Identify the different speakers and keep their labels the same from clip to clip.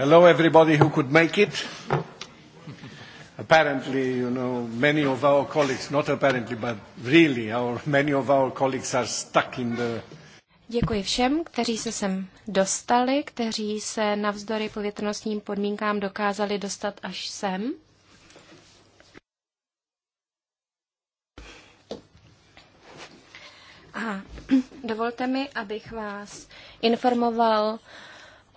Speaker 1: Hello, everybody who could make it. Apparently, you know, many of our colleagues, not apparently, but really, our, many of our colleagues are stuck in the Děkuji všem, kteří se sem dostali, kteří se navzdory povětrnostním podmínkám dokázali dostat až sem. A dovolte mi, abych vás informoval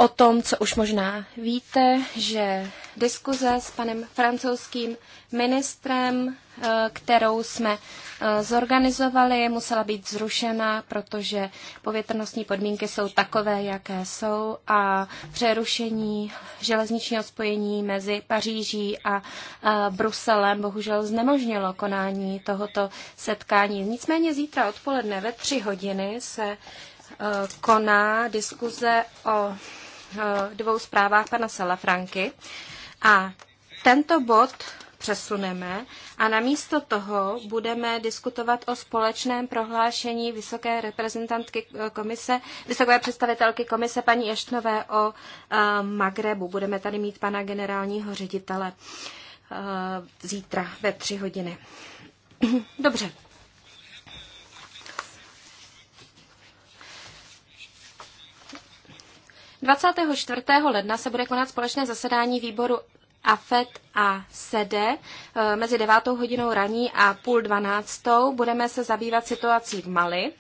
Speaker 1: o tom, co už možná víte, že diskuze s panem francouzským ministrem, eh, kterou jsme eh, zorganizovali, musela být zrušena, protože povětrnostní podmínky jsou takové, jaké jsou a přerušení železničního spojení mezi Paříží a eh, Bruselem bohužel znemožnilo konání tohoto setkání. Nicméně zítra odpoledne ve tři hodiny se koná diskuze o Eh, dvou zprávách pana Salafranky. A tento bod přesuneme a namísto toho budeme diskutovat o společném prohlášení vysoké reprezentantky eh, komise, vysoké představitelky komise paní Eštnové o eh, Magrebu. Budeme tady mít pana generálního ředitele zítra ve tři hodiny. Dobře, 24. ledna se bude konat společné zasedání výboru AFET a SEDE. Eh, mezi 9. hodinou raní a půl 12. budeme se zabývat situací v Mali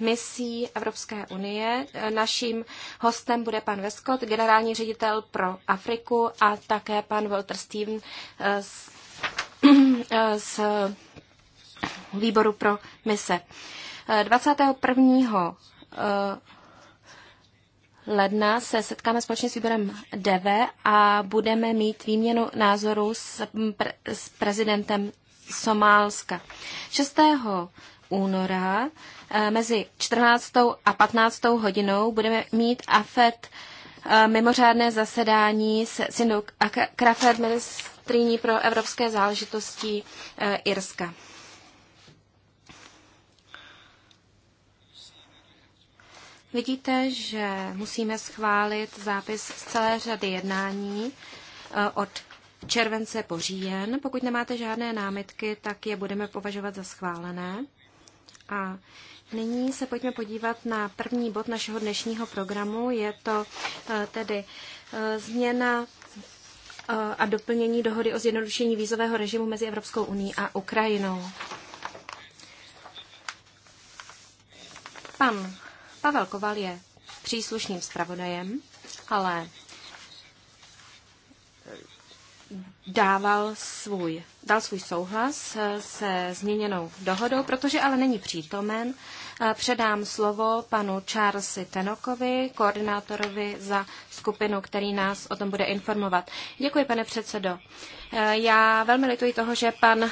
Speaker 1: misí Evropské unie. Eh, naším hostem bude pan Veskot, generální ředitel pro Afriku a také pan Walter Steven eh, z, z výboru pro mise. 21. Eh, ledna se setkáme společně s výborem DV a budeme mít výměnu názorů s, pre, s prezidentem Somálska. 6. února eh, mezi 14. a 15. hodinou budeme mít AFET eh, mimořádné zasedání s Sindou Krafet, ministrní pro evropské záležitosti Irska. Vidíte, že musíme schválit zápis z celé řady jednání eh, od července po říjen. Pokud nemáte žádné námitky, tak je budeme považovat za schválené. A nyní se pojďme podívat na první bod našeho dnešního programu. Je to eh, tedy eh, změna a doplnění dohody o zjednodušení vízového režimu mezi Evropskou uní a Ukrajinou. Pan Pavel Koval je příslušným zpravodajem, ale dával svůj, dal svůj souhlas eh, se změněnou dohodou, protože ale není přítomen. Eh, předám slovo panu Charlesi Tenokovi, koordinátorovi za skupinu, který nás o tom bude informovat. Děkuji, pane předsedo. Eh, já velmi lituji toho, že pan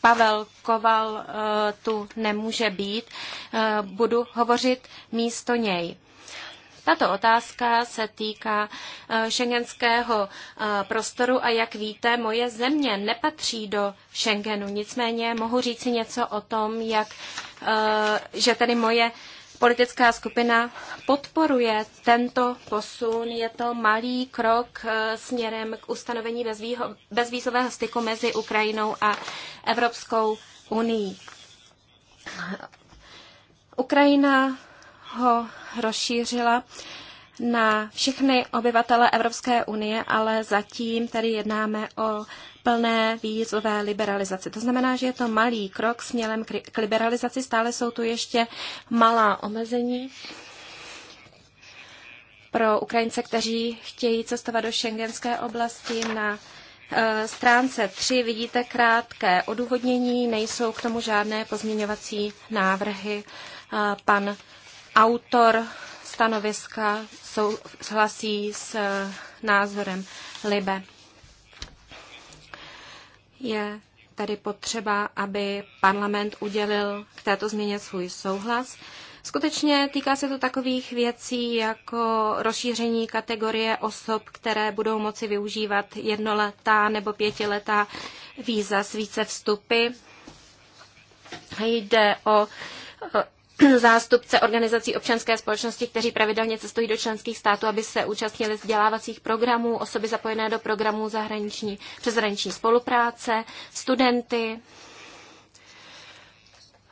Speaker 1: Pavel Koval eh, tu nemůže být, eh, budu hovořit místo něj. Tato otázka se týká eh, šengenského prostoru a jak víte, moje země nepatří do Schengenu. Nicméně mohu říci něco o tom, jak, že tedy moje politická skupina podporuje tento posun. Je to malý krok eh, směrem k ustanovení bezvízového styku mezi Ukrajinou a Evropskou unii. Ukrajina ho rozšířila na všechny obyvatele Evropské unie, ale zatím tady jednáme o plné výzové liberalizaci. To znamená, že je to malý krok směrem k liberalizaci, stále jsou tu ještě malá omezení pro Ukrajince, kteří chtějí cestovat do šengenské oblasti na e, stránce 3 vidíte krátké odůvodnění, nejsou k tomu žádné pozměňovací návrhy. E, pan autor stanoviska souhlasí s eh, názorem Libe. Je tedy potřeba, aby parlament udělil k této změně svůj souhlas. Skutečně týká se to takových věcí jako rozšíření kategorie osob, které budou moci využívat jednoletá nebo pětiletá víza s více vstupy. Jde o eh, zástupce organizací občanské společnosti, kteří pravidelně cestují do členských států, aby se účastnili vzdělávacích programů, osoby zapojené do programů zahraniční, přeshraniční spolupráce, studenty,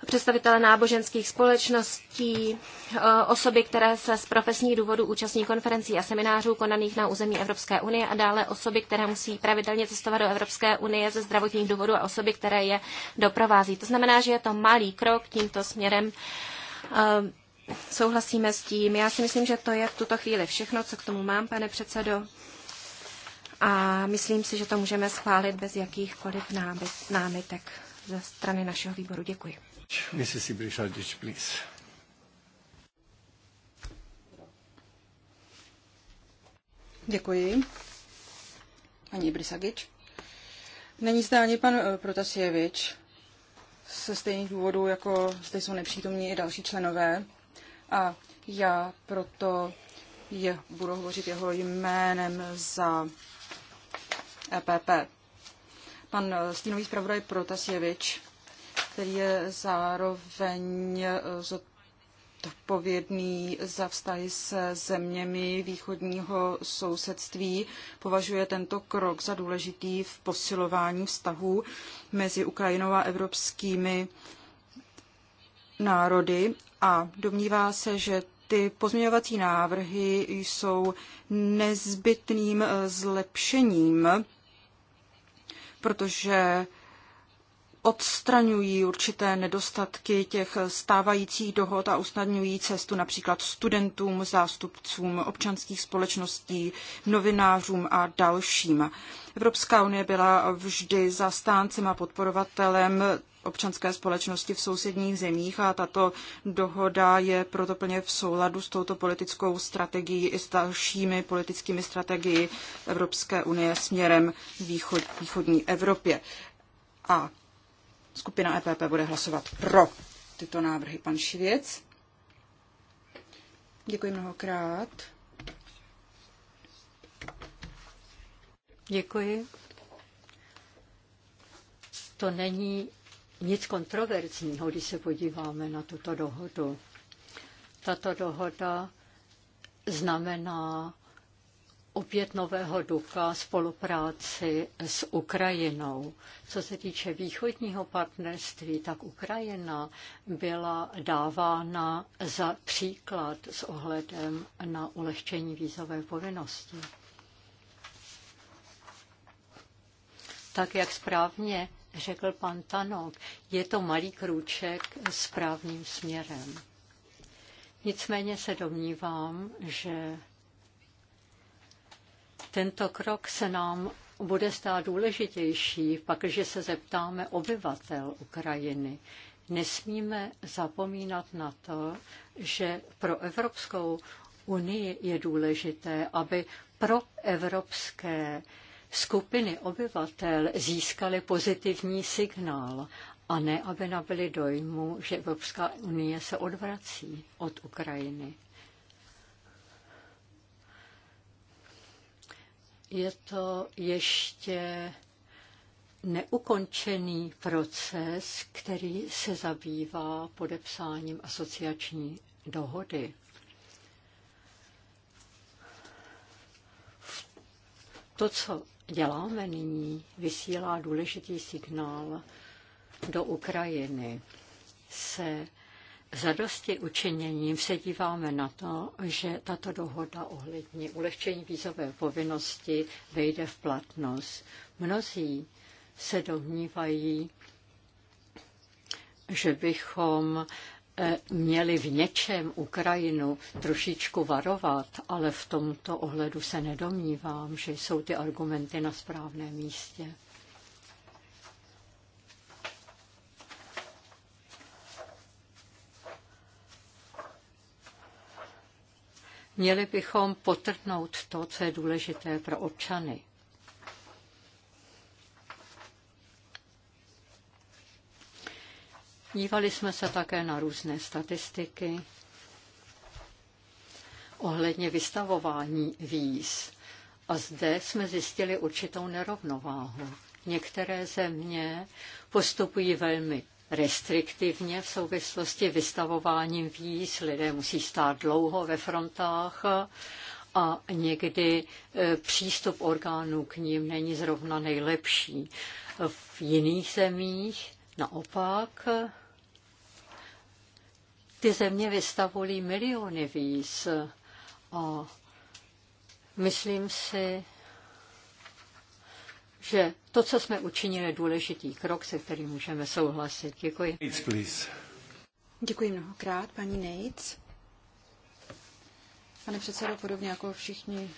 Speaker 1: představitele náboženských společností, eh, osoby, které se z profesních důvodů účastní konferencí a seminářů konaných na území Evropské unie a dále osoby, které musí pravidelně cestovat do Evropské unie ze zdravotních důvodů a osoby, které je doprovází. To znamená, že je to malý krok tímto směrem. Eh, souhlasíme s tím. Já si myslím, že to je v tuto chvíli všechno, co k tomu mám, pane předsedo. A myslím si, že to můžeme schválit bez jakýchkoliv námitek ze strany našeho výboru. Děkuji.
Speaker 2: Mrs. Ibrišadič, please.
Speaker 3: Děkuji. Paní Ibrisagič. Není zde ani pan eh, Protasjevič se stejných důvodů, jako zde jsou nepřítomní i další členové. A já proto je, budu hovořit jeho jménem za EPP. Pan eh, stínový zpravodaj Protasjevič který je zároveň eh, odpovědný za vztahy se zeměmi východního sousedství, považuje tento krok za důležitý v posilování vztahů mezi Ukrajinou a evropskými národy a domnívá se, že ty pozměňovací návrhy jsou nezbytným eh, zlepšením, protože odstraňují určité nedostatky těch stávajících dohod a usnadňují cestu například studentům, zástupcům občanských společností, novinářům a dalším. Evropská unie byla vždy zastáncem a podporovatelem občanské společnosti v sousedních zemích a tato dohoda je proto plně v souladu s touto politickou strategií i s dalšími politickými strategii Evropské unie směrem východ, východní Evropě. A Skupina EPP bude hlasovat pro tyto návrhy. Pan Šivěc. Děkuji mnohokrát.
Speaker 2: Děkuji. To není nic kontroverzního, když se podíváme na tuto dohodu. Tato dohoda znamená opět nového ducha spolupráci s Ukrajinou. Co se týče východního partnerství, tak Ukrajina byla dávána za příklad s ohledem na ulehčení vízové povinnosti. Tak, jak správně řekl pan Tanok, je to malý krůček správným směrem. Nicméně se domnívám, že tento krok se nám bude stát důležitější, pakliže se zeptáme obyvatel Ukrajiny. Nesmíme zapomínat na to, že pro Evropskou unii je důležité, aby pro evropské skupiny obyvatel získaly pozitivní signál a ne, aby nabili dojmu, že Evropská unie se odvrací od Ukrajiny. je to ještě neukončený proces, který se zabývá podepsáním asociační dohody. To, co děláme nyní, vysílá důležitý signál do Ukrajiny. Se zadosti učiněním se díváme na to, že tato dohoda ohledně ulehčení vízové povinnosti vejde v platnost. Mnozí se domnívají, že bychom eh, měli v něčem Ukrajinu trošičku varovat, ale v tomto ohledu se nedomnívám, že jsou ty argumenty na správném místě. Měli bychom potrhnout to, co je důležité pro občany. Dívali jsme se také na různé statistiky ohledně vystavování víz. A zde jsme zjistili určitou nerovnováhu. Některé země postupují velmi restriktivně v souvislosti vystavováním víz. Lidé musí stát dlouho ve frontách a někdy e, přístup orgánů k ním není zrovna nejlepší. V jiných zemích naopak ty země vystavují miliony víz a myslím si, že to, co jsme učinili, je důležitý krok, se kterým můžeme souhlasit. Děkuji. Nates, please.
Speaker 3: Děkuji mnohokrát, paní Nejc. Pane předsedo, podobně jako všichni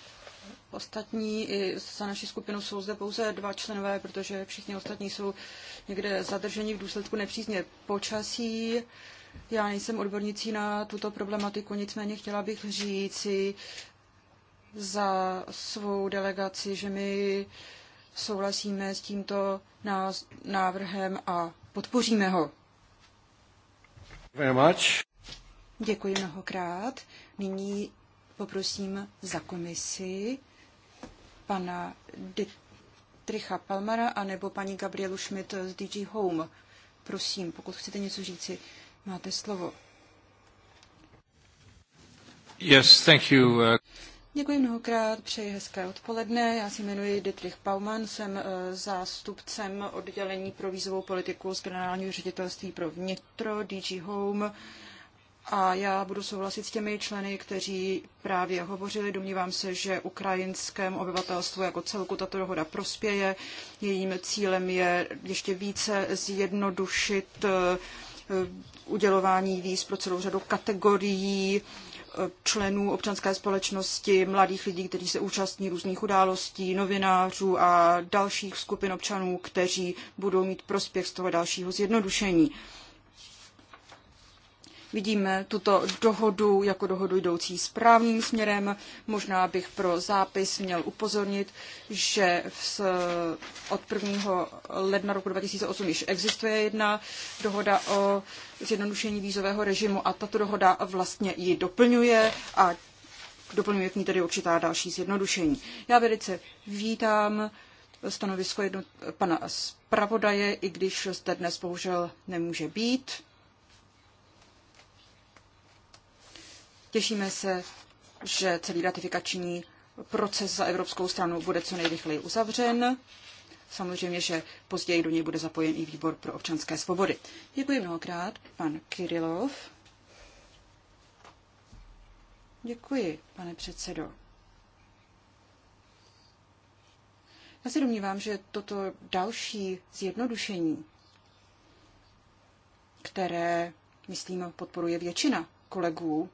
Speaker 3: ostatní, i za naši skupinu jsou zde pouze dva členové, protože všichni ostatní jsou někde zadrženi v důsledku nepřízně počasí. Já nejsem odbornicí na tuto problematiku, nicméně chtěla bych říci za svou delegaci, že my souhlasíme s tímto návrhem a podpoříme ho. Děkuji mnohokrát. Nyní poprosím za komisi pana Dietricha Palmara nebo paní Gabrielu Schmidt z DG Home. Prosím, pokud chcete něco říci, máte slovo.
Speaker 2: Yes, thank you.
Speaker 3: Uh, Děkuji mnohokrát, přeji hezké odpoledne. Já se jmenuji Dietrich Paumann, jsem eh, zástupcem oddělení pro vízovou politiku z generálního ředitelství pro vnitro DG Home. A já budu souhlasit s těmi členy, kteří právě hovořili. Domnívám se, že ukrajinském obyvatelstvu jako celku tato dohoda prospěje. Jejím cílem je ještě více zjednodušit eh, udělování víz pro celou řadu kategorií členů občanské společnosti, mladých lidí, kteří se účastní různých událostí, novinářů a dalších skupin občanů, kteří budou mít prospěch z toho dalšího zjednodušení. Vidíme tuto dohodu jako dohodu jdoucí správným směrem. Možná bych pro zápis měl upozornit, že od 1. ledna roku 2008 již existuje jedna dohoda o zjednodušení vízového režimu a tato dohoda vlastně ji doplňuje a doplňuje k ní tedy určitá další zjednodušení. Já velice vítám stanovisko jedno, pana zpravodaje, i když zde dnes bohužel nemůže být. Těšíme se, že celý ratifikační proces za evropskou stranu bude co nejrychleji uzavřen. Samozřejmě, že později do něj bude zapojen i výbor pro občanské svobody. Děkuji mnohokrát, pan Kirilov. Děkuji, pane předsedo. Já se domnívám, že toto další zjednodušení, které, myslím, podporuje většina kolegů,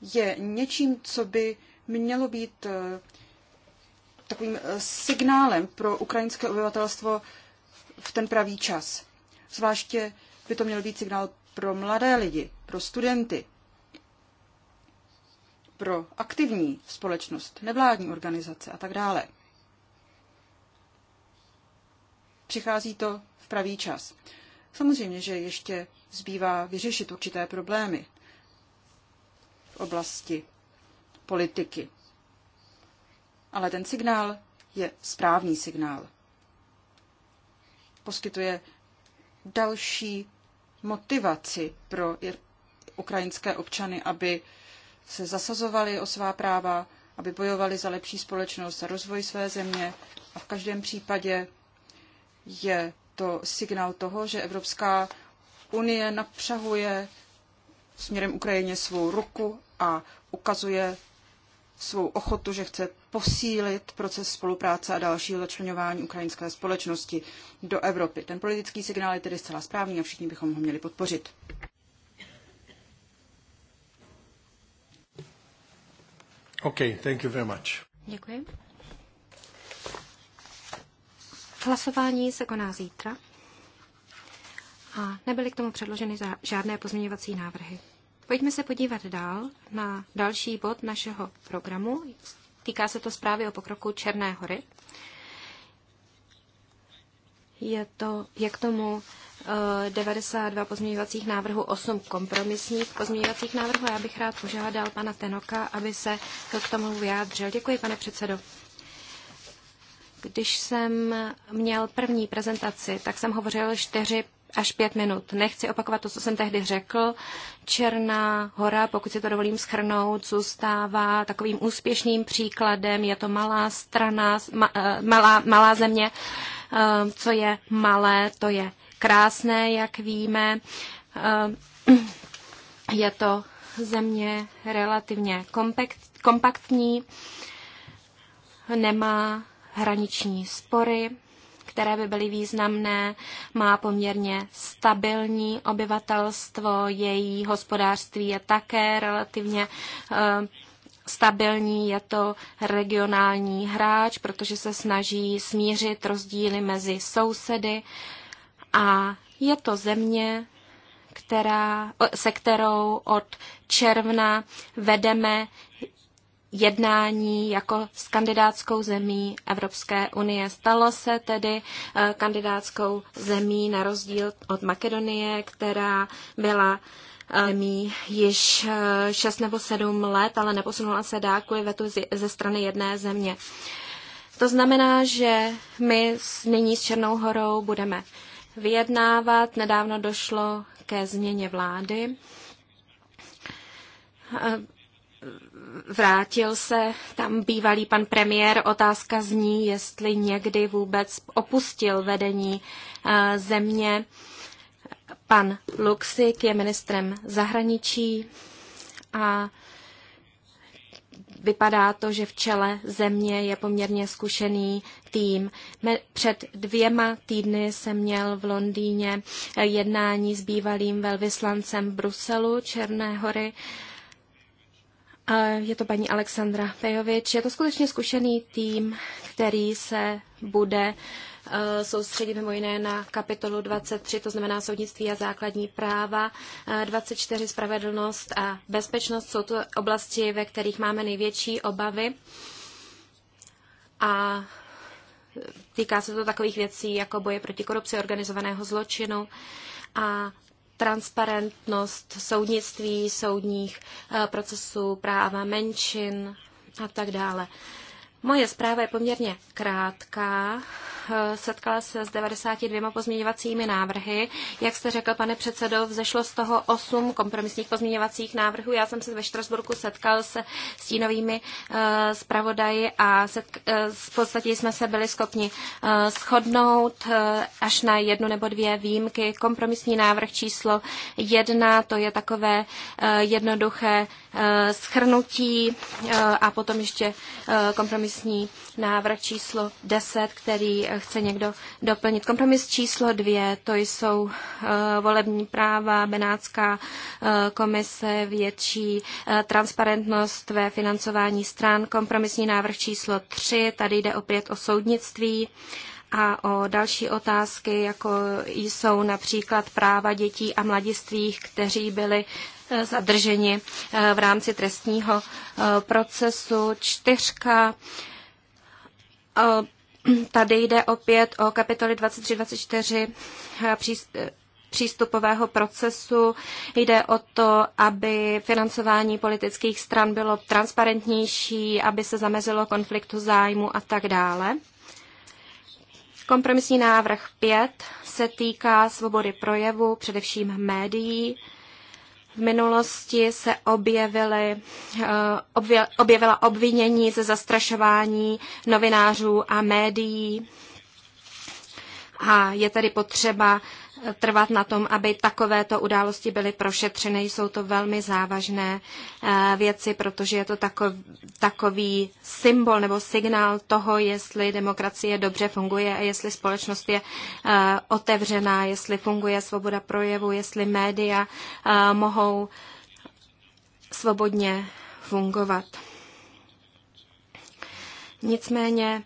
Speaker 3: je něčím, co by mělo být eh, takovým eh, signálem pro ukrajinské obyvatelstvo v ten pravý čas. Zvláště by to měl být signál pro mladé lidi, pro studenty, pro aktivní společnost, nevládní organizace a tak dále. Přichází to v pravý čas. Samozřejmě, že ještě zbývá vyřešit určité problémy oblasti politiky. Ale ten signál je správný signál. Poskytuje další motivaci pro ukrajinské občany, aby se zasazovali o svá práva, aby bojovali za lepší společnost, za rozvoj své země. A v každém případě je to signál toho, že Evropská unie napřahuje směrem Ukrajině svou ruku a ukazuje svou ochotu, že chce posílit proces spolupráce a dalšího začlenování ukrajinské společnosti do Evropy. Ten politický signál je tedy zcela správný a všichni bychom ho měli podpořit.
Speaker 1: Okay, thank you very much. Děkuji. Hlasování se koná zítra a nebyly k tomu předloženy žádné pozměňovací návrhy. Pojďme se podívat dál na další bod našeho programu. Týká se to zprávy o pokroku Černé hory. Je to, jak tomu 92 eh, pozměňovacích návrhů, 8 kompromisních pozměňovacích návrhů. Já bych rád požádal pana Tenoka, aby se k tomu vyjádřil. Děkuji, pane předsedo. Když jsem měl první prezentaci, tak jsem hovořil čtyři až pět minut. Nechci opakovat to, co jsem tehdy řekl. Černá hora, pokud si to dovolím schrnout, zůstává takovým úspěšným příkladem. Je to malá strana, ma, eh, malá, malá země. Eh, co je malé, to je krásné, jak víme. Eh, je to země relativně kompakt, kompaktní, nemá hraniční spory které by byly významné, má poměrně stabilní obyvatelstvo, její hospodářství je také relativně eh, stabilní, je to regionální hráč, protože se snaží smířit rozdíly mezi sousedy a je to země, která, se kterou od června vedeme jednání jako s kandidátskou zemí Evropské unie. Stalo se tedy eh, kandidátskou zemí na rozdíl od Makedonie, která byla eh, zemí již 6 eh, nebo 7 let, ale neposunula se kvůli vetu ze strany jedné země. To znamená, že my nyní s Černou horou budeme vyjednávat. Nedávno došlo ke změně vlády. Vrátil se tam bývalý pan premiér. Otázka zní, jestli někdy vůbec opustil vedení eh, země. Pan Luxik je ministrem zahraničí a vypadá to, že v čele země je poměrně zkušený tým. Před dvěma týdny jsem měl v Londýně eh, jednání s bývalým velvyslancem Bruselu Černé hory. Uh, je to paní Alexandra Pejovič. Je to skutečně zkušený tým, který se bude eh, soustředit mimo jiné na kapitolu 23, to znamená soudnictví a základní práva, 24 eh, spravedlnost a bezpečnost. Jsou to oblasti, ve kterých máme největší obavy. A týká se to takových věcí jako boje proti korupci, organizovaného zločinu a transparentnost soudnictví, soudních eh, procesů, práva menšin a tak dále. Moje zpráva je poměrně krátká. Eh, Setkala se s 92 pozměňovacími návrhy. Jak jste řekl, pane předsedo, vzešlo z toho 8 kompromisních pozměňovacích návrhů. Já jsem se ve Štrasburku setkal se stínovými eh, zpravodaji a eh, v podstatě jsme se byli schopni shodnout až na jednu nebo dvě výjimky. Kompromisní návrh číslo 1, to je takové jednoduché schrnutí a potom ještě kompromisní kompromisní návrh číslo 10, který eh, chce někdo doplnit. Kompromis číslo 2, to jsou eh, volební práva, Benátská eh, komise, větší transparentnost ve financování stran. Kompromisní návrh číslo 3, tady jde opět o soudnictví a o další otázky, jako jsou například práva dětí a mladistvých, kteří byli Eh, zadrženi eh, v rámci trestního eh, procesu. Čtyřka Tady jde opět o kapitoly 23-24 přístupového procesu. Jde o to, aby financování politických stran bylo transparentnější, aby se zamezilo konfliktu zájmu a tak dále. Kompromisní návrh 5 se týká svobody projevu, především médií. V minulosti se objevily, eh, objevila obvinění ze zastrašování novinářů a médií. A je tedy potřeba trvat na tom, aby takovéto události byly prošetřeny. Jsou to velmi závažné eh, věci, protože je to takový symbol nebo signál toho, jestli demokracie dobře funguje a jestli společnost je eh, otevřená, jestli funguje svoboda projevu, jestli média eh, mohou svobodně fungovat. Nicméně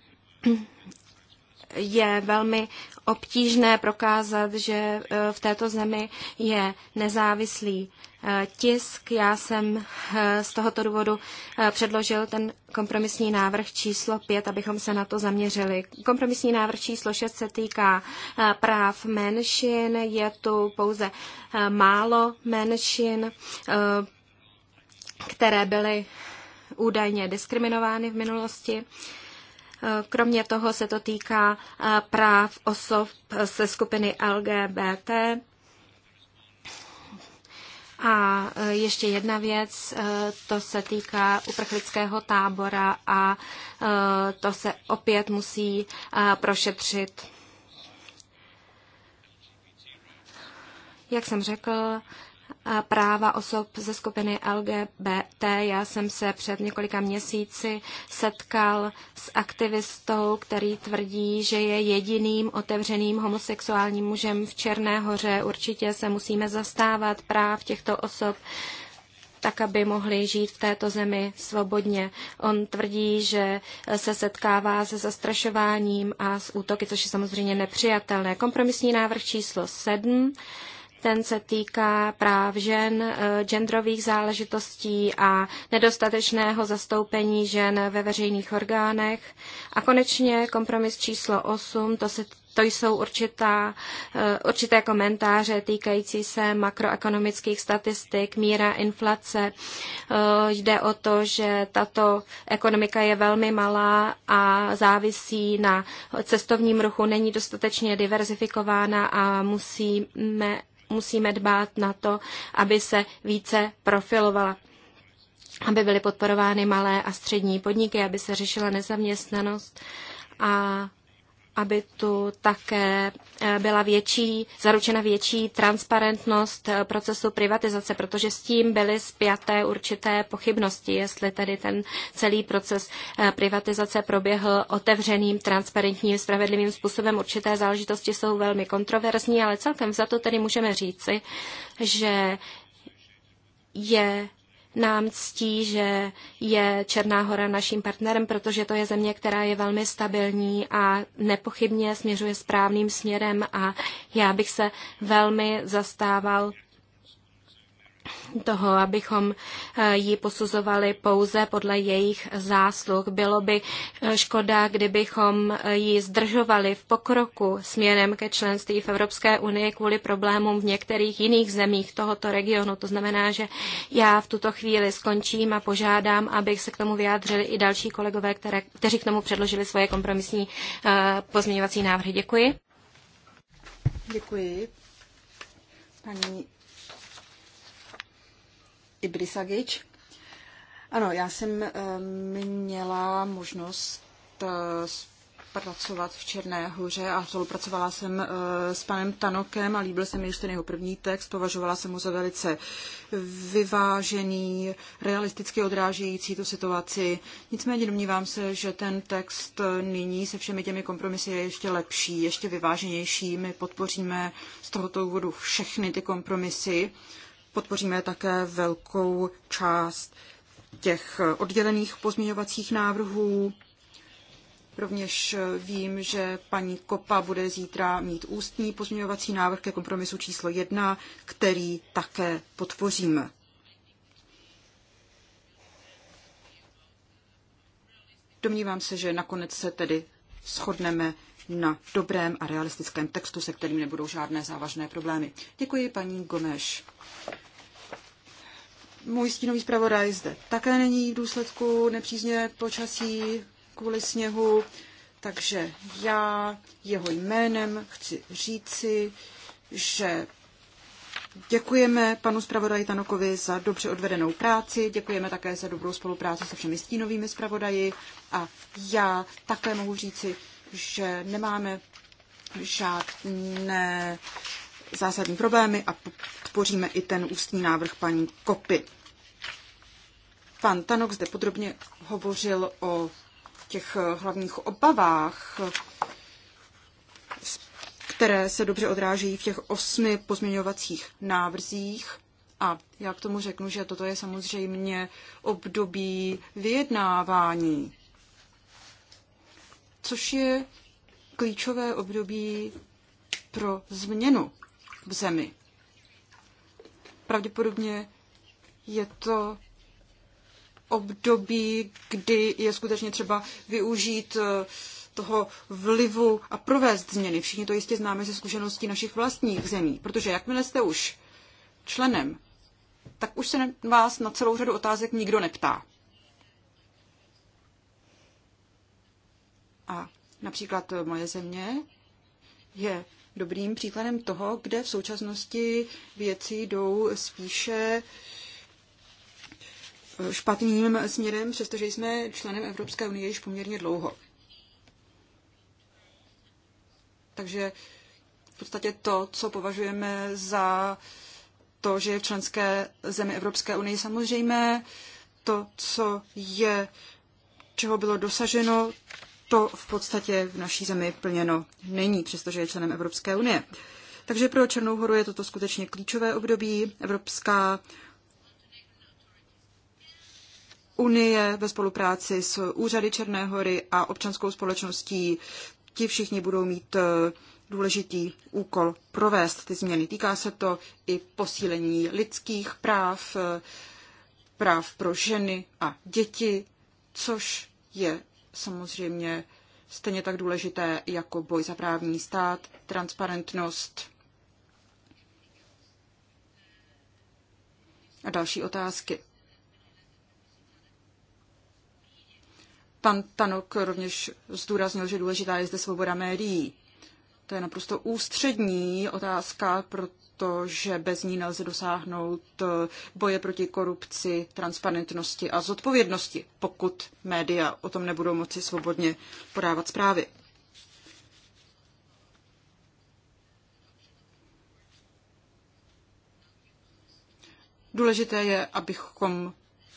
Speaker 1: je velmi obtížné prokázat, že eh, v této zemi je nezávislý eh, tisk. Já jsem eh, z tohoto důvodu předložil ten kompromisní návrh číslo 5, abychom se na to zaměřili. Kompromisní návrh číslo 6 se týká práv menšin, je tu pouze málo menšin, které byly údajně diskriminovány v minulosti. Kromě toho se to týká eh, práv osob eh, ze skupiny LGBT. A eh, ještě jedna věc, to se týká uprchlického tábora a to se opět musí prošetřit. Jak jsem řekl, práva osob ze skupiny LGBT. Já jsem se před několika měsíci setkal s aktivistou, který tvrdí, že je jediným otevřeným homosexuálním mužem v Černé hoře. Určitě se musíme zastávat práv těchto osob tak, aby mohli žít v této zemi svobodně. On tvrdí, že se setkává se zastrašováním a s útoky, což je samozřejmě nepřijatelné. Kompromisní návrh číslo 7 ten se týká práv žen, eh, genderových záležitostí a nedostatečného zastoupení žen ve veřejných orgánech. A konečně kompromis číslo 8, to se to jsou určitá, eh, určité komentáře týkající se makroekonomických statistik, míra inflace. Eh, jde o to, že tato ekonomika je velmi malá a závisí na cestovním ruchu, není dostatečně diverzifikována a musíme musíme dbát na to, aby se více profilovala aby byly podporovány malé a střední podniky, aby se řešila nezaměstnanost a aby tu také eh, byla větší, zaručena větší transparentnost eh, procesu privatizace, protože s tím byly spjaté určité pochybnosti, jestli tedy ten celý proces eh, privatizace proběhl otevřeným, transparentním, spravedlivým způsobem. Určité záležitosti jsou velmi kontroverzní, ale celkem za to tedy můžeme říci, že je nám ctí, že je Černá hora naším partnerem, protože to je země, která je velmi stabilní a nepochybně směřuje správným směrem a já bych se velmi zastával toho, abychom eh, ji posuzovali pouze podle jejich zásluh. Bylo by eh, škoda, kdybychom eh, ji zdržovali v pokroku směrem ke členství v Evropské unii kvůli problémům v některých jiných zemích tohoto regionu. To znamená, že já v tuto chvíli skončím a požádám, abych se k tomu vyjádřili i další kolegové, které, kteří k tomu předložili svoje kompromisní pozměňovací návrhy. Děkuji.
Speaker 2: Děkuji.
Speaker 3: Paní Ibrisagič. Ano, já jsem eh, měla možnost eh, pracovat v Černé hoře a spolupracovala jsem eh, s panem Tanokem a líbil se mi ještě jeho první text. Považovala jsem ho za velice vyvážený, realisticky odrážející tu situaci. Nicméně domnívám se, že ten text nyní se všemi těmi kompromisy je ještě lepší, ještě vyváženější. My podpoříme z tohoto úvodu všechny ty kompromisy Podpoříme také velkou část těch oddělených pozměňovacích návrhů. Rovněž vím, že paní Kopa bude zítra mít ústní pozměňovací návrh ke kompromisu číslo 1, který také podpoříme. Domnívám se, že nakonec se tedy shodneme na dobrém a realistickém textu, se kterým nebudou žádné závažné problémy. Děkuji paní Gomeš. Můj stínový zpravodaj zde také není v důsledku nepřízně počasí kvůli sněhu, takže já jeho jménem chci říci, že Děkujeme panu zpravodaji Tanokovi za dobře odvedenou práci, děkujeme také za dobrou spolupráci se všemi stínovými zpravodaji a já také mohu říci, že nemáme žádné zásadní problémy a podpoříme i ten ústní návrh paní Kopy. Pan Tanok zde podrobně hovořil o těch hlavních obavách, které se dobře odrážejí v těch osmi pozměňovacích návrzích. A já k tomu řeknu, že toto je samozřejmě období vyjednávání což je klíčové období pro změnu v zemi. Pravděpodobně je to období, kdy je skutečně třeba využít eh, toho vlivu a provést změny. Všichni to jistě známe ze zkušeností našich vlastních zemí, protože jakmile jste už členem, tak už se vás na celou řadu otázek nikdo neptá. A například moje země je dobrým příkladem toho, kde v současnosti věci jdou spíše eh, špatným směrem, přestože jsme členem Evropské unie již poměrně dlouho. Takže v podstatě to, co považujeme za to, že je v členské zemi Evropské unie samozřejmé, to, co je, čeho bylo dosaženo, to v podstatě v naší zemi plněno není, přestože je členem Evropské unie. Takže pro Černou horu je toto skutečně klíčové období. Evropská unie ve spolupráci s úřady Černé hory a občanskou společností, ti všichni budou mít eh, důležitý úkol provést ty změny. Týká se to i posílení lidských práv, eh, práv pro ženy a děti, což je samozřejmě stejně tak důležité jako boj za právní stát, transparentnost a další otázky. Pan Tanok rovněž zdůraznil, že důležitá je zde svoboda médií. To je naprosto ústřední otázka, protože to, že bez ní nelze dosáhnout eh, boje proti korupci, transparentnosti a zodpovědnosti, pokud média o tom nebudou moci svobodně podávat zprávy. Důležité je, abychom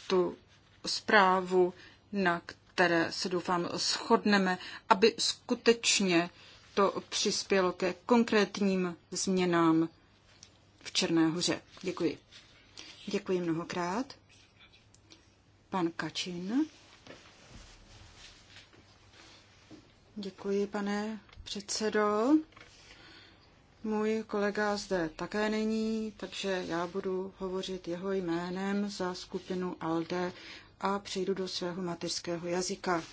Speaker 3: tu zprávu, na které se doufám shodneme, aby skutečně to přispělo ke konkrétním změnám v Černé hoře. Děkuji. Děkuji mnohokrát. Pan Kačin. Děkuji, pane předsedo. Můj kolega zde také není, takže já budu hovořit jeho jménem za skupinu ALDE a přejdu do svého mateřského jazyka.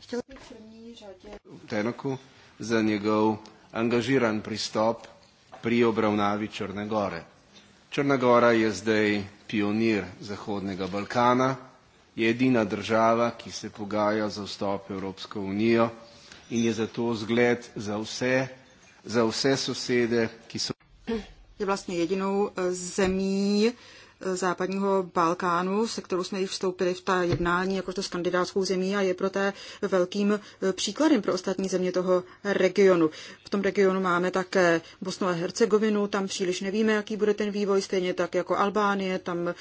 Speaker 3: Chtěl bych v
Speaker 2: první řadě...
Speaker 1: Ténoku za něgou angažiran pristop pri obravnavi Črne gore. Črna Gora je zdaj pionir Zahodnega Balkana, je edina država, ki se pogaja za vstop v Evropsko unijo in je zato zgled za vse, za vse sosede, ki so.
Speaker 3: Je vlastně jedinou eh, zemí, západního Balkánu, se kterou jsme již vstoupili v ta jednání jakožto s kandidátskou zemí a je pro té velkým eh, příkladem pro ostatní země toho regionu. V tom regionu máme také Bosnu a Hercegovinu, tam příliš nevíme, jaký bude ten vývoj, stejně tak jako Albánie, tam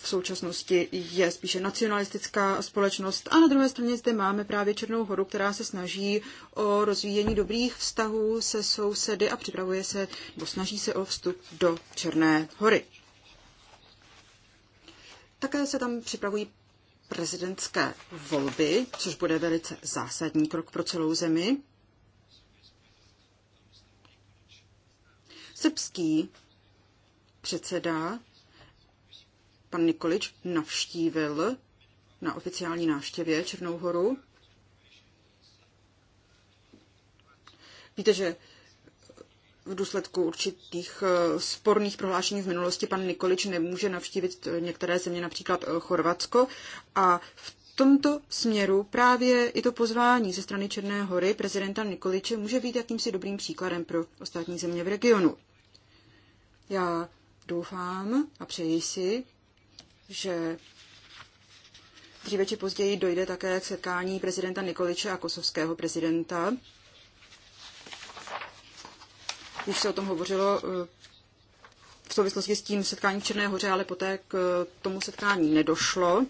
Speaker 3: v současnosti je spíše nacionalistická společnost. A na druhé straně zde máme právě Černou horu, která se snaží o rozvíjení dobrých vztahů se sousedy a připravuje se, nebo snaží se o vstup do Černé hory. Také se tam připravují prezidentské volby, což bude velice zásadní krok pro celou zemi. Srbský předseda pan Nikolič navštívil na oficiální návštěvě Černou horu. Víte, že v důsledku určitých eh, sporných prohlášení z minulosti pan Nikolič nemůže navštívit eh, některé země, například eh, Chorvatsko. A v tomto směru právě i to pozvání ze strany Černé hory prezidenta Nikoliče může být jakýmsi dobrým příkladem pro ostatní země v regionu. Já doufám a přeji si, že dříve či později dojde také k setkání prezidenta Nikoliče a kosovského prezidenta už se o tom hovořilo eh, v souvislosti s tím setkáním v Černé hoře, ale poté k eh, tomu setkání nedošlo.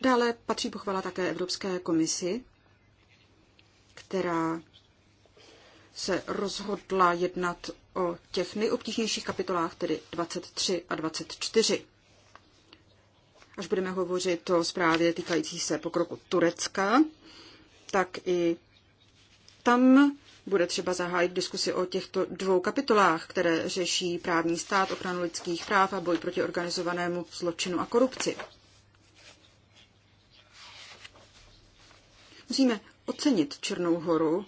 Speaker 3: Dále patří pochvala také Evropské komisi, která se rozhodla jednat o těch nejobtížnějších kapitolách, tedy 23 a 24 až budeme hovořit o zprávě týkající se pokroku Turecka, tak i tam bude třeba zahájit diskusi o těchto dvou kapitolách, které řeší právní stát, ochranu lidských práv a boj proti organizovanému zločinu a korupci. Musíme ocenit Černou horu,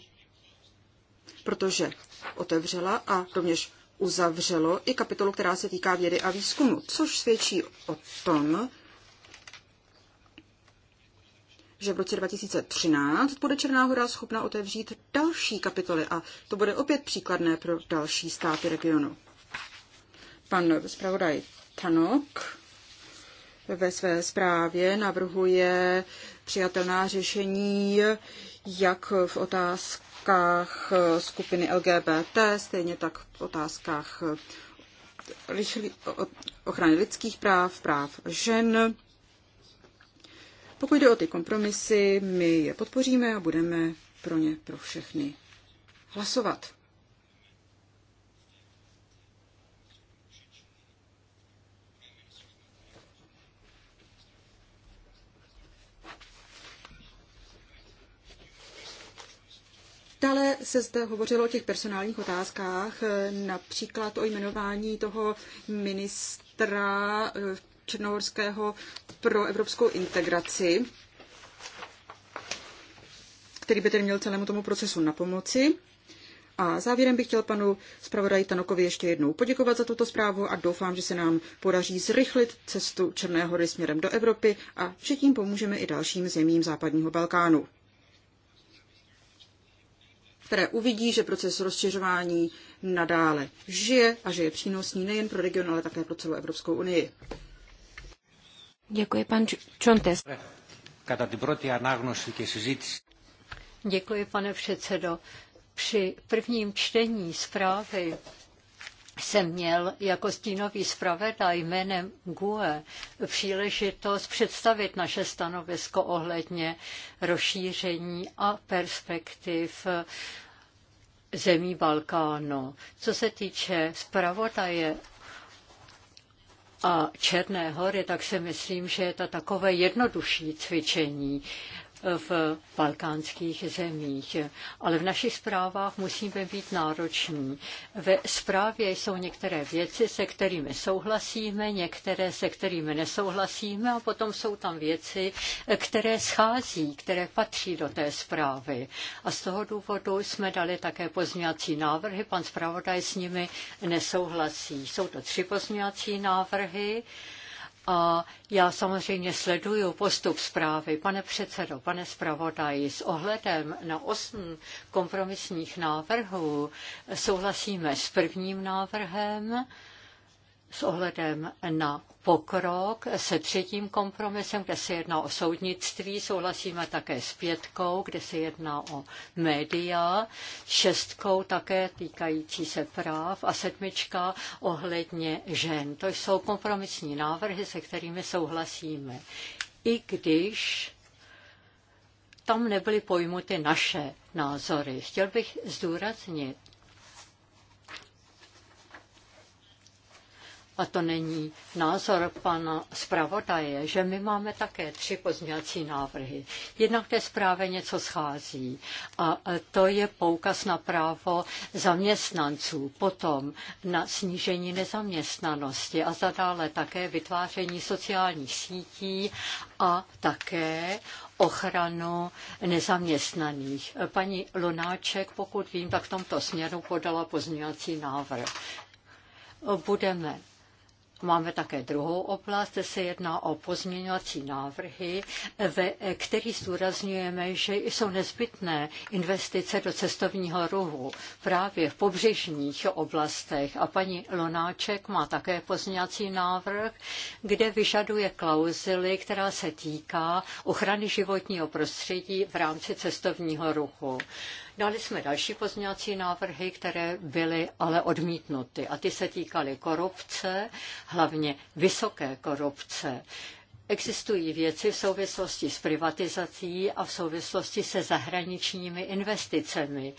Speaker 3: protože otevřela a rovněž uzavřelo i kapitolu, která se týká vědy a výzkumu, což svědčí o tom, že v roce 2013 bude Černá hora schopna otevřít další kapitoly a to bude opět příkladné pro další státy regionu. Pan zpravodaj Tanok ve své zprávě navrhuje přijatelná řešení jak v otázkách skupiny LGBT, stejně tak v otázkách ochrany lidských práv, práv žen pokud jde o ty kompromisy, my je podpoříme a budeme pro ně pro všechny hlasovat. Dále se zde hovořilo o těch personálních otázkách, například o jmenování toho ministra Černohorského pro evropskou integraci, který by tedy měl celému tomu procesu na pomoci. A závěrem bych chtěl panu zpravodaji Tanokovi ještě jednou poděkovat za tuto zprávu a doufám, že se nám podaří zrychlit cestu Černé hory směrem do Evropy a že tím pomůžeme i dalším zemím západního Balkánu které uvidí, že proces rozšiřování nadále žije a že je přínosný nejen pro region, ale
Speaker 2: také pro celou Evropskou unii. Děkuji, pan Čontes. Děkuji, pane předsedo. Při prvním čtení zprávy jsem měl jako stínový zpravodaj jménem GUE příležitost představit naše stanovisko ohledně rozšíření a perspektiv zemí Balkánu. Co se týče zpravodaje a Černé hory, tak si myslím, že je to takové jednodušší cvičení v balkánských zemích. Ale v našich zprávách musíme být nároční. Ve zprávě jsou některé věci, se kterými souhlasíme, některé, se kterými nesouhlasíme a potom jsou tam věci, které schází, které patří do té zprávy. A z toho důvodu jsme dali také pozměňovací návrhy. Pan zpravodaj s nimi nesouhlasí. Jsou to tři pozměňovací návrhy a já samozřejmě sleduju postup zprávy. Pane předsedo, pane zpravodaji, s ohledem na osm kompromisních návrhů souhlasíme s prvním návrhem, s ohledem na pokrok se třetím kompromisem, kde se jedná o soudnictví, souhlasíme také s pětkou, kde se jedná o média, šestkou také týkající se práv a sedmička ohledně žen. To jsou kompromisní návrhy, se kterými souhlasíme. I když tam nebyly pojmuty naše názory. Chtěl bych zdůraznit, a to není názor pana zpravodaje, že my máme také tři pozměňovací návrhy. Jednak té zprávě něco schází a to je poukaz na právo zaměstnanců, potom na snížení nezaměstnanosti a zadále také vytváření sociálních sítí a také ochranu nezaměstnaných. Paní Lunáček, pokud vím, tak v tomto směru podala pozměňovací návrh. Budeme Máme také druhou oblast, se jedná o pozměňovací návrhy, ve kterých zdůrazňujeme, že jsou nezbytné investice do cestovního ruhu právě v pobřežních oblastech. A paní Lonáček má také pozměňovací návrh, kde vyžaduje klauzily, která se týká ochrany životního prostředí v rámci cestovního ruchu. Dali jsme další pozměňovací návrhy, které byly ale odmítnuty a ty se týkaly korupce, hlavně vysoké korupce. Existují věci v souvislosti s privatizací a v souvislosti se zahraničními investicemi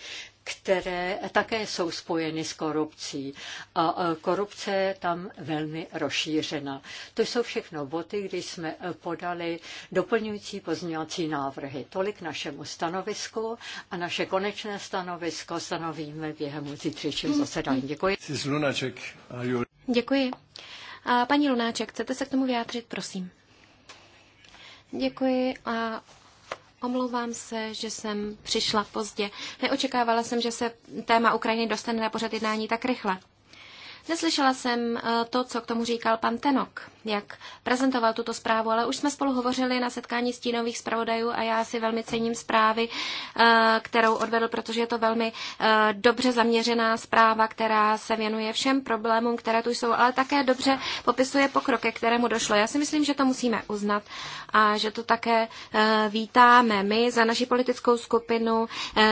Speaker 2: které také jsou spojeny s korupcí. A korupce je tam velmi rozšířena. To jsou všechno boty, kdy jsme e, podali doplňující pozměňovací návrhy. Tolik našemu stanovisku a naše konečné stanovisko stanovíme během zítřejšího zasedání. Děkuji.
Speaker 1: Děkuji. A paní Lunáček, chcete se k tomu vyjádřit, prosím? Děkuji a Omlouvám se, že jsem přišla pozdě. Neočekávala jsem, že se téma Ukrajiny dostane na pořad jednání tak rychle. Neslyšela jsem eh, to, co k tomu říkal pan Tenok, jak prezentoval tuto zprávu, ale už jsme spolu hovořili na setkání stínových zpravodajů a já si velmi cením zprávy, eh, kterou odvedl, protože je to velmi eh, dobře zaměřená zpráva, která se věnuje všem problémům, které tu jsou, ale také dobře popisuje pokroky, kterému došlo. Já si myslím, že to musíme uznat a že to také vítáme. My za naši politickou skupinu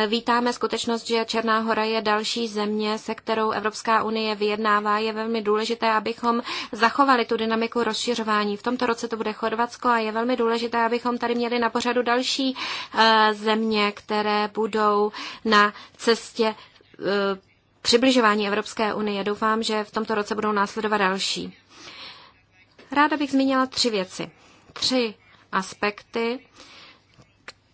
Speaker 1: vítáme skutečnost, že Černá hora je další země, se kterou Evropská unie vyjedná stává, je velmi důležité, abychom zachovali tu dynamiku rozšiřování. V tomto roce to bude Chorvatsko a je velmi důležité, abychom tady měli na pořadu další eh, země, které budou na cestě eh, přibližování Evropské unie. Doufám, že v tomto roce budou následovat další. Ráda bych zmínila tři věci, tři aspekty,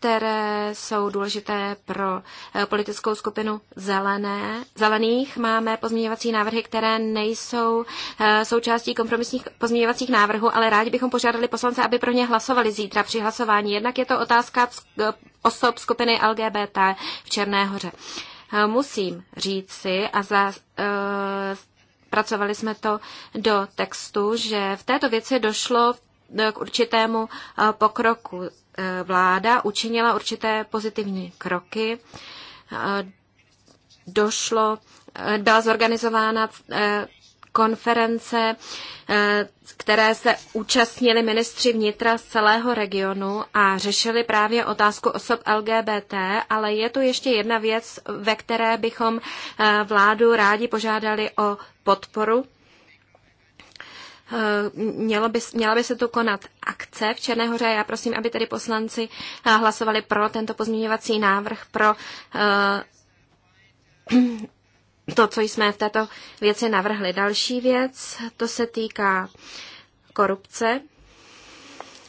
Speaker 1: které jsou důležité pro eh, politickou skupinu zelené. zelených. Máme pozměňovací návrhy, které nejsou eh, součástí kompromisních pozměňovacích návrhů, ale rádi bychom požádali poslance, aby pro ně hlasovali zítra při hlasování. Jednak je to otázka eh, osob skupiny LGBT v Černé hoře. Musím říct si a za, pracovali jsme to do textu, že v této věci došlo k určitému pokroku vláda učinila určité pozitivní kroky. Došlo, byla zorganizována eh, konference, eh, které se účastnili ministři vnitra z celého regionu a řešili právě otázku osob LGBT, ale je tu ještě jedna věc, ve které bychom eh, vládu rádi požádali o podporu. Eh, mělo by, měla by se to konat akce v Černé Já prosím, aby tedy poslanci eh, hlasovali pro tento pozměňovací návrh, pro eh, to, co jsme v této věci navrhli. Další věc, to se týká korupce.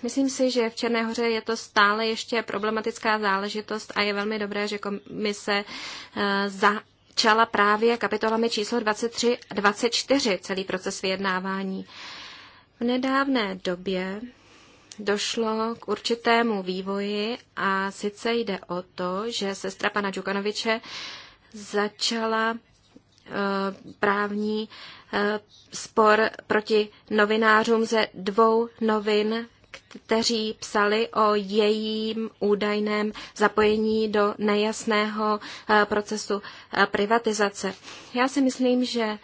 Speaker 1: Myslím si, že v Černé hoře je to stále ještě problematická záležitost a je velmi dobré, že komise za, začala právě kapitolami číslo 23 a 24 celý proces vyjednávání. V nedávné době došlo k určitému vývoji a sice jde o to, že sestra pana Džukanoviče začala eh, právní eh, spor proti novinářům ze dvou novin kteří psali o jejím údajném zapojení do nejasného eh, procesu eh, privatizace. Já si myslím, že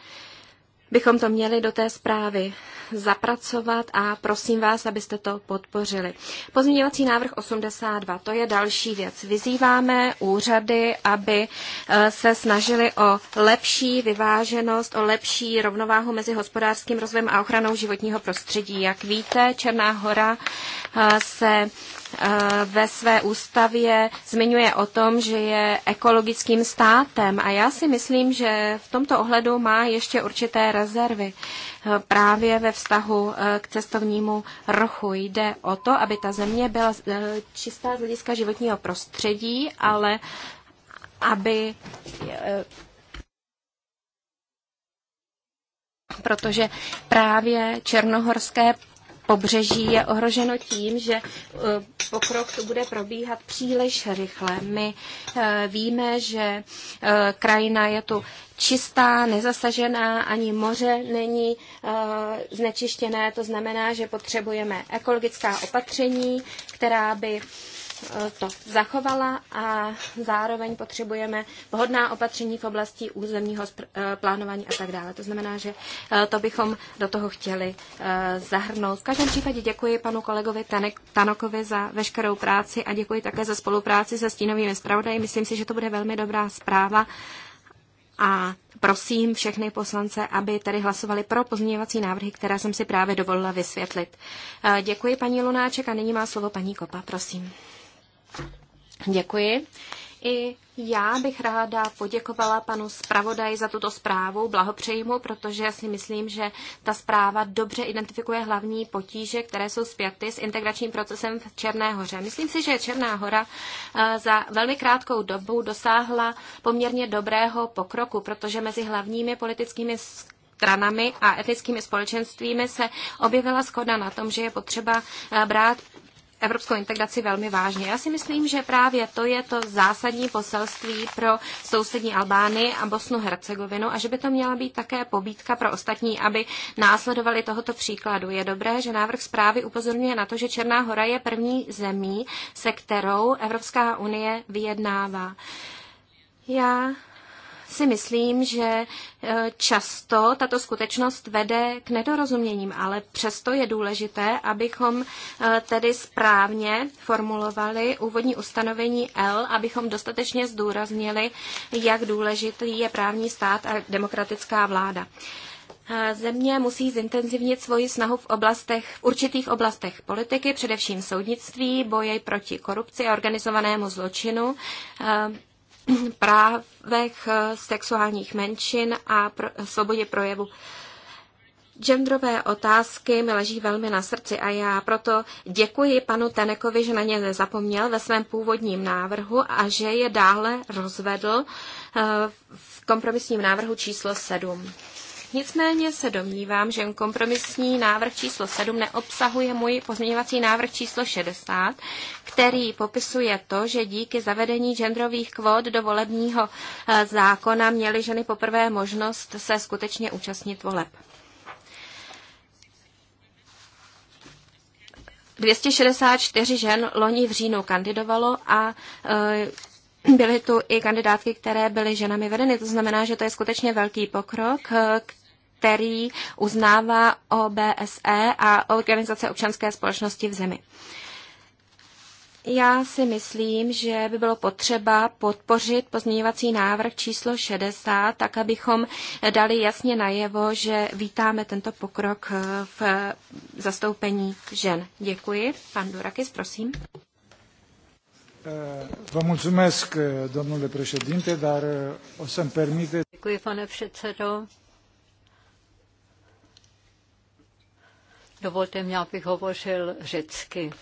Speaker 1: bychom to měli do té zprávy zapracovat a prosím vás, abyste to podpořili. Pozměňovací návrh 82, to je další věc. Vyzýváme úřady, aby e, se snažili o lepší vyváženost, o lepší rovnováhu mezi hospodářským rozvojem a ochranou životního prostředí. Jak víte, Černá hora se ve své ústavě zmiňuje o tom, že je ekologickým státem a já si myslím, že v tomto ohledu má ještě určité rezervy e, právě ve vztahu e, k cestovnímu rochu. Jde o to, aby ta země byla e, čistá z hlediska životního prostředí, ale aby protože právě černohorské pobřeží je ohroženo tím, že eh, pokrok tu bude probíhat příliš rychle. My eh, víme, že eh, krajina je tu čistá, nezasažená, ani moře není znečištěné. To znamená, že potřebujeme ekologická opatření, která by Eh, to zachovala a zároveň potřebujeme vhodná opatření v oblasti územního eh, plánování a tak dále. To znamená, že eh, to bychom do toho chtěli zahrnout. V každém případě děkuji panu kolegovi Tanokovi za veškerou práci a děkuji také za spolupráci se stínovými zpravodaji. Myslím si, že to bude velmi dobrá zpráva a prosím všechny poslance, aby tady hlasovali pro pozměňovací návrhy, které jsem si právě dovolila vysvětlit. Děkuji paní Lunáček a nyní má slovo paní Kopa, prosím. Děkuji. I já bych ráda poděkovala panu zpravodaji za tuto zprávu, blahopřeji mu, protože si myslím, že ta zpráva dobře identifikuje hlavní potíže, které jsou zpěty s integračním procesem v Černé hoře. Myslím si, že Černá hora eh, za velmi krátkou dobu dosáhla poměrně dobrého pokroku, protože mezi hlavními politickými stranami a etnickými společenstvími se objevila schoda na tom, že je potřeba eh, brát evropskou integraci velmi vážně. Já si myslím, že právě to je to zásadní poselství pro sousední Albány a Bosnu Hercegovinu a že by to měla být také pobídka pro ostatní, aby následovali tohoto příkladu. Je dobré, že návrh zprávy upozorňuje na to, že Černá hora je první zemí, se kterou Evropská unie vyjednává. Já si myslím, že e, často tato skutečnost vede k nedorozuměním, ale přesto je důležité, abychom e, tedy správně formulovali úvodní ustanovení L, abychom dostatečně zdůraznili, jak důležitý je právní stát a demokratická vláda. E, země musí zintenzivnit svoji snahu v, oblastech, v určitých oblastech politiky, především soudnictví, boje proti korupci a organizovanému zločinu, právech eh, sexuálních menšin a pro, eh, svobodě projevu. Gendrové otázky mi leží velmi na srdci a já proto děkuji panu Tenekovi, že na ně nezapomněl ve svém původním návrhu a že je dále rozvedl eh, v kompromisním návrhu číslo 7. Nicméně se domnívám, že kompromisní návrh číslo 7 neobsahuje můj pozměňovací návrh číslo 60, který popisuje to, že díky zavedení genderových kvót do volebního eh, zákona měly ženy poprvé možnost se skutečně účastnit voleb. 264 žen loni v říjnu kandidovalo a eh, byly tu i kandidátky, které byly ženami vedeny. To znamená, že to je skutečně velký pokrok, eh, který uznává OBSE a organizace občanské společnosti v zemi. Já si myslím, že by bylo potřeba podpořit pozměňovací návrh číslo 60, tak abychom dali jasně najevo, že vítáme tento pokrok v zastoupení žen. Děkuji. Pan Durakis, prosím.
Speaker 2: Vă mulțumesc, domnule președinte, dar uh, o să-mi permite... Děkuji, pane předsedo. Dovolte mě, abych hovořil řecky.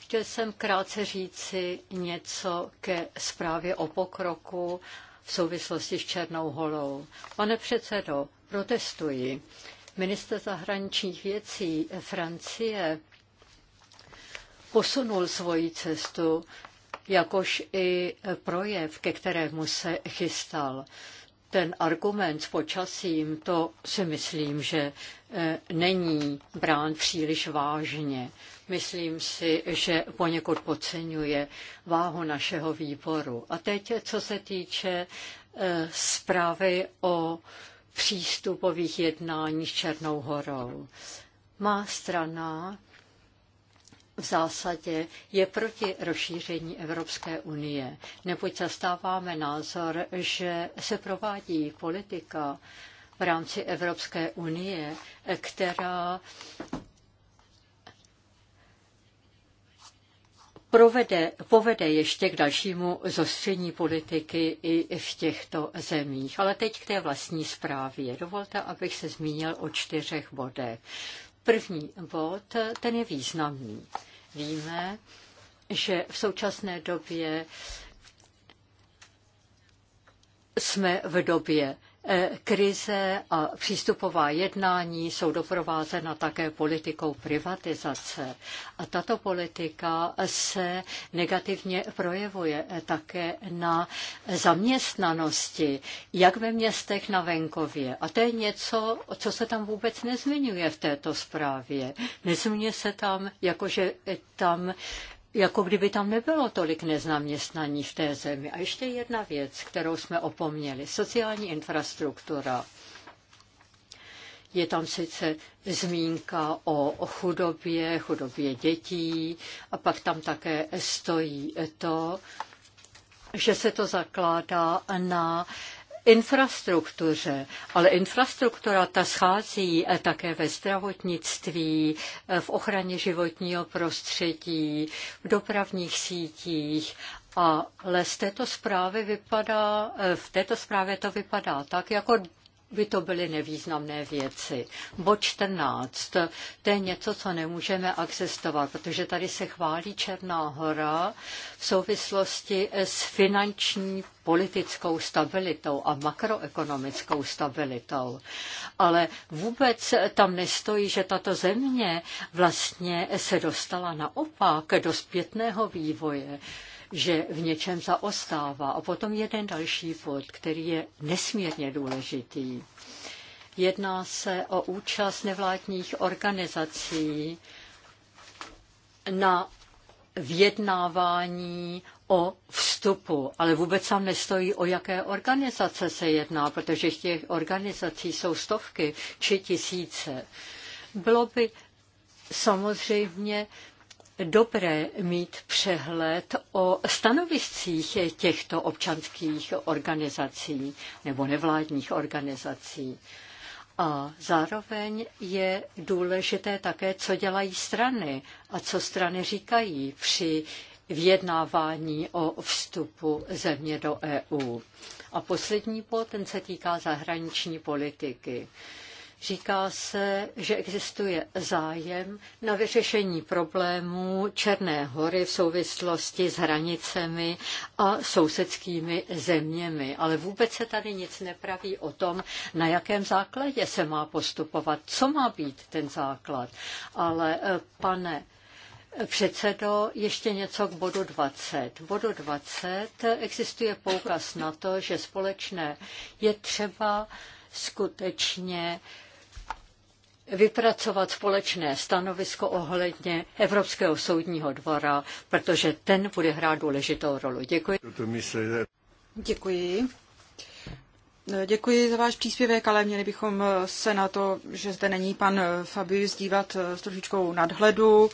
Speaker 2: Chtěl jsem krátce říci něco ke zprávě o pokroku v souvislosti s Černou holou. Pane předsedo, protestuji. Minister zahraničních věcí Francie posunul svoji cestu, jakož i projev, ke kterému se chystal ten argument s počasím, to si myslím, že e, není brán příliš vážně. Myslím si, že poněkud podceňuje váhu našeho výboru. A teď, co se týče e, zprávy o přístupových jednání s Černou horou. Má strana v zásadě je proti rozšíření Evropské unie, neboť zastáváme názor, že se provádí politika v rámci Evropské unie, která provede, povede ještě k dalšímu zostření politiky i v těchto zemích. Ale teď k té vlastní zprávě. Dovolte, abych se zmínil o čtyřech bodech. První bod, ten je významný. Víme, že v současné době jsme v době E, krize a přístupová jednání jsou doprovázena také politikou privatizace a tato politika se negativně projevuje e, také na zaměstnanosti, jak ve městech na venkově. A to je něco, co se tam vůbec nezmiňuje v této zprávě. Nezmiňuje se tam, jakože tam jako kdyby tam nebylo tolik nezaměstnaní v té zemi. A ještě jedna věc, kterou jsme opomněli, sociální infrastruktura. Je tam sice zmínka o chudobě, chudobě dětí a pak tam také stojí to, že se to zakládá na infrastruktuře, ale infrastruktura ta schází eh, také ve zdravotnictví, eh, v ochraně životního prostředí, v dopravních sítích ale z této zprávy vypadá, eh, v této zprávě to vypadá tak, jako by to byly nevýznamné věci. bo 14, to je něco, co nemůžeme akcestovat, protože tady se chválí Černá hora v souvislosti s finanční politickou stabilitou a makroekonomickou stabilitou. Ale vůbec tam nestojí, že tato země vlastně se dostala naopak do zpětného vývoje že v něčem zaostává. A potom jeden další bod, který je nesmírně důležitý. Jedná se o účast nevládních organizací na vyjednávání o vstupu, ale vůbec tam nestojí, o jaké organizace se jedná, protože těch organizací jsou stovky či tisíce. Bylo by samozřejmě dobré mít přehled o stanoviscích těchto občanských organizací nebo nevládních organizací. A zároveň je důležité také, co dělají strany a co strany říkají při vyjednávání o vstupu země do EU. A poslední bod, ten se týká zahraniční politiky. Říká se, že existuje zájem na vyřešení problémů Černé hory v souvislosti s hranicemi a sousedskými zeměmi, ale vůbec se tady nic nepraví o tom, na jakém základě se má postupovat, co má být ten základ. Ale eh, pane eh, Předsedo, ještě něco k bodu 20. V bodu 20 existuje poukaz na to, že společné je třeba skutečně vypracovat společné stanovisko ohledně Evropského soudního dvora, protože ten bude hrát důležitou roli. Děkuji. Děkuji. Děkuji za váš
Speaker 3: příspěvek, ale měli bychom se na to, že zde není pan Fabius, dívat s trošičkou nadhledu.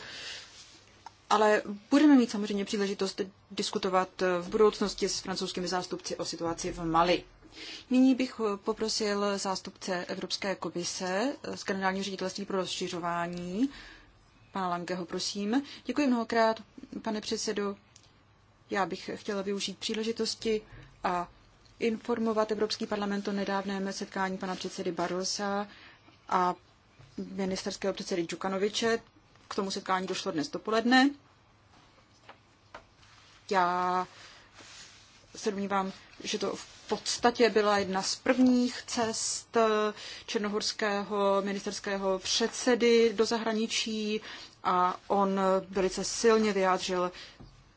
Speaker 3: Ale budeme mít samozřejmě příležitost diskutovat v budoucnosti s francouzskými zástupci o situaci v Mali. Nyní bych eh, poprosil zástupce Evropské komise eh, z generálního ředitelství pro rozšiřování, pana Langeho, prosím. Děkuji mnohokrát, pane předsedo. Já bych chtěla využít příležitosti a informovat Evropský parlament o nedávném setkání pana předsedy Barosa a ministerského předsedy Džukanoviče. K tomu setkání došlo dnes dopoledne. Já se domnívám, že to v podstatě byla jedna z prvních cest eh, černohorského ministerského předsedy do zahraničí a on velice silně vyjádřil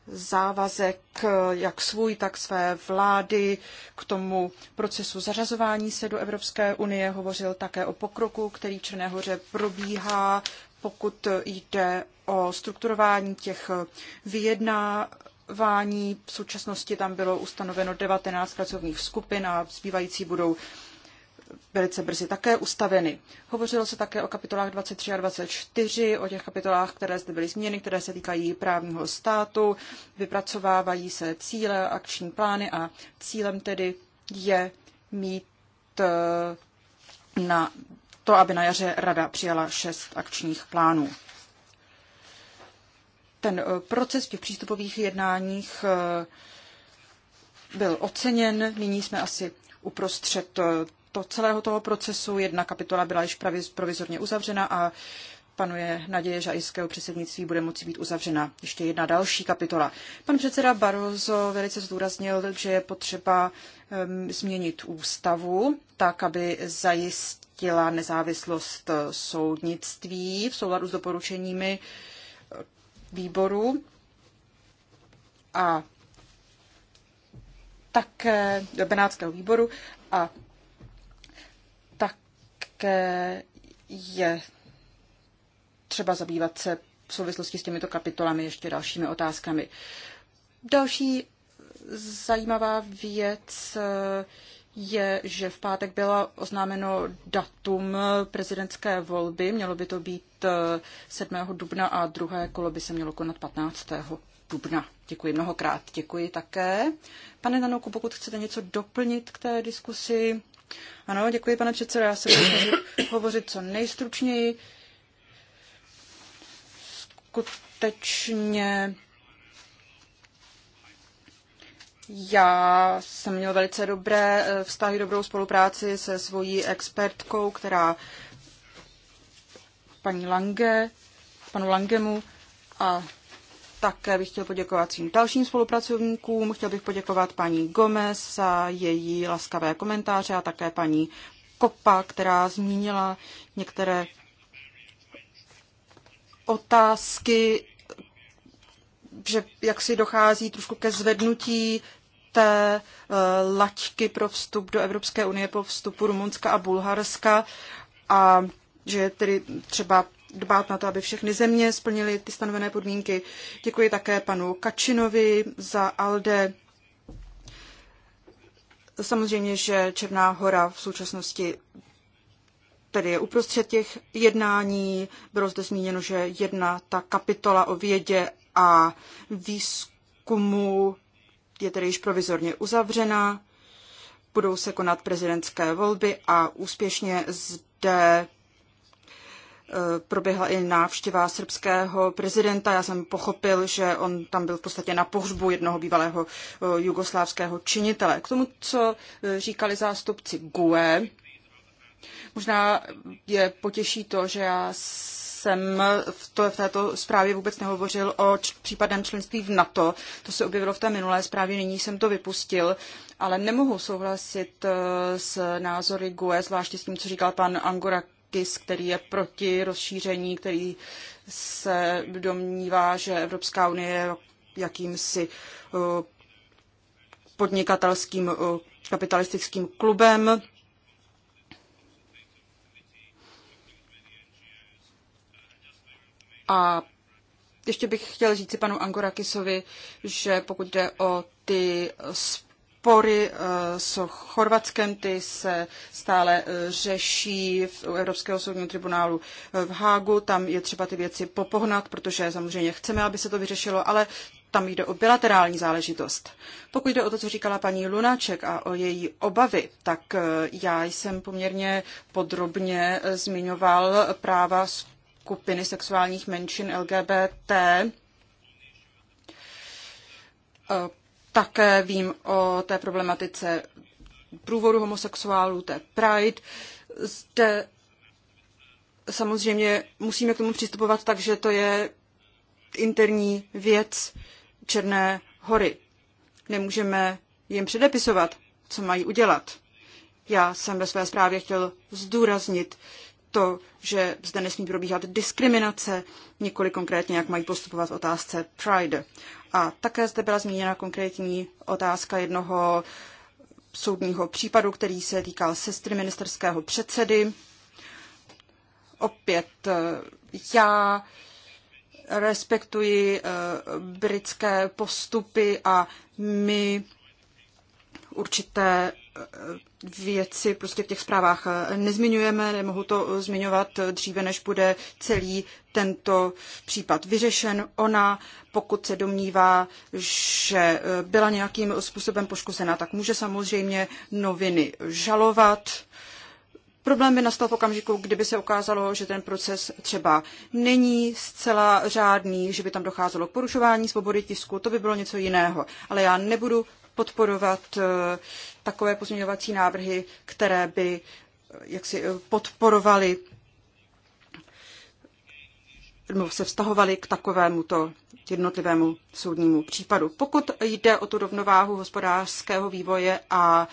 Speaker 3: závazek eh, jak svůj, tak své vlády k tomu procesu zařazování se do Evropské unie. Hovořil také o pokroku, který Černé hoře probíhá, pokud jde o strukturování těch eh, vyjedná, vzdělávání. V současnosti tam bylo ustanoveno 19 pracovních skupin a zbývající budou velice brzy také ustaveny. Hovořilo se také o kapitolách 23 a 24, o těch kapitolách, které zde byly změny, které se týkají právního státu, vypracovávají se cíle, akční plány a cílem tedy je mít eh, na to, aby na jaře rada přijala šest akčních plánů ten eh, proces v těch přístupových jednáních eh, byl oceněn. Nyní jsme asi uprostřed eh, to celého toho procesu. Jedna kapitola byla již provizorně uzavřena a panuje naděje, že ajského předsednictví bude moci být uzavřena ještě jedna další kapitola. Pan předseda Barroso velice zdůraznil, že je potřeba um, změnit ústavu tak, aby zajistila nezávislost soudnictví v souladu s doporučeními uh, výboru a také Benátského výboru a také je třeba zabývat se v souvislosti s těmito kapitolami ještě dalšími otázkami. Další zajímavá věc je, že v pátek bylo oznámeno datum prezidentské volby. Mělo by to být 7. Eh, dubna a druhé kolo by se mělo konat 15. dubna. Děkuji mnohokrát. Děkuji také. Pane Danouku, pokud chcete něco doplnit k té diskusi. Ano, děkuji, pane předsedo. Já se budu hovořit co nejstručněji. Skutečně já jsem měl velice dobré eh, vztahy, dobrou spolupráci se svojí expertkou, která paní Lange, panu Langemu a také bych chtěl poděkovat svým dalším spolupracovníkům. Chtěl bych poděkovat paní Gomez za její laskavé komentáře a také paní Kopa, která zmínila některé otázky, že jak si dochází trošku ke zvednutí té eh, laťky pro vstup do Evropské unie po vstupu Rumunska a Bulharska. A že je tedy třeba dbát na to, aby všechny země splnily ty stanovené podmínky. Děkuji také panu Kačinovi za ALDE. Samozřejmě, že Černá hora v současnosti tedy je uprostřed těch jednání. Bylo zde zmíněno, že jedna ta kapitola o vědě a výzkumu je tedy již provizorně uzavřena. Budou se konat prezidentské volby a úspěšně zde proběhla i návštěva srbského prezidenta. Já jsem pochopil, že on tam byl v podstatě na pohřbu jednoho bývalého eh, jugoslávského činitele. K tomu, co eh, říkali zástupci GUE, možná je potěší to, že já jsem v, to, v této zprávě vůbec nehovořil o č- případném členství v NATO. To se objevilo v té minulé zprávě, nyní jsem to vypustil, ale nemohu souhlasit eh, s názory GUE, zvláště s tím, co říkal pan Angora tisk, který je proti rozšíření, který se domnívá, že Evropská unie je jakýmsi eh, podnikatelským eh, kapitalistickým klubem. A ještě bych chtěl říci panu Angorakisovi, že pokud jde o ty sp spory eh, s Chorvatskem, ty se stále eh, řeší v Evropského soudního tribunálu eh, v Hágu. Tam je třeba ty věci popohnat, protože samozřejmě chceme, aby se to vyřešilo, ale tam jde o bilaterální záležitost. Pokud jde o to, co říkala paní Lunáček a o její obavy, tak já jsem poměrně podrobně zmiňoval práva skupiny sexuálních menšin LGBT také vím o té problematice průvodu homosexuálů, té Pride. Zde samozřejmě musíme k tomu přistupovat tak, že to je interní věc Černé hory. Nemůžeme jim předepisovat, co mají udělat. Já jsem ve své zprávě chtěl zdůraznit to, že zde nesmí probíhat diskriminace, nikoli konkrétně, jak mají postupovat v otázce Pride. A také zde byla zmíněna konkrétní otázka jednoho soudního případu, který se týkal sestry ministerského předsedy. Opět eh, já respektuji eh, britské postupy a my určité eh, věci prostě v těch zprávách eh, nezmiňujeme, nemohu to eh, zmiňovat dříve, než bude celý tento případ vyřešen. Ona, pokud se domnívá, že byla nějakým způsobem poškozena, tak může samozřejmě noviny žalovat. Problém by nastal v okamžiku, kdyby se ukázalo, že ten proces třeba není zcela řádný, že by tam docházelo k porušování svobody tisku, to by bylo něco jiného. Ale já nebudu podporovat eh, takové pozměňovací návrhy, které by eh, jaksi eh, podporovaly nebo se vztahovaly k takovémuto jednotlivému soudnímu případu. Pokud jde o tu rovnováhu hospodářského vývoje a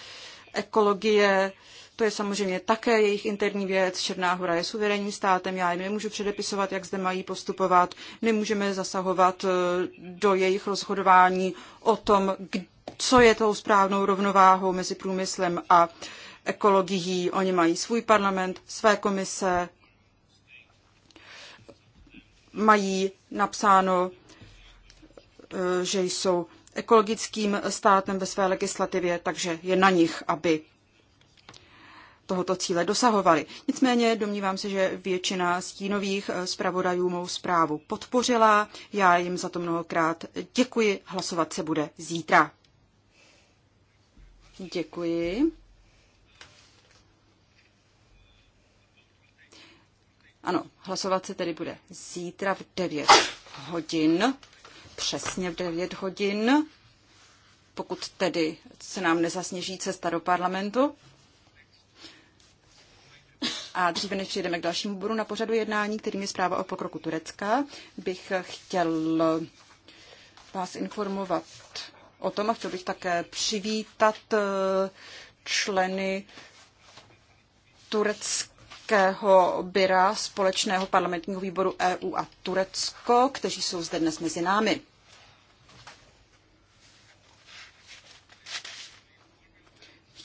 Speaker 3: ekologie, to je samozřejmě také jejich interní věc. Černá hora je suverénním státem, já jim nemůžu předepisovat, jak zde mají postupovat. My můžeme zasahovat do jejich rozhodování o tom, co je tou správnou rovnováhou mezi průmyslem a ekologií. Oni mají svůj parlament, své komise, mají napsáno, eh, že jsou ekologickým státem ve své legislativě, takže je na nich, aby tohoto cíle dosahovali. Nicméně domnívám se, že většina stínových eh, zpravodajů mou zprávu podpořila. Já jim za to mnohokrát děkuji. Hlasovat se bude zítra. Děkuji. Ano, hlasovat se tedy bude zítra v 9 hodin, přesně v 9 hodin, pokud tedy se nám nezasněží cesta do parlamentu. A dříve než přijdeme k dalšímu bodu na pořadu jednání, kterým je zpráva o pokroku Turecka, bych chtěl vás informovat o tom a chtěl bych také přivítat eh, členy tureckého byra společného parlamentního výboru EU a Turecko, kteří jsou zde dnes mezi námi.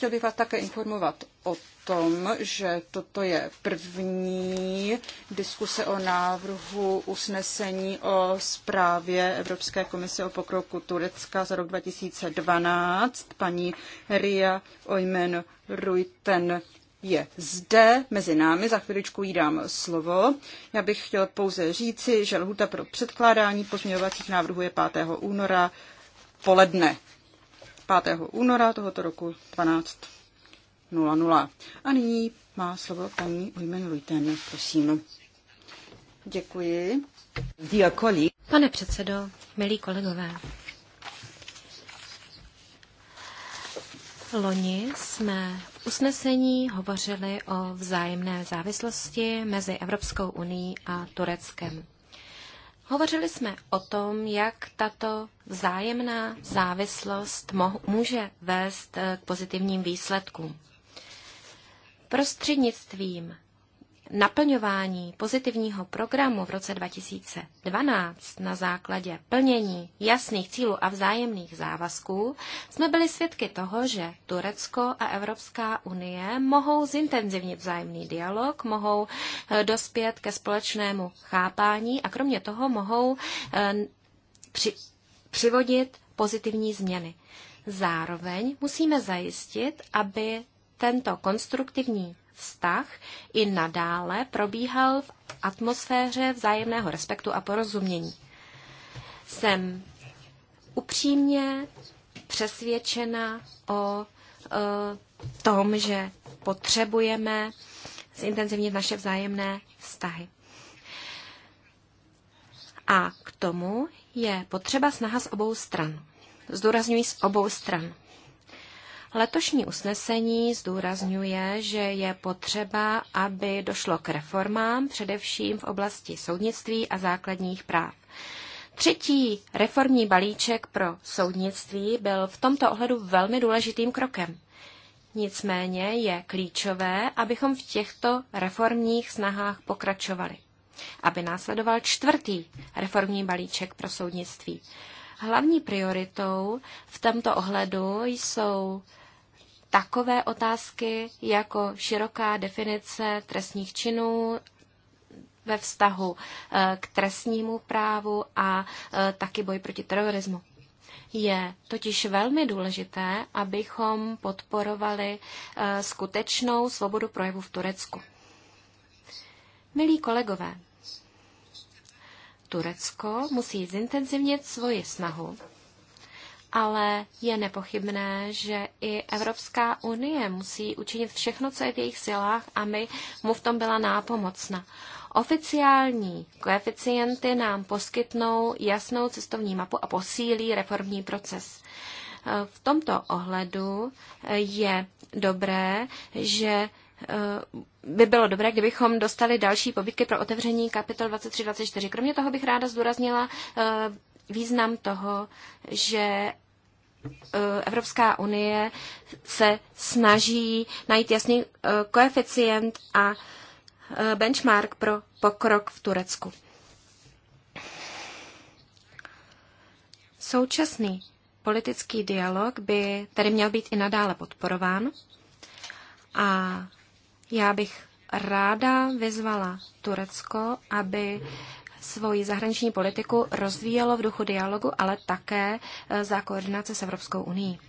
Speaker 3: chtěl bych vás také informovat o tom, že toto je první diskuse o návrhu usnesení o zprávě Evropské komise o pokroku Turecka za rok 2012. Paní Ria Ojmen Ruiten je zde mezi námi, za chviličku jí dám slovo. Já bych chtěl pouze říci, že lhuta pro předkládání pozměňovacích návrhů je 5. února poledne. 5. února tohoto roku 12.00. A nyní má slovo paní Ujmen Lujten, prosím. Děkuji.
Speaker 1: Pane předsedo, milí kolegové, Loni jsme v usnesení hovořili o vzájemné závislosti mezi Evropskou uní a Tureckem. Hovořili jsme o tom, jak tato vzájemná závislost může vést eh, k pozitivním výsledkům. Prostřednictvím naplňování pozitivního programu v roce 2012 na základě plnění jasných cílů a vzájemných závazků jsme byli svědky toho, že Turecko a Evropská unie mohou zintenzivnit vzájemný dialog, mohou eh, dospět ke společnému chápání a kromě toho mohou eh, při, přivodit pozitivní změny. Zároveň musíme zajistit, aby tento konstruktivní vztah i nadále probíhal v atmosféře vzájemného respektu a porozumění. Jsem upřímně přesvědčena o e, tom, že potřebujeme zintenzivnit naše vzájemné vztahy. A k tomu je potřeba snaha z obou stran. Zdůrazňuji z obou stran. Letošní usnesení zdůrazňuje, že je potřeba, aby došlo k reformám, především v oblasti soudnictví a základních práv. Třetí reformní balíček pro soudnictví byl v tomto ohledu velmi důležitým krokem. Nicméně je klíčové, abychom v těchto reformních snahách pokračovali, aby následoval čtvrtý reformní balíček pro soudnictví. Hlavní prioritou v tomto ohledu jsou takové otázky jako široká definice trestních činů ve vztahu eh, k trestnímu právu a eh, taky boj proti terorismu. Je totiž velmi důležité, abychom podporovali eh, skutečnou svobodu projevu v Turecku. Milí kolegové, Turecko musí zintenzivnit svoji snahu ale je nepochybné, že i Evropská unie musí učinit všechno, co je v jejich silách a my mu v tom byla nápomocna. Oficiální koeficienty nám poskytnou jasnou cestovní mapu a posílí reformní proces. V tomto ohledu je dobré, že eh, by bylo dobré, kdybychom dostali další pobytky pro otevření kapitol 23-24. Kromě toho bych ráda zdůraznila eh, význam toho, že Eh, Evropská unie se snaží najít jasný eh, koeficient a eh, benchmark pro pokrok v Turecku. Současný politický dialog by tedy měl být i nadále podporován a já bych ráda vyzvala Turecko, aby svoji zahraniční politiku rozvíjelo v duchu dialogu, ale také e, za koordinace s Evropskou uní.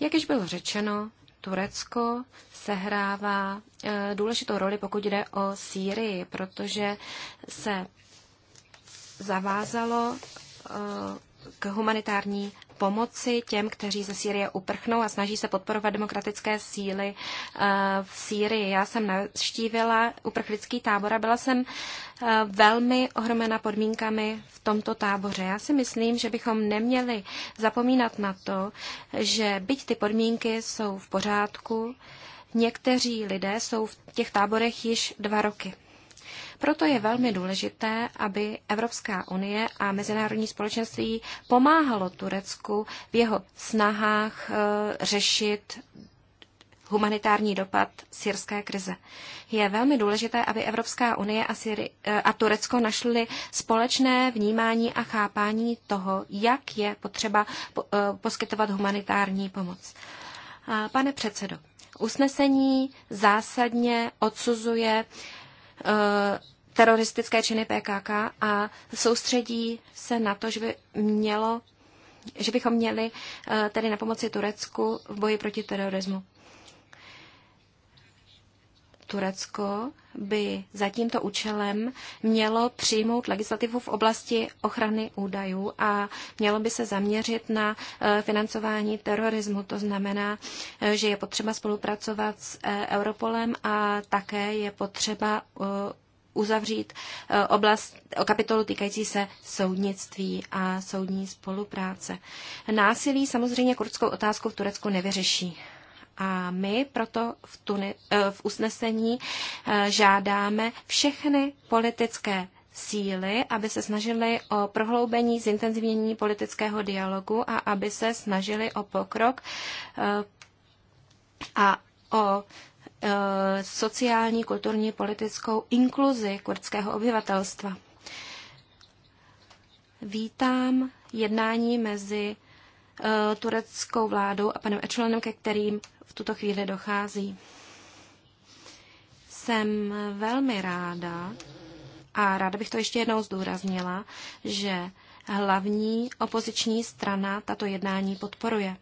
Speaker 1: Jak již bylo řečeno, Turecko sehrává e, důležitou roli, pokud jde o Sýrii, protože se zavázalo e, k humanitární pomoci těm, kteří ze Sýrie uprchnou a snaží se podporovat demokratické síly eh, v Sýrii. Já jsem navštívila uprchlický tábor a byla jsem eh, velmi ohromena podmínkami v tomto táboře. Já si myslím, že bychom neměli zapomínat na to, že byť ty podmínky jsou v pořádku, někteří lidé jsou v těch táborech již dva roky. Proto je velmi důležité, aby Evropská unie a mezinárodní společenství pomáhalo Turecku v jeho snahách eh, řešit humanitární dopad syrské krize. Je velmi důležité, aby Evropská unie a, Syri- eh, a Turecko našly společné vnímání a chápání toho, jak je potřeba eh, poskytovat humanitární pomoc. Pane předsedo, usnesení zásadně odsuzuje uh, Eh, teroristické činy PKK a soustředí se na to, že by mělo že bychom měli eh, tedy na pomoci Turecku v boji proti terorismu. Turecko by za tímto účelem mělo přijmout legislativu v oblasti ochrany údajů a mělo by se zaměřit na eh, financování terorismu. To znamená, eh, že je potřeba spolupracovat s eh, Europolem a také je potřeba uzavřít oblast, kapitolu týkající se soudnictví a soudní spolupráce. Násilí samozřejmě kurdskou otázku v Turecku nevyřeší. A my proto v, tuni, eh, v usnesení eh, žádáme všechny politické síly, aby se snažili o prohloubení, zintenzivnění politického dialogu a aby se snažili o pokrok eh, a o sociální, kulturní, politickou inkluzi kurdského obyvatelstva. Vítám jednání mezi tureckou vládou a panem Ečlenem, ke kterým v tuto chvíli dochází. Jsem velmi ráda a ráda bych to ještě jednou zdůraznila, že hlavní opoziční strana tato jednání podporuje.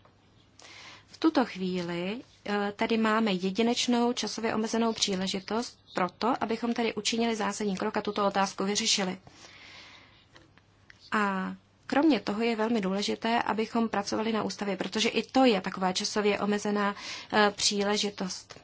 Speaker 1: V tuto chvíli eh, tady máme jedinečnou časově omezenou příležitost pro to, abychom tady učinili zásadní krok a tuto otázku vyřešili. A Kromě toho je velmi důležité, abychom pracovali na ústavě, protože i to je taková časově omezená eh, příležitost.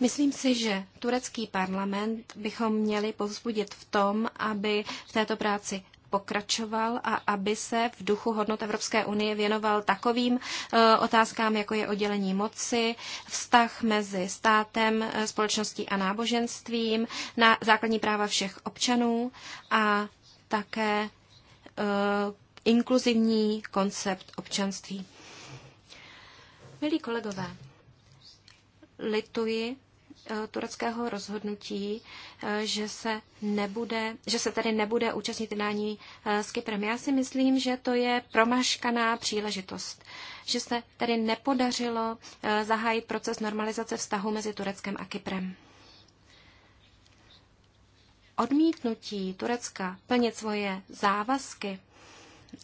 Speaker 1: Myslím si, že turecký parlament bychom měli povzbudit v tom, aby v této práci pokračoval a aby se v duchu hodnot Evropské unie věnoval takovým eh, otázkám, jako je oddělení moci, vztah mezi státem, eh, společností a náboženstvím, na základní práva všech občanů a také eh, inkluzivní koncept občanství. Milí kolegové, lituji eh, tureckého rozhodnutí, eh, že se, nebude, že se tady nebude účastnit jednání s Kyprem. Já si myslím, že to je promaškaná příležitost, že se tady nepodařilo zahájit proces normalizace vztahu mezi Tureckem a Kyprem odmítnutí Turecka plnit svoje závazky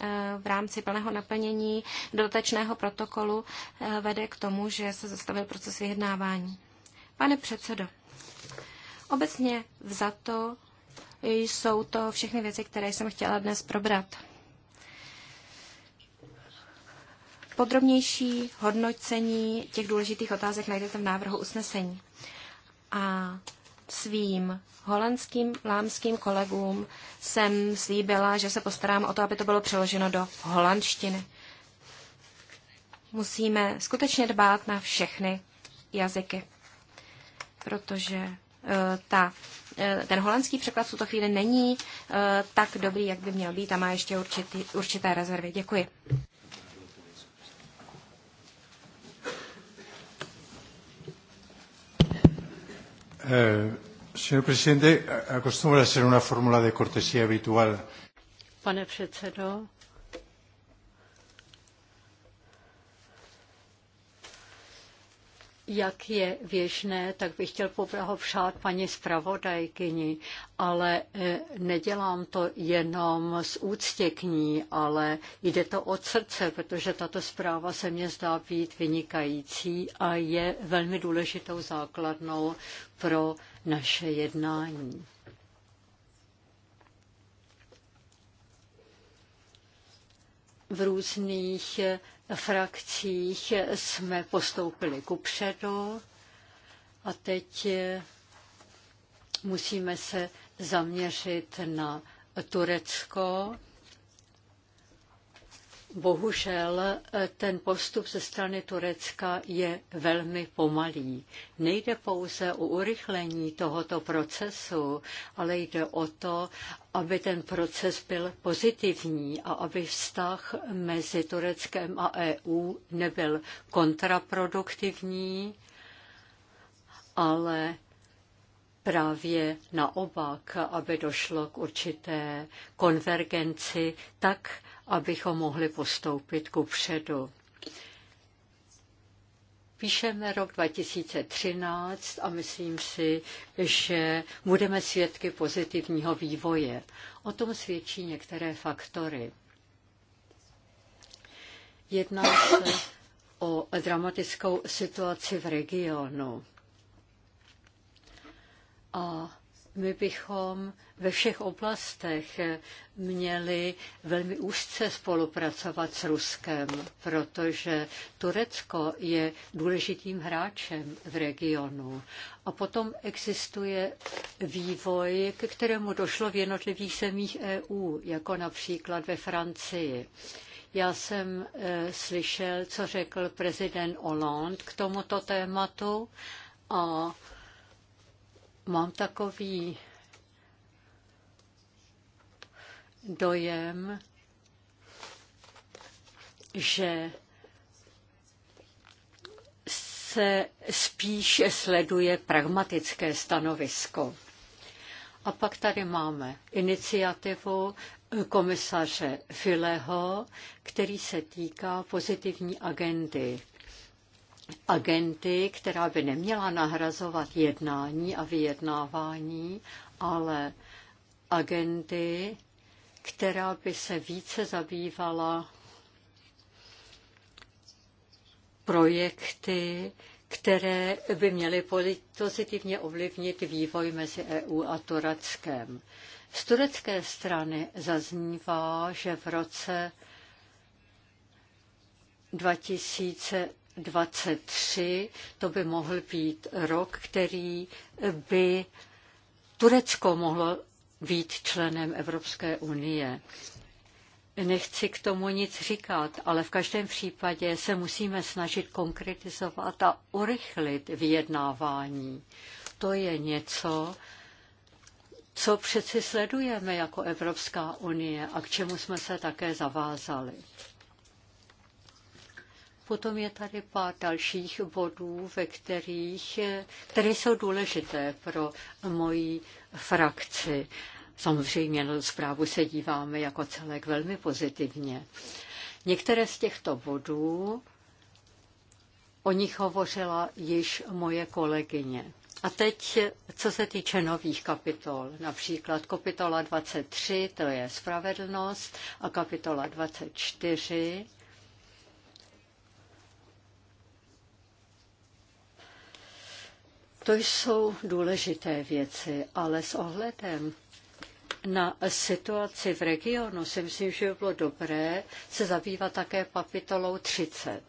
Speaker 1: eh, v rámci plného naplnění dotečného protokolu eh, vede k tomu, že se zastavil proces vyjednávání. Pane předsedo, obecně vzato jsou to všechny věci, které jsem chtěla dnes probrat. Podrobnější hodnocení těch důležitých otázek najdete v návrhu usnesení. A svým holandským lámským kolegům jsem slíbila, že se postarám o to, aby to bylo přeloženo do holandštiny. Musíme skutečně dbát na všechny jazyky, protože uh, ta, uh, ten holandský překlad v tuto chvíli není uh, tak dobrý, jak by měl být a má ještě určitý, určité rezervy. Děkuji.
Speaker 2: Eh, señor presidente, acostumbra ser una fórmula de cortesía habitual. Pane předsedo, Jak je věžné, tak bych chtěl poblahopřát paní zpravodajkyni, ale eh, nedělám to jenom z úctě k ní, ale jde to od srdce, protože tato zpráva se mně zdá být vynikající a je velmi důležitou základnou pro naše jednání. V různých eh, frakcích jsme postoupili kupředu a teď musíme se zaměřit na Turecko Bohužel eh, ten postup ze strany Turecka je velmi pomalý. Nejde pouze o urychlení tohoto procesu, ale jde o to, aby ten proces byl pozitivní a aby vztah mezi Tureckem a EU nebyl kontraproduktivní, ale právě naopak, aby došlo k určité konvergenci tak, abychom mohli postoupit ku předu. Píšeme rok 2013 a myslím si, že budeme svědky pozitivního vývoje. O tom svědčí některé faktory. Jedná se o dramatickou situaci v regionu. A my bychom ve všech oblastech měli velmi úzce spolupracovat s Ruskem, protože Turecko je důležitým hráčem v regionu. A potom existuje vývoj, ke kterému došlo v jednotlivých zemích EU, jako například ve Francii. Já jsem e, slyšel, co řekl prezident Hollande k tomuto tématu a Mám takový dojem, že se spíš sleduje pragmatické stanovisko. A pak tady máme iniciativu komisaře Fileho, který se týká pozitivní agendy agenty, která by neměla nahrazovat jednání a vyjednávání, ale agendy, která by se více zabývala projekty, které by měly pozitivně ovlivnit vývoj mezi EU a Tureckem. Z turecké strany zaznívá, že v roce 2000 23, to by mohl být rok, který by Turecko mohlo být členem Evropské unie. Nechci k tomu nic říkat, ale v každém případě se musíme snažit konkretizovat a urychlit vyjednávání. To je něco, co přeci sledujeme jako Evropská unie a k čemu jsme se také zavázali. Potom je tady pár dalších bodů, ve kterých, které jsou důležité pro moji frakci. Samozřejmě na zprávu se díváme jako celek velmi pozitivně. Některé z těchto bodů, o nich hovořila již moje kolegyně. A teď, co se týče nových kapitol, například kapitola 23, to je spravedlnost, a kapitola 24, To jsou důležité věci, ale s ohledem na situaci v regionu si myslím, že by bylo dobré se zabývat také kapitolou 30.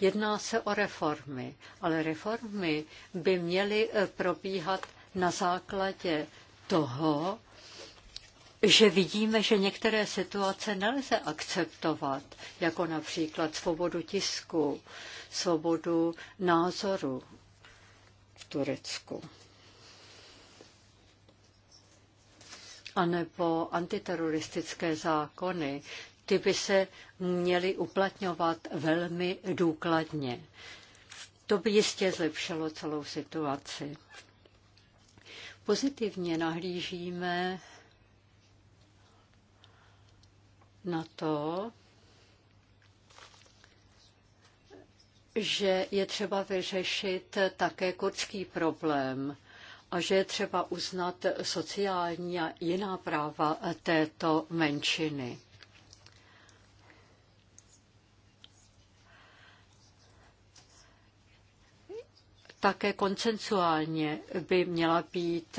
Speaker 2: Jedná se o reformy, ale reformy by měly eh, probíhat na základě toho, že vidíme, že některé situace nelze akceptovat, jako například svobodu tisku, svobodu názoru v Turecku. A nebo antiteroristické zákony, ty by se měly uplatňovat velmi důkladně. To by jistě zlepšilo celou situaci. Pozitivně nahlížíme na to, že je třeba vyřešit také kurdský problém a že je třeba uznat sociální a jiná práva této menšiny. Také koncensuálně by měla být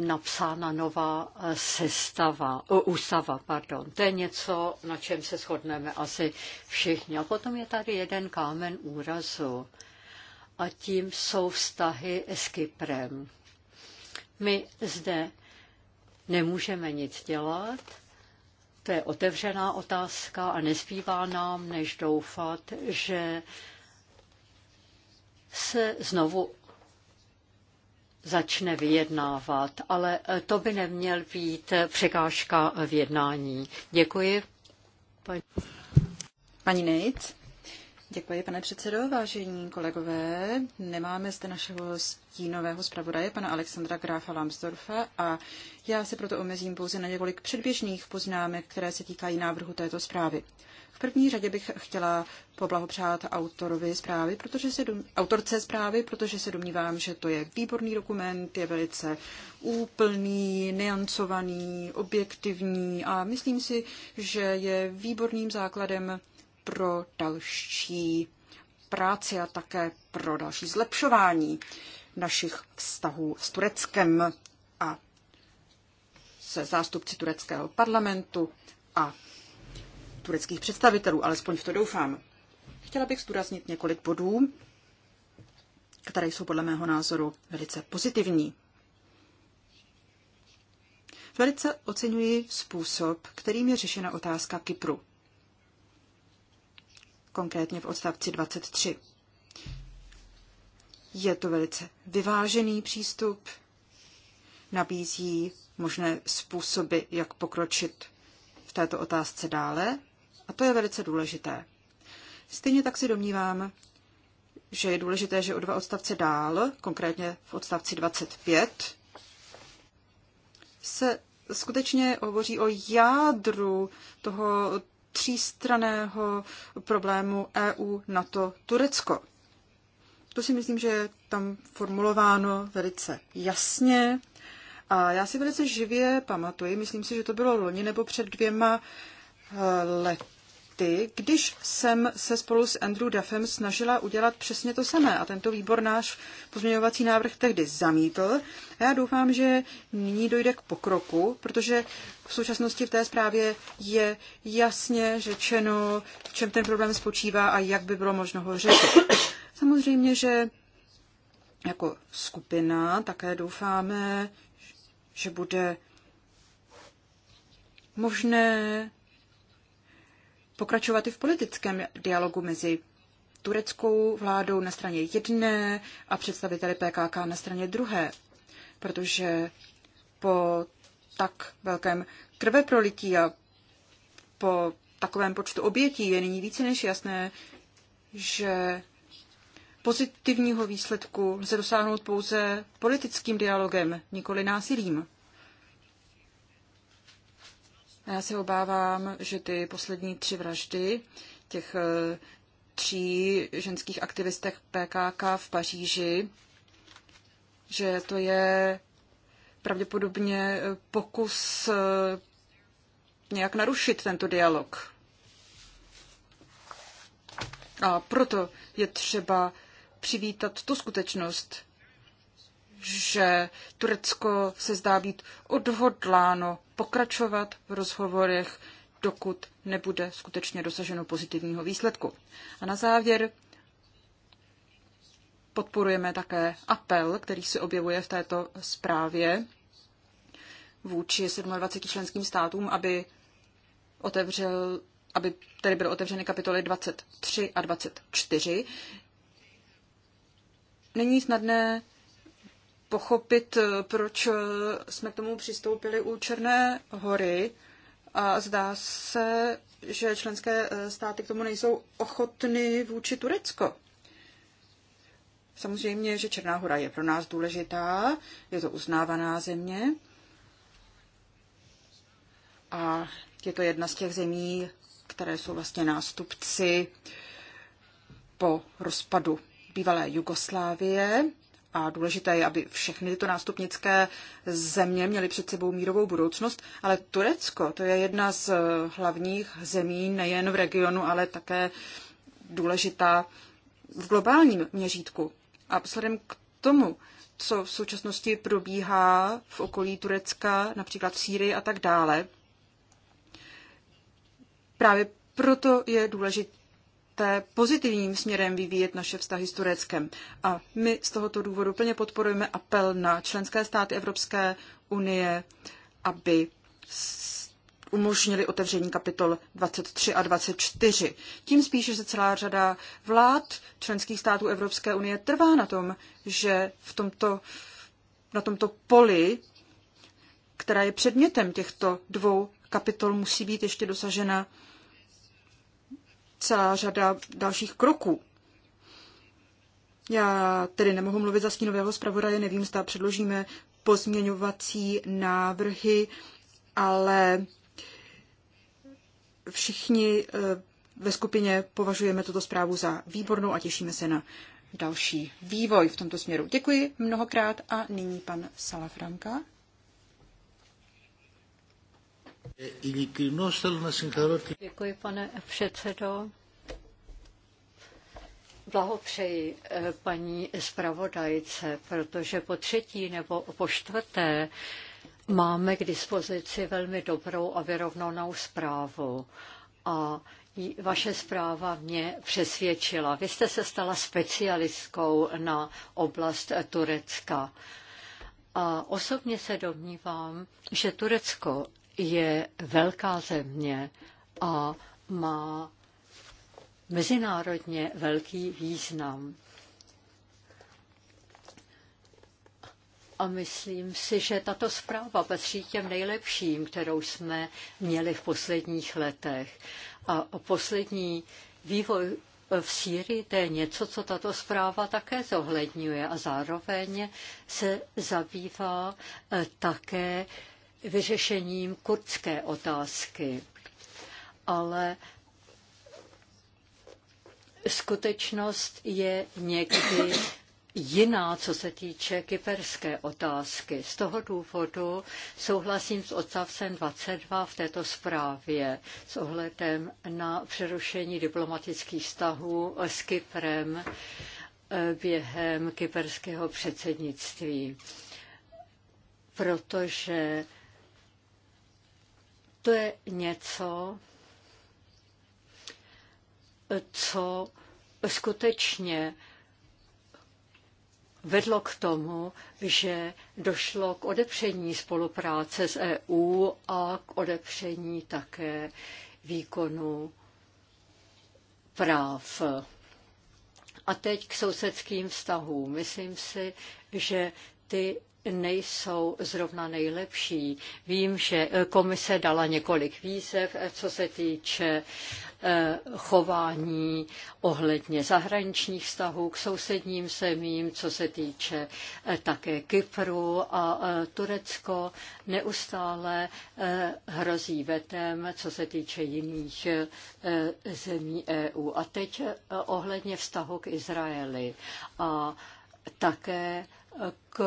Speaker 2: napsána nová eh, sestava, ústava. Pardon. To je něco, na čem se shodneme asi všichni. A potom je tady jeden kámen úrazu a tím jsou vztahy s Kyprem. My zde nemůžeme nic dělat, to je otevřená otázka a nezbývá nám, než doufat, že se znovu začne vyjednávat, ale eh, to by neměl být eh, překážka eh, v jednání. Děkuji. Paní, Paní Nejc. Děkuji, pane předsedo. Vážení
Speaker 3: kolegové, nemáme zde našeho stínového zpravodaje, pana Alexandra Grafa Lambsdorfa, a já se proto omezím pouze na několik předběžných poznámek, které se týkají návrhu této zprávy první řadě bych chtěla poblahopřát autorovi zprávy, protože se dom, autorce zprávy, protože se domnívám, že to je výborný dokument, je velice úplný, neancovaný, objektivní a myslím si, že je výborným základem pro další práci a také pro další zlepšování našich vztahů s Tureckem a se zástupci tureckého parlamentu a tureckých představitelů, alespoň v to doufám. Chtěla bych zdůraznit několik bodů, které jsou podle mého názoru velice pozitivní. Velice oceňuji způsob, kterým je řešena otázka Kypru. Konkrétně v odstavci 23. Je to velice vyvážený přístup, nabízí možné způsoby, jak pokročit v této otázce dále a to je velice důležité. Stejně tak si domnívám, že je důležité, že o dva odstavce dál, konkrétně v odstavci 25, se skutečně hovoří o jádru toho třístraného problému EU, NATO, Turecko. To si myslím, že je tam formulováno velice jasně. A já si velice živě pamatuji, myslím si, že to bylo loni nebo před dvěma eh, lety, ty, když jsem se spolu s Andrew Duffem snažila udělat přesně to samé a tento výbor náš pozměňovací návrh tehdy zamítl a já doufám, že nyní dojde k pokroku, protože v současnosti v té zprávě je jasně řečeno, v čem ten problém spočívá a jak by bylo možno ho řešit. Samozřejmě, že jako skupina také doufáme, že bude možné pokračovat i v politickém dialogu mezi tureckou vládou na straně jedné a představiteli PKK na straně druhé, protože po tak velkém krveprolití a po takovém počtu obětí je nyní více než jasné, že pozitivního výsledku lze dosáhnout pouze politickým dialogem, nikoli násilím. A já se obávám, že ty poslední tři vraždy těch eh, tří ženských aktivistek PKK v Paříži, že to je pravděpodobně eh, pokus eh, nějak narušit tento dialog. A proto je třeba přivítat tu skutečnost, že Turecko se zdá být odhodláno pokračovat v rozhovorech, dokud nebude skutečně dosaženo pozitivního výsledku. A na závěr podporujeme také apel, který se objevuje v této zprávě vůči 27 členským státům, aby otevřel, aby tedy byly otevřeny kapitoly 23 a 24. Není snadné pochopit, eh, proč eh, jsme k tomu přistoupili u Černé hory. A zdá se, že členské eh, státy k tomu nejsou ochotny vůči Turecko. Samozřejmě, že Černá hora je pro nás důležitá, je to uznávaná země a je to jedna z těch zemí, které jsou vlastně nástupci po rozpadu bývalé Jugoslávie a důležité je, aby všechny tyto nástupnické země měly před sebou mírovou budoucnost, ale Turecko to je jedna z hlavních zemí nejen v regionu, ale také důležitá v globálním měřítku. A vzhledem k tomu, co v současnosti probíhá v okolí Turecka, například v Sýrii a tak dále, právě proto je důležité poté pozitivním směrem vyvíjet naše vztahy s Tureckem. A my z tohoto důvodu plně podporujeme apel na členské státy Evropské unie, aby umožnili otevření kapitol 23 a 24. Tím spíše, že celá řada vlád členských států Evropské unie trvá na tom, že v tomto, na tomto poli, která je předmětem těchto dvou kapitol, musí být ještě dosažena celá řada dalších kroků. Já tedy nemohu mluvit za stínového zpravodaje, nevím, zda předložíme pozměňovací návrhy, ale všichni eh, ve skupině považujeme tuto zprávu za výbornou a těšíme se na další vývoj v tomto směru. Děkuji mnohokrát a nyní pan Salafranka.
Speaker 2: Děkuji, pane předsedo. Blahopřeji eh, paní zpravodajce, protože po třetí nebo po čtvrté máme k dispozici velmi dobrou a vyrovnanou zprávu. A vaše zpráva mě přesvědčila. Vy jste se stala specialistkou na oblast Turecka. A osobně se domnívám, že Turecko je velká země a má mezinárodně velký význam. A myslím si, že tato zpráva patří těm nejlepším, kterou jsme měli v posledních letech. A poslední vývoj v Sýrii, to je něco, co tato zpráva také zohledňuje a zároveň se zabývá eh, také vyřešením kurdské otázky. Ale skutečnost je někdy jiná, co se týče kyperské otázky. Z toho důvodu souhlasím s odstavcem 22 v této zprávě s ohledem na přerušení diplomatických vztahů s Kyprem eh, během kyperského předsednictví. Protože to je něco, co skutečně vedlo k tomu, že došlo k odepření spolupráce s EU a k odepření také výkonu práv. A teď k sousedským vztahům. Myslím si, že ty nejsou zrovna nejlepší. Vím, že komise dala několik výzev, co se týče eh, chování ohledně zahraničních vztahů k sousedním zemím, co se týče eh, také Kypru a eh, Turecko neustále hrozí vetem, co se týče jiných zemí EU. A teď ohledně vztahu k Izraeli a také k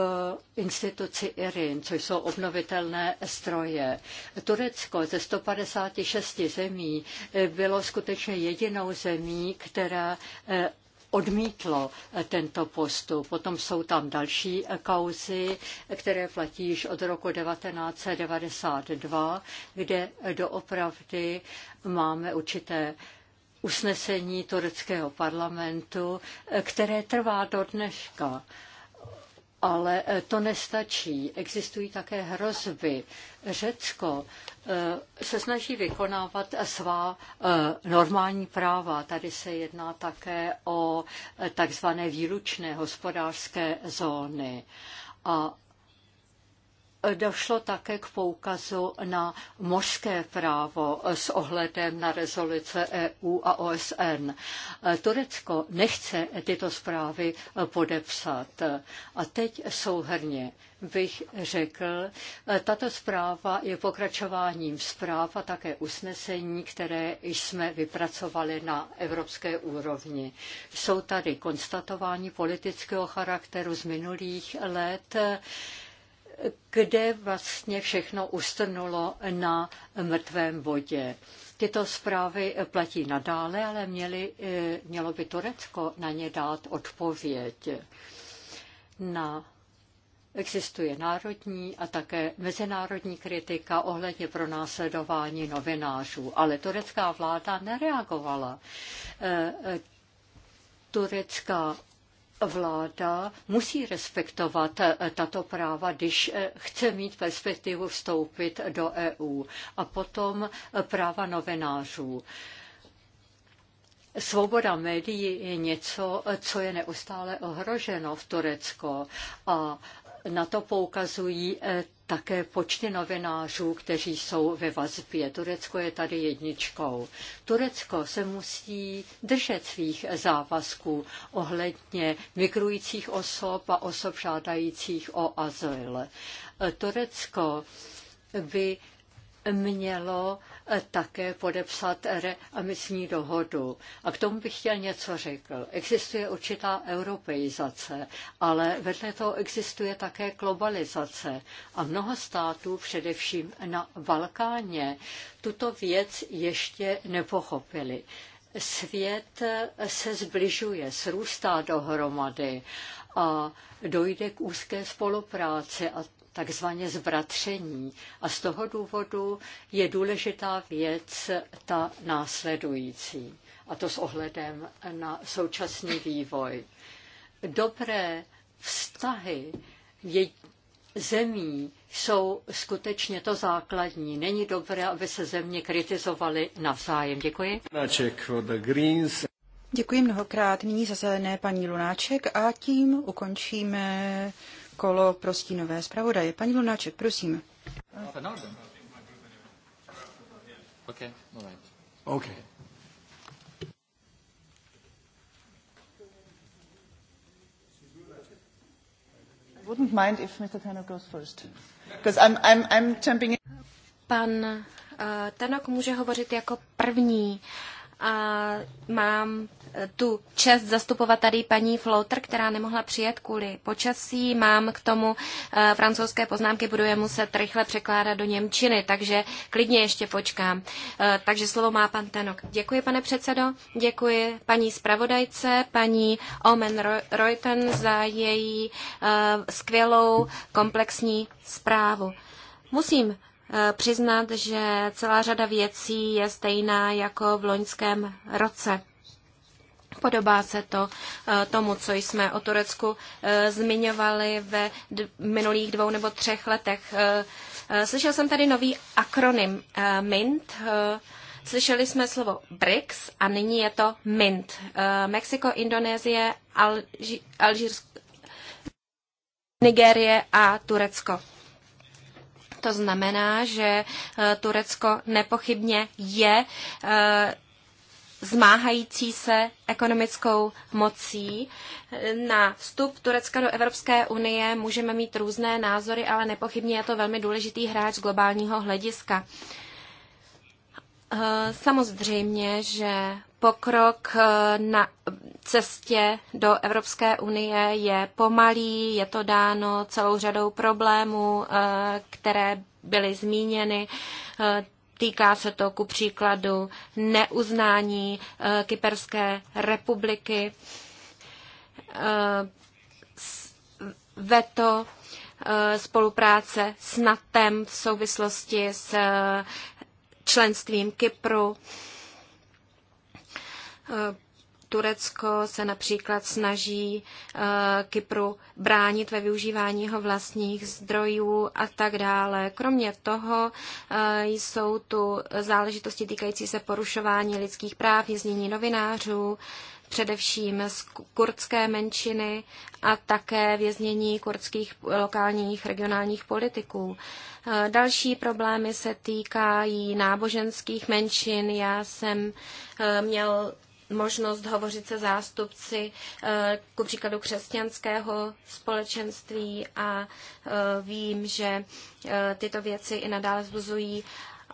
Speaker 2: instituci IRIN, což jsou obnovitelné stroje. Turecko ze 156 zemí bylo skutečně jedinou zemí, která eh, odmítlo eh, tento postup. Potom jsou tam další eh, kauzy, které platí již od roku 1992, kde doopravdy máme určité usnesení tureckého parlamentu, které trvá do dneška ale e, to nestačí. Existují také hrozby. Řecko e, se snaží vykonávat svá e, normální práva. Tady se jedná také o takzvané výlučné hospodářské zóny. A došlo také k poukazu na mořské právo s ohledem na rezoluce EU a OSN. Turecko nechce tyto zprávy podepsat. A teď souhrně bych řekl, tato zpráva je pokračováním zpráv a také usnesení, které jsme vypracovali na evropské úrovni. Jsou tady konstatování politického charakteru z minulých let, kde vlastně všechno ustrnulo na mrtvém vodě. Tyto zprávy platí nadále, ale měli, eh, mělo by Turecko na ně dát odpověď. Na Existuje národní a také mezinárodní kritika ohledně pronásledování novinářů, ale turecká vláda nereagovala. Eh, eh, turecká vláda musí respektovat eh, tato práva, když eh, chce mít perspektivu vstoupit do EU. A potom eh, práva novinářů. Svoboda médií je něco, co je neustále ohroženo v Turecku a na to poukazují také počty novinářů, kteří jsou ve vazbě. Turecko je tady jedničkou. Turecko se musí držet svých závazků ohledně migrujících osob a osob žádajících o azyl. Turecko by mělo Eh, také podepsat readmisní dohodu. A k tomu bych chtěl něco řekl. Existuje určitá europeizace, ale vedle toho existuje také globalizace. A mnoho států, především na Balkáně, tuto věc ještě nepochopili svět se zbližuje, srůstá dohromady a dojde k úzké spolupráci a takzvaně zbratření. A z toho důvodu je důležitá věc ta následující, a to s ohledem na současný vývoj. Dobré vztahy je zemí jsou skutečně to základní. Není dobré, aby se země kritizovaly navzájem. Děkuji.
Speaker 3: Děkuji mnohokrát. Nyní za zelené paní Lunáček a tím ukončíme kolo pro stínové zpravodaje. Paní Lunáček, prosím. Okay, wouldn't mind if Mr. first, because I'm, I'm, I'm jumping
Speaker 1: Pan uh, eh, Tannock může hovořit jako
Speaker 3: první. Uh,
Speaker 1: a mám e, tu čest zastupovat tady paní Flouter, která nemohla přijet kvůli počasí. Mám k tomu e, francouzské poznámky, budu je muset rychle překládat do Němčiny, takže klidně ještě počkám. E, takže slovo má pan Tenok. Děkuji, pane předsedo, děkuji paní zpravodajce, paní Omen Reuten za její skvělou komplexní zprávu. Musím přiznat, že celá řada věcí je stejná jako v loňském roce. Podobá se to eh, tomu, co jsme o Turecku eh, zmiňovali ve minulých dvou nebo třech letech. Eh, slyšel jsem tady nový akronym MINT. Slyšeli jsme slovo BRICS a nyní je to MINT. Mexiko, Indonésie, Alžírsko, Nigérie a Turecko. To znamená, že eh, Turecko nepochybně je eh, zmáhající se ekonomickou mocí. Na vstup Turecka do Evropské unie můžeme mít různé názory, ale nepochybně je to velmi důležitý hráč z globálního hlediska. Eh, samozřejmě, že pokrok eh, na cestě do Evropské unie je pomalý, je to dáno celou řadou problémů, eh, které byly zmíněny. Eh, týká se to ku příkladu neuznání Kyperské republiky, veto spolupráce s NATO v souvislosti s členstvím Kypru. Turecko se například snaží eh, Kypru bránit ve využívání jeho vlastních zdrojů a tak dále. Kromě toho eh, jsou tu záležitosti týkající se porušování lidských práv, jezdění novinářů, především z kurdské menšiny a také věznění kurdských lokálních regionálních politiků. Eh, další problémy se týkají náboženských menšin. Já jsem měl možnost hovořit se zástupci eh, ku příkladu křesťanského společenství a eh, vím, že eh, tyto věci i nadále zbuzují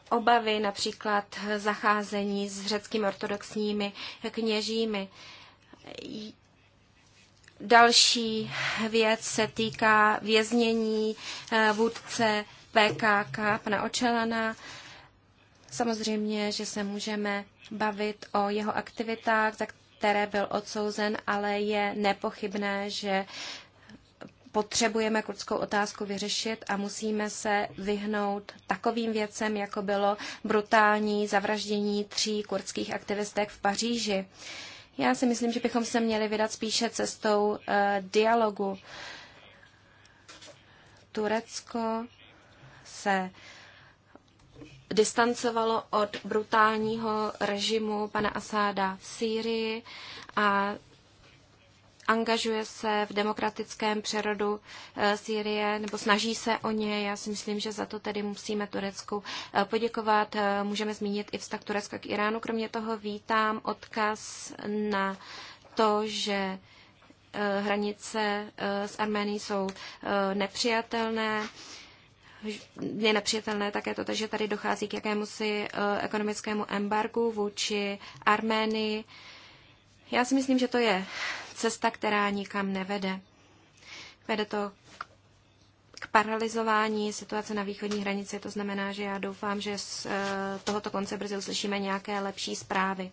Speaker 1: obavy, například zacházení s řeckými ortodoxními kněžími. Další věc se týká věznění vůdce PKK, pana Očelana. Samozřejmě, že se můžeme bavit o jeho aktivitách, za které byl odsouzen, ale je nepochybné, že potřebujeme kurdskou otázku vyřešit a musíme se vyhnout takovým věcem, jako bylo brutální zavraždění tří kurdských aktivistek v Paříži. Já si myslím, že bychom se měli vydat spíše cestou e, dialogu. Turecko se distancovalo od brutálního režimu pana Asáda v Sýrii a angažuje se v demokratickém přerodu eh, Sýrie nebo snaží se o ně. Já si myslím, že za to tedy musíme Turecku eh, poděkovat. Eh, můžeme zmínit i vztah Turecka k Iránu. Kromě toho vítám odkaz na to, že hranice s Arménií jsou nepřijatelné je nepřijatelné také to, že tady dochází k jakémusi eh, ekonomickému embargu vůči Arménii. Já si myslím, že to je cesta, která nikam nevede. Vede to k, k paralizování situace na východní hranici. To znamená, že já doufám, že z eh, tohoto konce brzy uslyšíme nějaké lepší zprávy.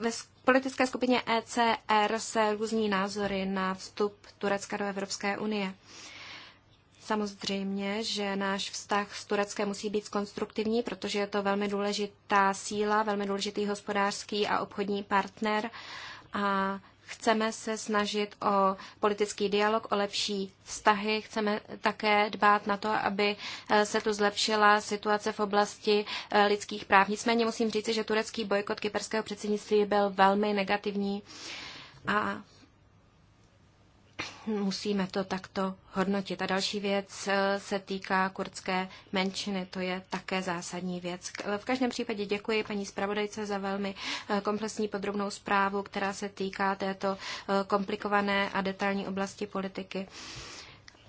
Speaker 1: Ve politické skupině ECR se různí názory na vstup Turecka do Evropské unie. Uh, Samozřejmě, že náš vztah s Tureckem musí být konstruktivní, protože je to velmi důležitá síla, velmi důležitý hospodářský a obchodní partner a chceme se snažit o politický dialog, o lepší vztahy. Chceme také dbát na to, aby eh, se tu zlepšila situace v oblasti eh, lidských práv. Nicméně musím říci, že turecký bojkot kyperského předsednictví byl velmi negativní a musíme to takto hodnotit. A další věc eh, se týká kurdské menšiny, to je také zásadní věc. V každém případě děkuji paní zpravodajce za velmi eh, komplexní podrobnou zprávu, která se týká této eh, komplikované a detailní oblasti politiky.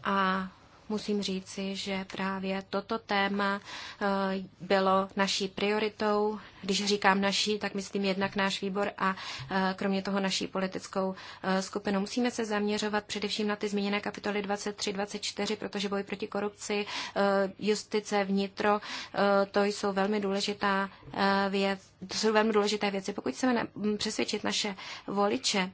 Speaker 1: A musím říci, že právě toto téma eh, bylo naší prioritou. Když říkám naší, tak myslím jednak náš výbor a eh, kromě toho naší politickou eh, skupinu. Musíme se zaměřovat především na ty zmíněné kapitoly 23-24, protože boj proti korupci, justice, vnitro, to jsou velmi důležitá věc, to jsou velmi důležité věci. Pokud chceme přesvědčit naše voliče,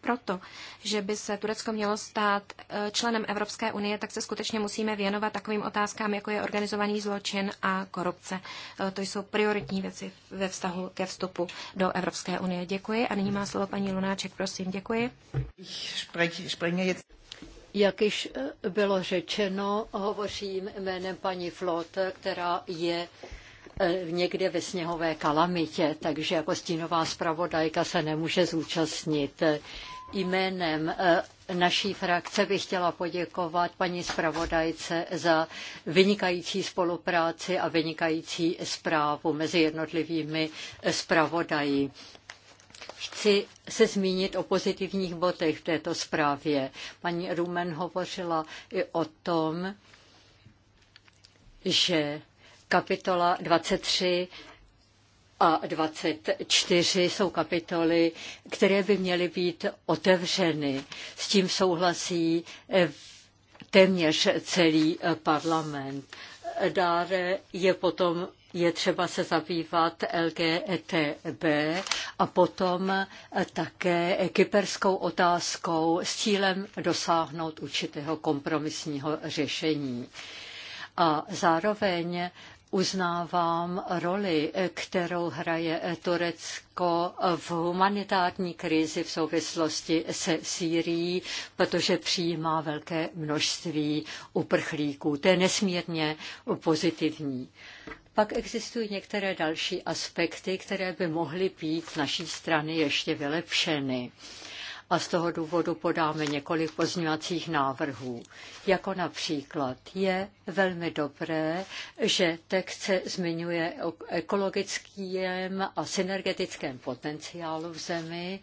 Speaker 1: proto, že by se Turecko mělo stát eh, členem Evropské unie, tak se skutečně musíme věnovat takovým otázkám, jako je organizovaný zločin a korupce. Eh, to jsou prioritní věci ve vztahu ke vstupu do Evropské unie. Děkuji a nyní má slovo paní Lunáček, prosím. Děkuji.
Speaker 2: Jak již eh, bylo řečeno, hovořím jménem paní Flot, která je někde ve sněhové kalamitě, takže jako stínová zpravodajka se nemůže zúčastnit jménem eh, naší frakce bych chtěla poděkovat paní zpravodajce za vynikající spolupráci a vynikající zprávu mezi jednotlivými eh, zpravodaji. Chci se zmínit o pozitivních bodech v této zprávě. Paní Rumen hovořila i o tom, že kapitola 23 a 24 jsou kapitoly, které by měly být otevřeny. S tím souhlasí eh, téměř celý eh, parlament. Dále je potom je třeba se zabývat LGTB e a potom eh, také kyperskou otázkou s cílem dosáhnout určitého kompromisního řešení. A zároveň uznávám roli, kterou hraje Turecko v humanitární krizi v souvislosti se Sýrií, protože přijímá velké množství uprchlíků. To je nesmírně pozitivní. Pak existují některé další aspekty, které by mohly být z naší strany ještě vylepšeny a z toho důvodu podáme několik pozměňovacích návrhů. Jako například je velmi dobré, že text se zmiňuje o ekologickém a synergetickém potenciálu v zemi,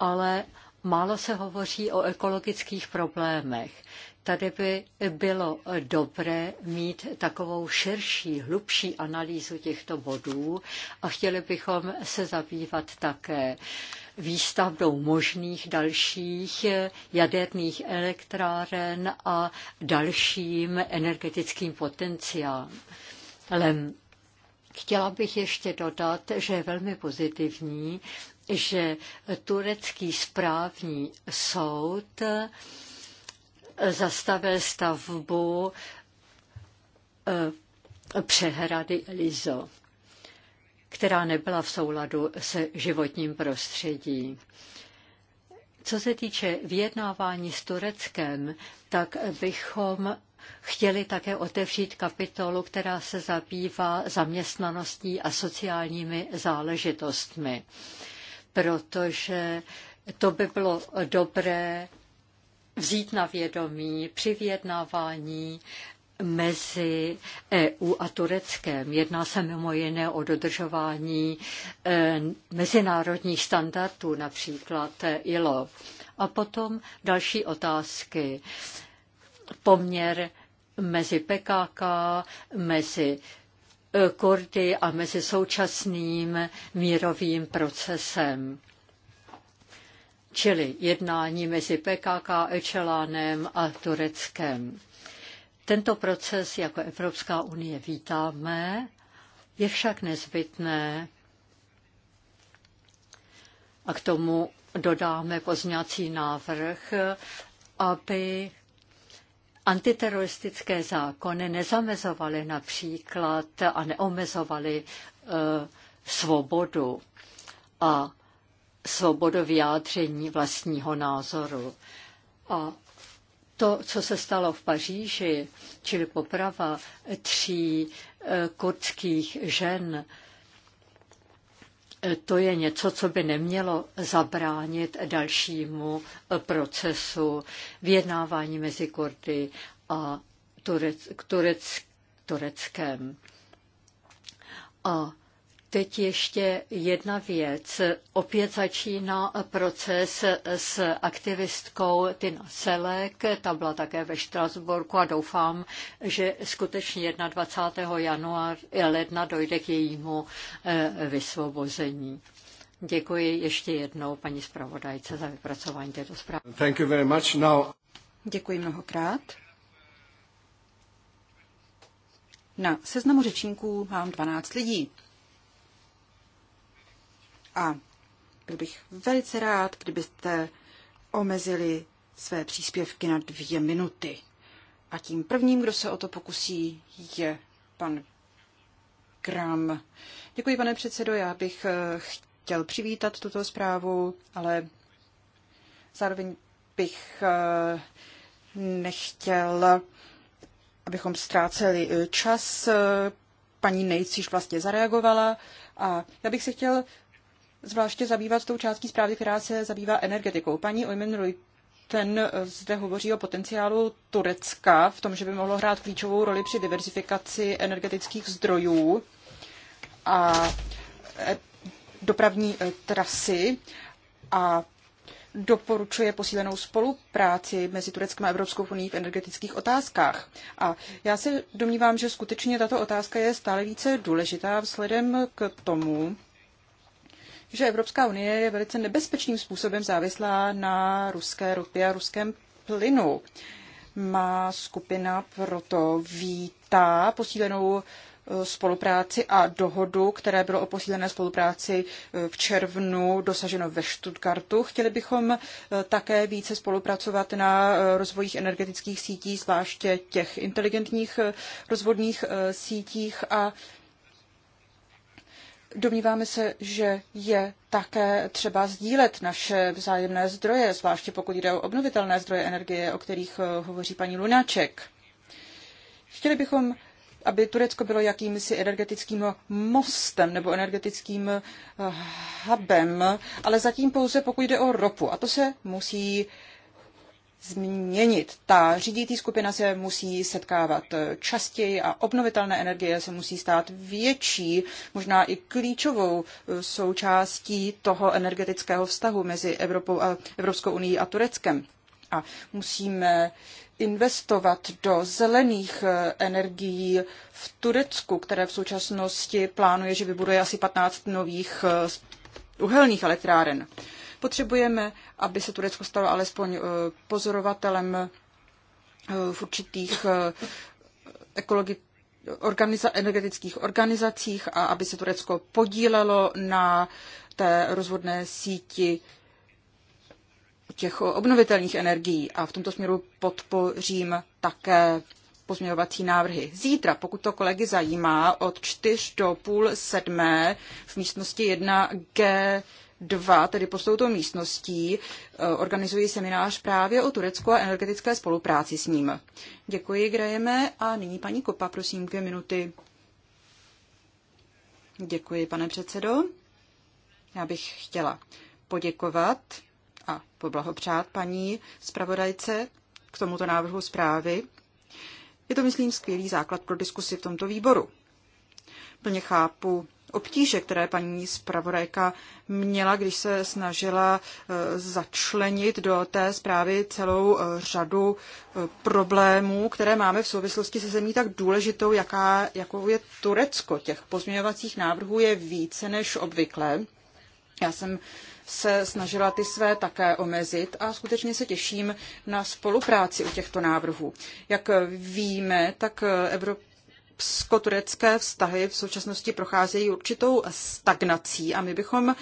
Speaker 2: ale málo se hovoří o ekologických problémech. Tady by bylo dobré mít takovou širší, hlubší analýzu těchto bodů a chtěli bychom se zabývat také výstavbou možných dalších jaderných elektráren a dalším energetickým potenciálem. Chtěla bych ještě dodat, že je velmi pozitivní, že turecký správní soud zastavil stavbu eh, přehrady Elizo která nebyla v souladu se životním prostředí. Co se týče vyjednávání s Tureckem, tak bychom chtěli také otevřít kapitolu, která se zabývá zaměstnaností a sociálními záležitostmi, protože to by bylo dobré vzít na vědomí při vyjednávání mezi EU a Tureckem. Jedná se mimo jiné o dodržování e, mezinárodních standardů, například ILO. A potom další otázky. Poměr mezi PKK, mezi e, Kurdy a mezi současným mírovým procesem čili jednání mezi PKK, Ečelánem a Tureckem. Tento proces jako Evropská unie vítáme, je však nezbytné a k tomu dodáme pozňací návrh, aby antiteroristické zákony nezamezovaly například a neomezovaly e, svobodu a svobodu vyjádření vlastního názoru. A to, co se stalo v Paříži, čili poprava tří eh, kurdských žen, eh, to je něco, co by nemělo zabránit dalšímu eh, procesu vyjednávání mezi Kurdy a Turec, Turec, Tureckem. A Teď ještě jedna věc. Opět začíná proces s aktivistkou Tina Selek, ta byla také ve Štrasburku a doufám, že skutečně 21. január ledna dojde k jejímu eh, vysvobození. Děkuji ještě jednou paní zpravodajce za vypracování této zprávy. Thank
Speaker 1: you very much. Now...
Speaker 2: Děkuji mnohokrát. Na seznamu řečníků
Speaker 3: mám 12 lidí. A byl bych velice rád, kdybyste omezili své příspěvky na dvě minuty. A tím prvním, kdo se o to pokusí, je pan Kram. Děkuji, pane předsedo. Já bych eh, chtěl přivítat tuto zprávu, ale zároveň bych eh, nechtěl, abychom ztráceli eh, čas. Paní Nejcíš vlastně zareagovala a já bych se chtěl zvláště zabývat tou částí zprávy, která se zabývá energetikou. Paní Oymen ten zde hovoří o potenciálu Turecka v tom, že by mohlo hrát klíčovou roli při diverzifikaci energetických zdrojů a e, dopravní e, trasy a doporučuje posílenou spolupráci mezi Tureckem a Evropskou unii v energetických otázkách. A já se domnívám, že skutečně tato otázka je stále více důležitá vzhledem k tomu, že Evropská unie je velice nebezpečným způsobem závislá na ruské ropě a ruském plynu. Má skupina proto vítá posílenou eh, spolupráci a dohodu, které bylo o posílené spolupráci eh, v červnu dosaženo ve Stuttgartu. Chtěli bychom eh, také více spolupracovat na rozvojích energetických sítí, zvláště těch inteligentních rozvodních sítích a Domníváme se, že je také třeba sdílet naše vzájemné zdroje, zvláště pokud jde o obnovitelné zdroje energie, o kterých eh, hovoří paní Lunáček. Chtěli bychom, aby Turecko bylo jakýmsi energetickým mostem nebo energetickým eh, hubem, ale zatím pouze pokud jde o ropu. A to se musí změnit. Ta řídící skupina se musí setkávat častěji a obnovitelné energie se musí stát větší, možná i klíčovou součástí toho energetického vztahu mezi Evropou a Evropskou unii a Tureckem. A musíme investovat do zelených eh, energií v Turecku, které v současnosti plánuje, že vybuduje asi 15 nových eh, uhelných elektráren. Potřebujeme, aby se Turecko stalo alespoň eh, pozorovatelem eh, v určitých eh, ekologi- organiza- energetických organizacích a aby se Turecko podílelo na té rozvodné síti těch obnovitelných energií a v tomto směru podpořím také pozměňovací návrhy. Zítra, pokud to kolegy zajímá, od čtyř do půl sedmé v místnosti 1G 2, tedy pod touto místností, eh, organizují seminář právě o Turecku a energetické spolupráci s ním. Děkuji, Grajeme, a nyní paní Kopa, prosím, dvě minuty. Děkuji, pane předsedo. Já bych chtěla poděkovat a poblahopřát paní zpravodajce k tomuto návrhu zprávy. Je to, myslím, skvělý základ pro diskusi v tomto výboru. Plně chápu obtíže, které paní zpravodajka měla, když se snažila e, začlenit do té zprávy celou e, řadu e, problémů, které máme v souvislosti se zemí tak důležitou, jaká, jakou je Turecko. Těch pozměňovacích návrhů je více než obvykle. Já jsem se snažila ty své také omezit a skutečně se těším na spolupráci u těchto návrhů. Jak víme, tak Evropa psko-turecké vztahy v současnosti procházejí určitou stagnací a my bychom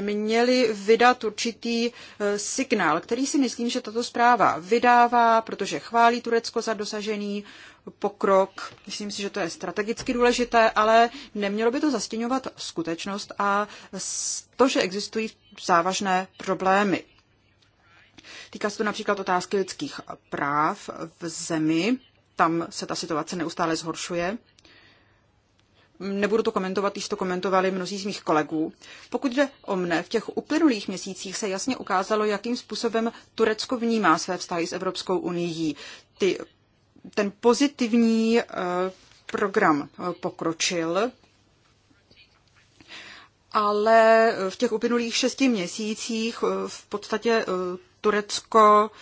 Speaker 3: měli vydat určitý e, signál, který si myslím, že tato zpráva vydává, protože chválí Turecko za dosažený pokrok. Myslím si, že to je strategicky důležité, ale nemělo by to zastěňovat skutečnost a to, že existují závažné problémy. Týká se to například otázky lidských práv v zemi tam se ta situace neustále zhoršuje. Nebudu to komentovat, již to komentovali mnozí z mých kolegů. Pokud jde o mne, v těch uplynulých měsících se jasně ukázalo, jakým způsobem Turecko vnímá své vztahy s Evropskou unii. Ty, ten pozitivní eh, program eh, pokročil, ale v těch uplynulých šesti měsících eh, v podstatě Turecko uh,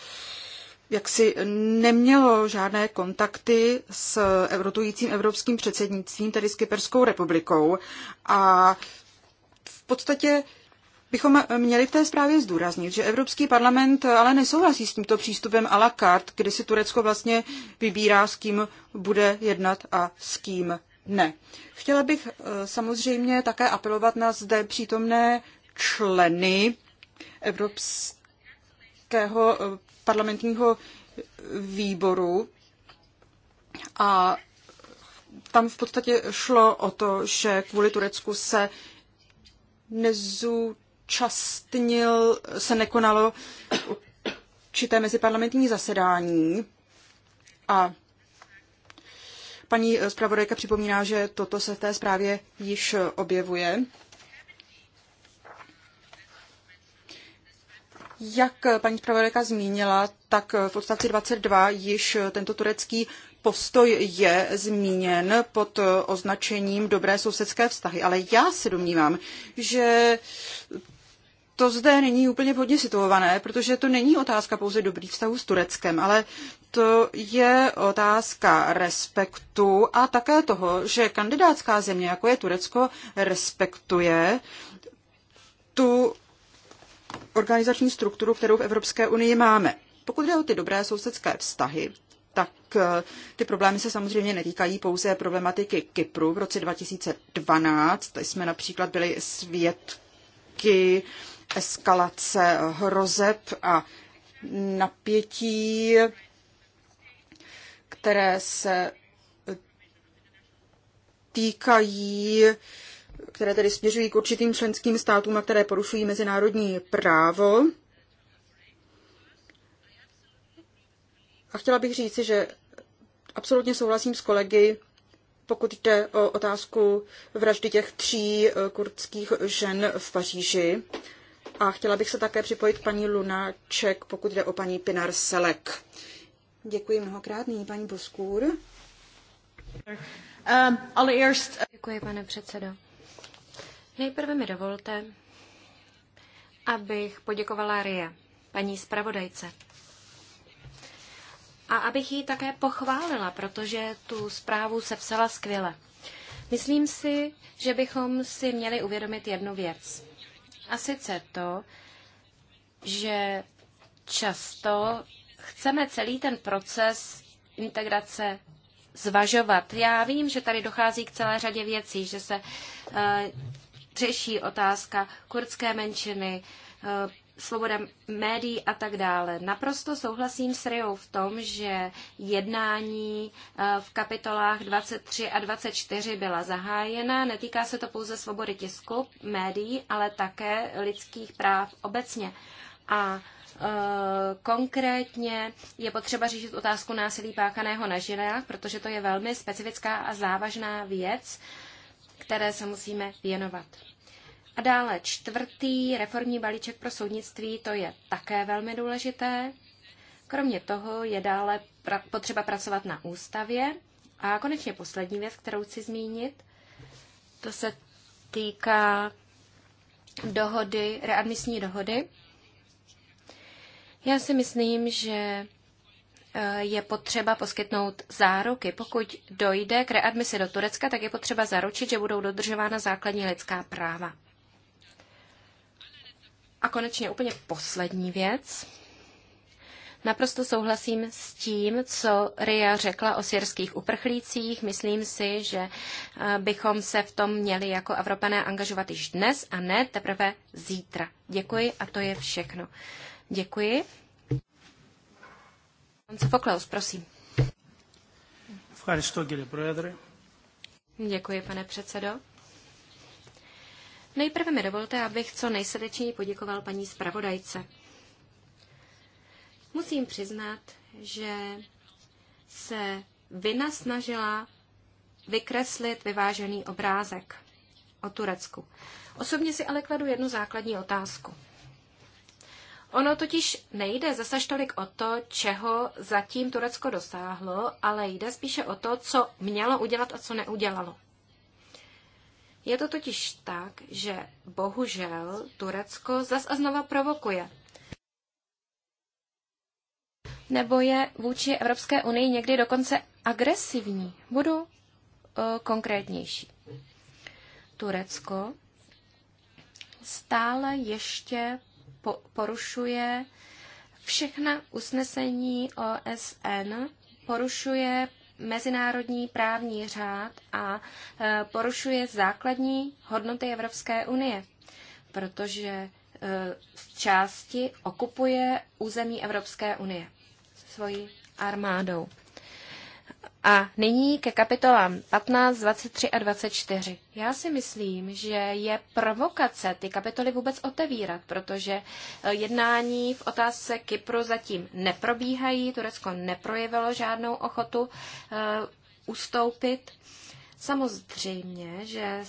Speaker 3: jaksi nemělo žádné kontakty s rotujícím evropským předsednictvím, tedy s Kyperskou republikou. A v podstatě bychom měli v té zprávě zdůraznit, že Evropský parlament ale nesouhlasí s tímto přístupem a la carte, kdy si Turecko vlastně vybírá, s kým bude jednat a s kým ne. Chtěla bych eh, samozřejmě také apelovat na zde přítomné členy Evropského eh, parlamentního výboru a tam v podstatě šlo o to, že kvůli Turecku se nezúčastnil, se nekonalo určité meziparlamentní zasedání a paní zpravodajka připomíná, že toto se v té zprávě již objevuje. Jak eh, paní zpravodajka zmínila, tak eh, v odstavci 22 již eh, tento turecký postoj je zmíněn pod označením dobré sousedské vztahy, ale já se domnívám, že to zde není úplně vhodně situované, protože to není otázka pouze dobrých vztahů s Tureckem, ale to je otázka respektu a také toho, že kandidátská země, jako je Turecko, respektuje tu organizační strukturu, kterou v Evropské unii máme. Pokud jde o ty dobré sousedské vztahy, tak eh, ty problémy se samozřejmě netýkají pouze problematiky Kypru. V roce 2012 jsme například byli svědky eskalace hrozeb a napětí, které se týkají které tedy směřují k určitým členským státům a které porušují mezinárodní právo. A chtěla bych říci, že absolutně souhlasím s kolegy, pokud jde o otázku vraždy těch tří eh, kurdských žen v Paříži. A chtěla bych se také připojit paní Lunaček, pokud jde o paní Pinar Selek. Děkuji mnohokrát. Nyní paní Boskůr. Eh, eh,
Speaker 1: Děkuji, pane předsedo. Nejprve mi dovolte, abych poděkovala Rie, paní zpravodajce. A abych ji také pochválila, protože tu zprávu sepsala skvěle. Myslím si, že bychom si měli uvědomit jednu věc. A sice to, že často chceme celý ten proces integrace zvažovat. Já vím, že tady dochází k celé řadě věcí, že se eh, řeší otázka kurdské menšiny, eh, svoboda médií a tak dále. Naprosto souhlasím s Riou v tom, že jednání eh, v kapitolách 23 a 24 byla zahájena. Netýká se to pouze svobody tisku, médií, ale také lidských práv obecně. A eh, Konkrétně je potřeba řešit otázku násilí páchaného na ženách, protože to je velmi specifická a závažná věc které se musíme věnovat. A dále čtvrtý reformní balíček pro soudnictví, to je také velmi důležité. Kromě toho je dále pra- potřeba pracovat na ústavě. A konečně poslední věc, kterou chci zmínit, to se týká dohody, readmisní dohody. Já si myslím, že Eh, je potřeba poskytnout záruky. Pokud dojde k readmisi do Turecka, tak je potřeba zaručit, že budou dodržována základní lidská práva. A konečně úplně poslední věc. Naprosto souhlasím s tím, co Ria řekla o syrských uprchlících. Myslím si, že eh, bychom se v tom měli jako Evropané angažovat již dnes a ne teprve zítra. Děkuji a to je všechno. Děkuji. Pan Sofoklaus, prosím. Děkuji, pane předsedo. Nejprve mi dovolte, abych co nejsrdečněji poděkoval paní zpravodajce. Musím přiznat, že se Vina snažila vykreslit vyvážený obrázek o Turecku. Osobně si ale kladu jednu základní otázku. Ono totiž nejde zase tolik o to, čeho zatím Turecko dosáhlo, ale jde spíše o to, co mělo udělat a co neudělalo. Je to totiž tak, že bohužel Turecko zas a znova provokuje. Nebo je vůči Evropské unii někdy dokonce agresivní. Budu uh, konkrétnější. Turecko stále ještě porušuje všechna usnesení OSN, porušuje mezinárodní právní řád a e, porušuje základní hodnoty Evropské unie, protože z e, části okupuje území Evropské unie svojí armádou. A nyní ke kapitolám 15, 23 a 24. Já si myslím, že je provokace ty kapitoly vůbec otevírat, protože eh, jednání v otázce Kypru zatím neprobíhají, Turecko neprojevilo žádnou ochotu uh, ustoupit. Samozřejmě, že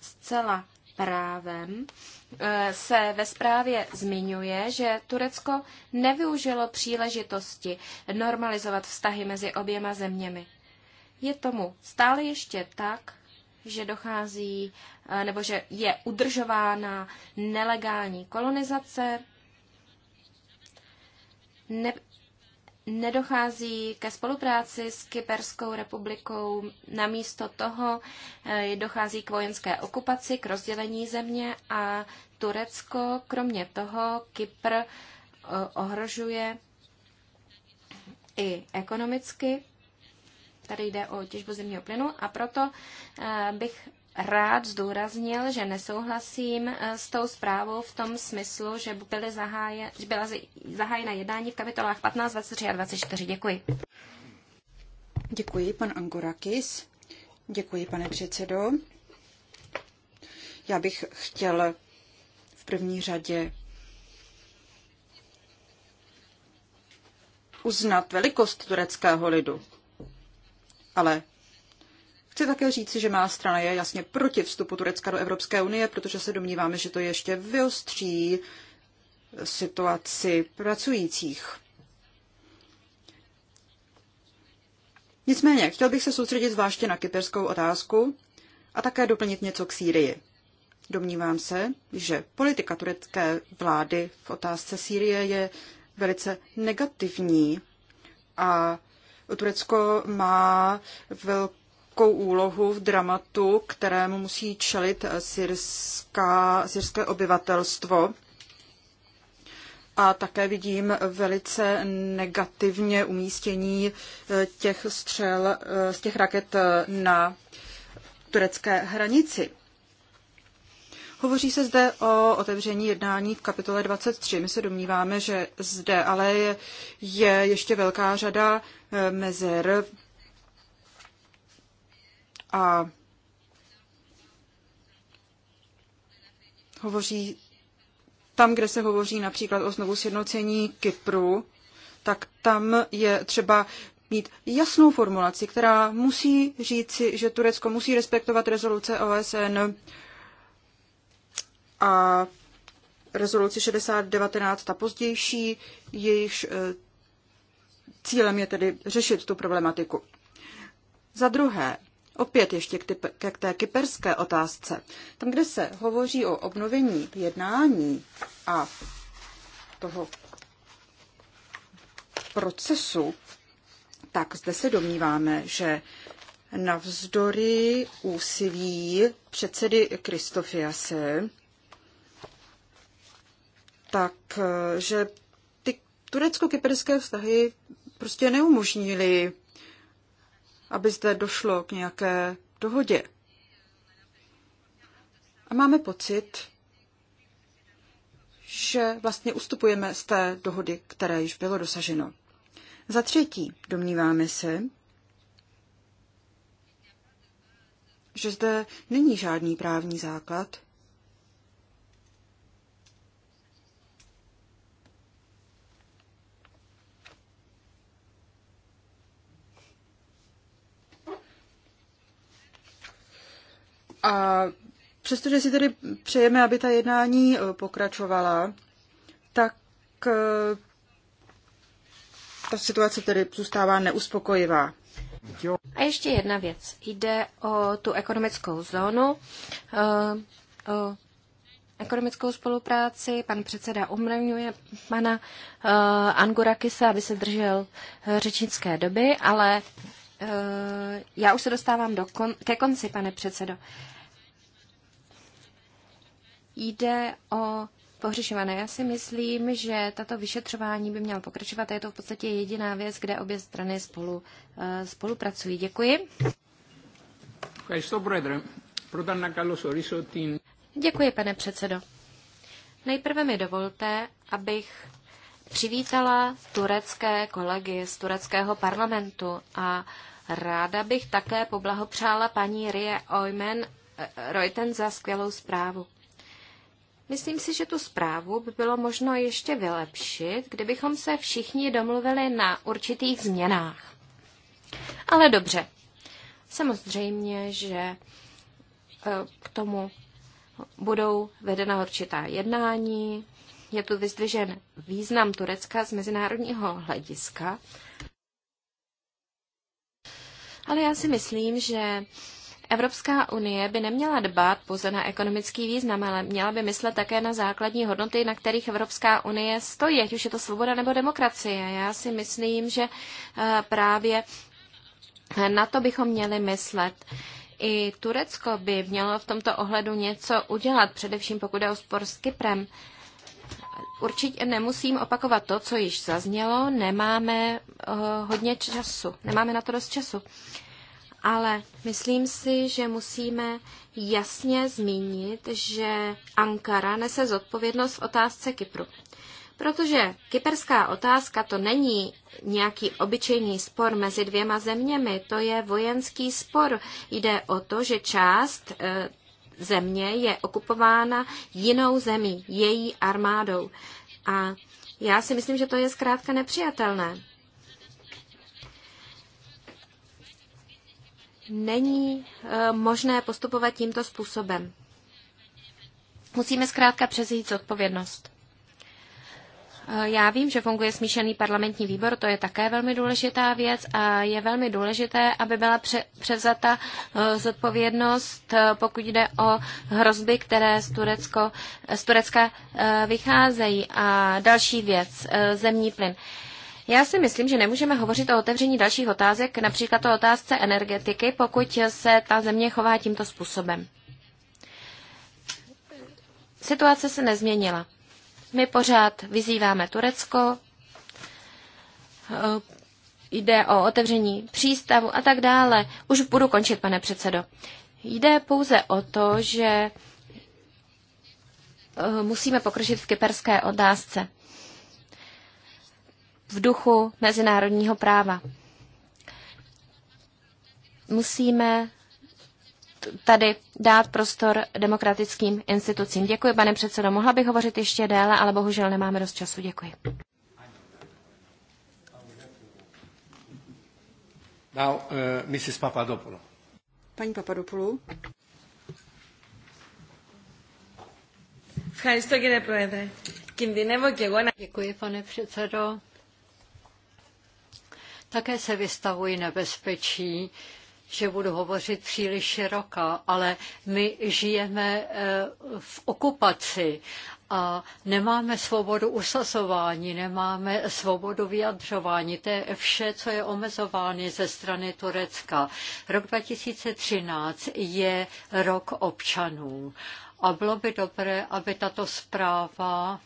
Speaker 1: zcela právem Eh, se ve zprávě zmiňuje, že Turecko nevyužilo příležitosti normalizovat vztahy mezi oběma zeměmi. Je tomu stále ještě tak, že dochází eh, nebo že je udržována nelegální kolonizace, ne, nedochází ke spolupráci s Kyperskou republikou. Namísto toho eh, dochází k vojenské okupaci, k rozdělení země a Turecko, kromě toho Kypr eh, ohrožuje i ekonomicky. Tady jde o těžbu zemního plynu a proto eh, bych rád zdůraznil, že nesouhlasím eh, s tou zprávou v tom smyslu, že, byly zaháje, že byla zahájena jednání v kapitolách 15, 23
Speaker 3: a 24. Děkuji. Děkuji, pan Angorakis. Děkuji, pane předsedo. Já bych chtěl v první řadě uznat velikost tureckého lidu, ale Chci také říci, že má strana je jasně proti vstupu Turecka do Evropské unie, protože se domníváme, že to ještě vyostří situaci pracujících. Nicméně, chtěl bych se soustředit zvláště na kyperskou otázku a také doplnit něco k Sýrii. Domnívám se, že politika turecké vlády v otázce Sýrie je velice negativní a Turecko má velkou nelehkou úlohu v dramatu, kterému musí čelit syrská, syrské obyvatelstvo. A také vidím velice negativně umístění eh, těch střel eh, z těch raket eh, na turecké hranici. Hovoří se zde o otevření jednání v kapitole 23. My se domníváme, že zde ale je, je ještě velká řada mezer a hovoří tam, kde se hovoří například o znovu sjednocení Kypru, tak tam je třeba mít jasnou formulaci, která musí říci, že Turecko musí respektovat rezoluce OSN a rezoluci 6019, ta pozdější, jejíž eh, cílem je tedy řešit tu problematiku. Za druhé, Opět ještě k, ty, k té kyperské otázce. Tam, kde se hovoří o obnovení jednání a toho procesu, tak zde se domníváme, že navzdory úsilí předsedy Kristofiase, tak, eh, že ty turecko-kyperské vztahy prostě neumožnili aby zde došlo k nějaké dohodě. A máme pocit, že vlastně ustupujeme z té dohody, které již bylo dosaženo. Za třetí, domníváme se, že zde není žádný právní základ A přestože si tedy přejeme, aby ta jednání e, pokračovala, tak e, ta situace tedy zůstává neuspokojivá.
Speaker 1: A ještě jedna věc. Jde o tu ekonomickou zónu, e, o ekonomickou spolupráci. Pan předseda umravňuje pana Angurakisa, aby se držel řečnické doby, ale Eh, já už se dostávám do kon, ke konci, pane předsedo. Jde o pohřešované. Já si myslím, že tato vyšetřování by měla pokračovat a je to v podstatě jediná věc, kde obě strany spolu, eh, spolupracují. Děkuji. Děkuji, pane předsedo. Nejprve mi dovolte, abych přivítala turecké kolegy z tureckého parlamentu a Ráda bych také poblahopřála paní Rie Oymen eh, Reuten za skvělou zprávu. Myslím si, že tu zprávu by bylo možno ještě vylepšit, kdybychom se všichni domluvili na určitých změnách. Ale dobře, samozřejmě, že eh, k tomu budou vedena určitá jednání. Je tu vyzdvižen význam Turecka z mezinárodního hlediska ale já si myslím, že Evropská unie by neměla dbát pouze na ekonomický význam, ale měla by myslet také na základní hodnoty, na kterých Evropská unie stojí, ať už je to svoboda nebo demokracie. Já si myslím, že eh, právě eh, na to bychom měli myslet. I Turecko by mělo v tomto ohledu něco udělat, především pokud je o spor s Kyprem. Uh, Určitě nemusím opakovat to, co již zaznělo, nemáme uh, hodně času, nemáme na to dost času. Ale myslím si, že musíme jasně zmínit, že Ankara nese zodpovědnost v otázce Kypru. Protože kyperská otázka to není nějaký obyčejný spor mezi dvěma zeměmi, to je vojenský spor. Jde o to, že část eh, země je okupována jinou zemí, její armádou. A já si myslím, že to je zkrátka nepřijatelné. Není eh, možné postupovat tímto způsobem. Musíme zkrátka přezít odpovědnost. Eh, já vím, že funguje smíšený parlamentní výbor, to je také velmi důležitá věc a je velmi důležité, aby byla převzata eh, zodpovědnost, eh, pokud jde o hrozby, které z, Turecko, z Turecka vycházejí. A další věc, zemní plyn. Já si myslím, že nemůžeme hovořit o otevření dalších otázek, například o otázce energetiky, pokud se ta země chová tímto způsobem. Situace se nezměnila. My pořád vyzýváme Turecko, eh, jde o otevření přístavu a tak dále. Už budu končit, pane předsedo. Jde pouze o to, že eh, musíme pokročit v kyperské otázce v duchu mezinárodního práva. Musíme tady dát prostor demokratickým institucím. Děkuji, pane předsedo. Mohla bych hovořit ještě déle, ale bohužel nemáme dost času. Děkuji.
Speaker 2: Now, uh, Mrs. Papadopoulou. Paní Papadopoulou. Děkuji, pane předsedo. Také se vystavují nebezpečí, že budu hovořit příliš široká, ale my žijeme eh, v okupaci a nemáme svobodu usazování, nemáme svobodu vyjadřování. To je vše, co je omezováno ze strany Turecka. Rok 2013 je rok občanů. A bylo by dobré, aby tato zpráva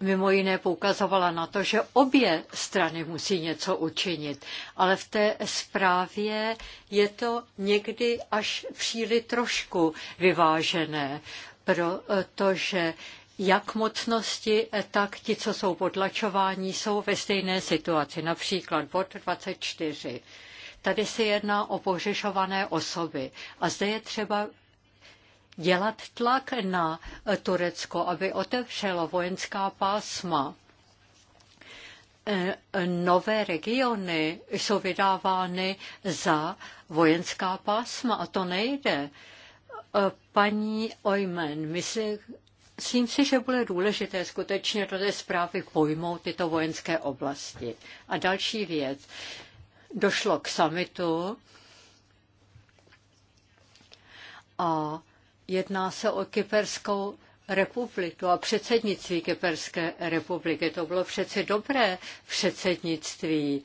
Speaker 2: mimo jiné poukazovala na to, že obě strany musí něco učinit, ale v té zprávě je to někdy až příliš trošku vyvážené, protože jak mocnosti, tak ti, co jsou potlačováni, jsou ve stejné situaci. Například bod 24. Tady se jedná o pohřešované osoby a zde je třeba dělat tlak na Turecko, aby otevřelo vojenská pásma. E, nové regiony jsou vydávány za vojenská pásma a to nejde. E, paní Ojmen, myslím, si, že bude důležité skutečně do té zprávy pojmout tyto vojenské oblasti. A další věc. Došlo k samitu a Jedná se o Kyperskou republiku a předsednictví Kyperské republiky. To bylo přeci dobré předsednictví.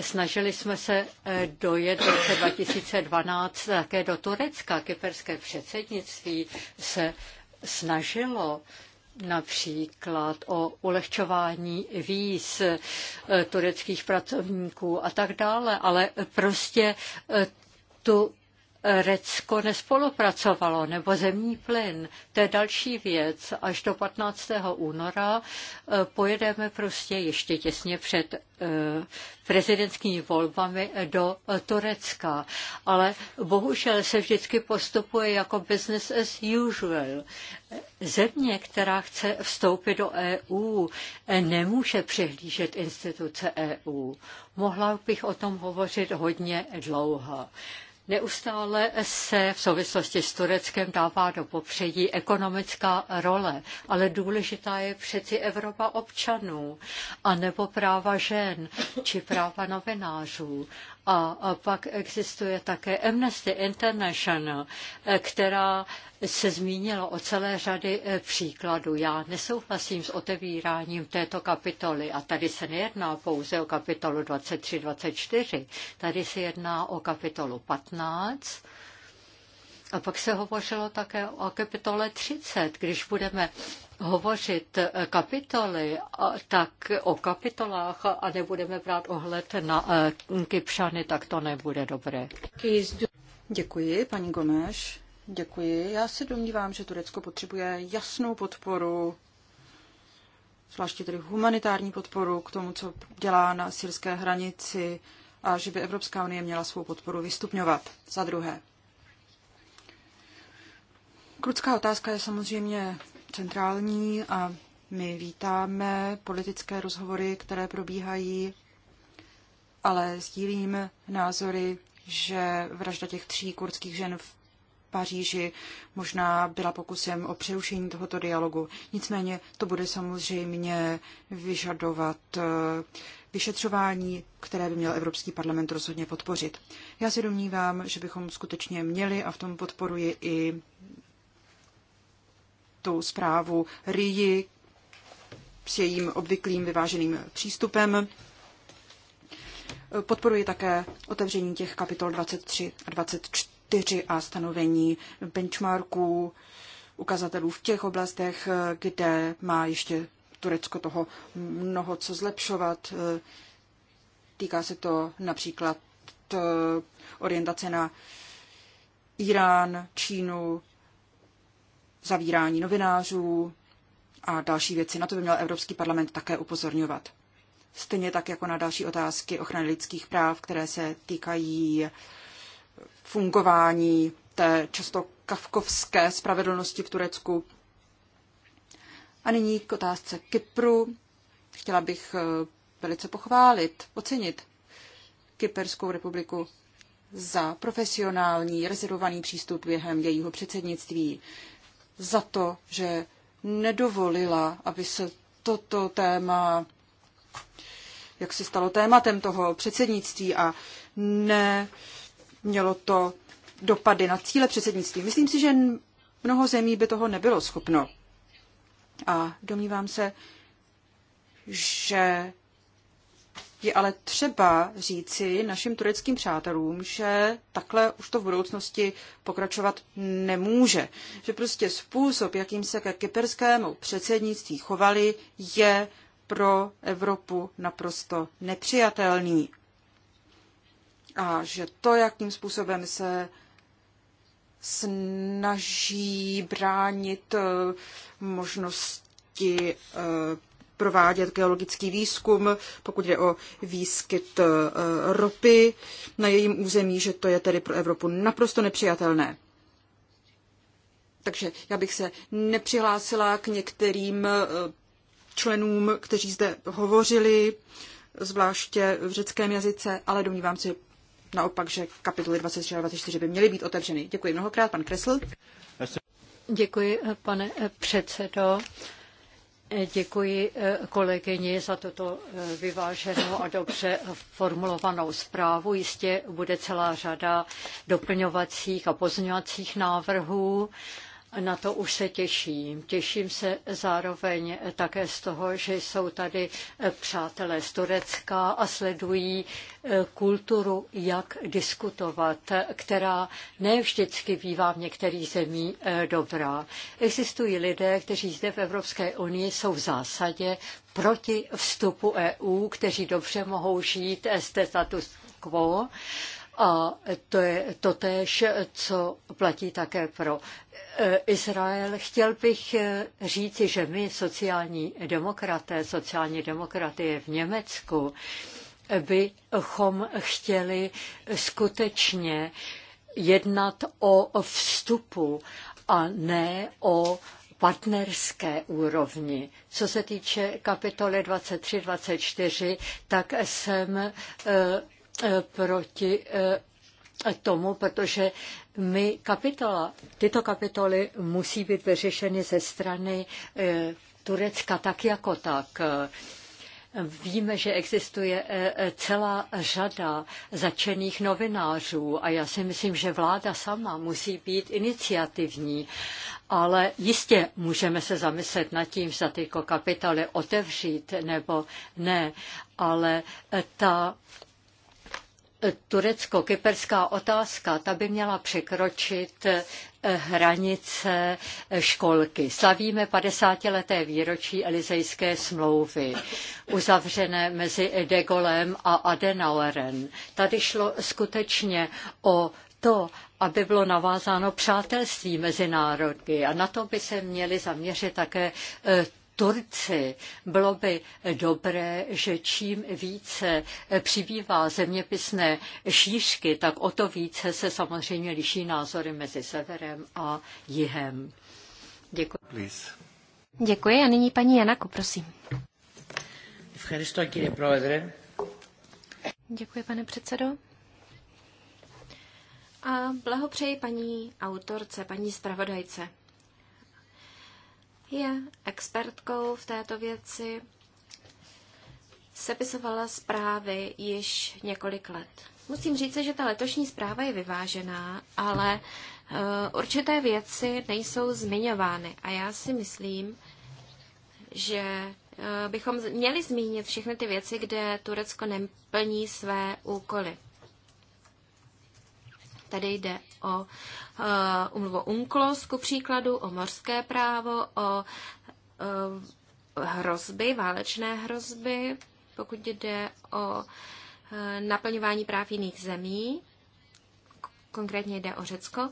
Speaker 2: Snažili jsme se eh, dojet v roce 2012 také do Turecka. Kyperské předsednictví se snažilo například o ulehčování víz eh, tureckých pracovníků a tak dále, ale prostě eh, tu Řecko nespolupracovalo, nebo zemní plyn. To je další věc. Až do 15. února eh, pojedeme prostě ještě těsně před eh, prezidentskými volbami do eh, Turecka. Ale bohužel se vždycky postupuje jako business as usual. Země, která chce vstoupit do EU, nemůže přehlížet instituce EU. Mohla bych o tom hovořit hodně dlouho. Neustále se v souvislosti s Tureckem dává do popředí ekonomická role, ale důležitá je přeci Evropa občanů, anebo práva žen či práva novinářů. A pak existuje také Amnesty International, eh, která se zmínila o celé řady eh, příkladů. Já nesouhlasím s otevíráním této kapitoly a tady se nejedná pouze o kapitolu 23-24, tady se jedná o kapitolu 15, a pak se hovořilo také o kapitole 30. Když budeme hovořit kapitoly, tak o kapitolách a nebudeme brát ohled na e, kypšany, tak to nebude dobré. Děkuji, paní Gomeš. Děkuji.
Speaker 3: Já se domnívám, že Turecko potřebuje jasnou podporu, zvláště tedy humanitární podporu k tomu, co dělá na syrské hranici a že by Evropská unie měla svou podporu vystupňovat. Za druhé, Krucká otázka je samozřejmě centrální a my vítáme politické rozhovory, které probíhají, ale sdílím názory, že vražda těch tří kurdských žen v Paříži možná byla pokusem o přerušení tohoto dialogu. Nicméně to bude samozřejmě vyžadovat eh, vyšetřování, které by měl Evropský parlament rozhodně podpořit. Já se domnívám, že bychom skutečně měli, a v tom podporuji i tu zprávu ryji, s jejím obvyklým vyváženým přístupem. Podporuji také otevření těch kapitol 23 a 24 a stanovení benchmarků, ukazatelů v těch oblastech, kde má ještě Turecko toho mnoho co zlepšovat. Týká se to například eh, orientace na Irán, Čínu, zavírání novinářů a další věci. Na to by měl Evropský parlament také upozorňovat. Stejně tak jako na další otázky ochrany lidských práv, které se týkají fungování té často kafkovské spravedlnosti v Turecku. A nyní k otázce Kypru. Chtěla bych eh, velice pochválit, ocenit Kyperskou republiku za profesionální, rezervovaný přístup během jejího předsednictví za to, že nedovolila, aby se toto téma, jak se stalo tématem toho předsednictví a ne mělo to dopady na cíle předsednictví. Myslím si, že mnoho zemí by toho nebylo schopno. A domnívám se, že je ale třeba říci našim tureckým přátelům, že takhle už to v budoucnosti pokračovat nemůže. Že prostě způsob, jakým se ke kyperskému předsednictví chovali, je pro Evropu naprosto nepřijatelný. A že to, jakým způsobem se snaží bránit eh, možnosti eh, provádět geologický výzkum, pokud jde o výskyt eh, ropy na jejím území, že to je tedy pro Evropu naprosto nepřijatelné. Takže já bych se nepřihlásila k některým eh, členům, kteří zde hovořili, zvláště v řeckém jazyce, ale domnívám se naopak, že kapitoly 23 a 24 by měly být otevřeny. Děkuji mnohokrát, pan Kresl.
Speaker 2: Děkuji, eh, pane předsedo. Děkuji eh, kolegyni za tuto eh, vyváženou a dobře formulovanou zprávu. Jistě bude celá řada doplňovacích a pozňovacích návrhů na to už se těším. Těším se zároveň také z toho, že jsou tady eh, přátelé z Turecka a sledují eh, kulturu, jak diskutovat, která ne vždycky bývá v některých zemí eh, dobrá. Existují lidé, kteří zde v Evropské unii jsou v zásadě proti vstupu EU, kteří dobře mohou žít z status quo a to je totéž, co platí také pro e, Izrael. Chtěl bych e, říci, že my, sociální demokraté, sociální demokratie v Německu, bychom chtěli skutečně jednat o vstupu a ne o partnerské úrovni. Co se týče kapitoly 23-24, tak jsem e, Eh, proti eh, tomu, protože my kapitola, tyto kapitoly musí být vyřešeny ze strany eh, Turecka tak jako tak. Víme, že existuje celá řada začených novinářů a já si myslím, že vláda sama musí být iniciativní, ale jistě můžeme se zamyslet nad tím, zda tyto kapitoly otevřít nebo ne, ale ta turecko-kyperská otázka, ta by měla překročit eh, hranice eh, školky. Slavíme 50-leté výročí Elizejské smlouvy, uzavřené mezi De Gaulem a Adenauerem. Tady šlo skutečně o to, aby bylo navázáno přátelství mezi národy a na to by se měly zaměřit také eh, Turci. Bylo by dobré, že čím více přibývá zeměpisné šířky, tak o to více se samozřejmě liší názory mezi severem a jihem. Děkuji. Please.
Speaker 1: Děkuji a nyní paní Janaku, prosím. Děkuji, pane předsedo. A blahopřeji paní autorce, paní zpravodajce je expertkou v této věci. Sepisovala zprávy již několik let. Musím říct, že ta letošní zpráva je vyvážená, ale eh, určité věci nejsou zmiňovány. A já si myslím, že eh, bychom měli zmínit všechny ty věci, kde Turecko neplní své úkoly. Tady jde o eh, umluvu UNCLOS, ku příkladu, o morské právo, o eh, hrozby, válečné hrozby, pokud jde o eh, naplňování práv jiných zemí, konkrétně jde o Řecko.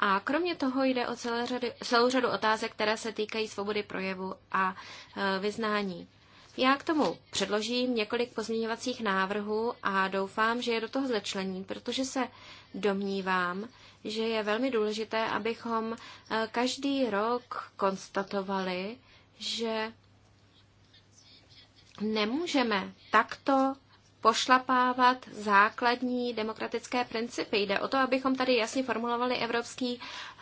Speaker 1: A kromě toho jde o celé řady, celou řadu otázek, které se týkají svobody projevu a vyznání. Já k tomu předložím několik pozměňovacích návrhů a doufám, že je do toho začlení, protože se domnívám, že je velmi důležité, abychom eh, každý rok konstatovali, že nemůžeme takto pošlapávat základní demokratické principy. Jde o to, abychom tady jasně formulovali evropský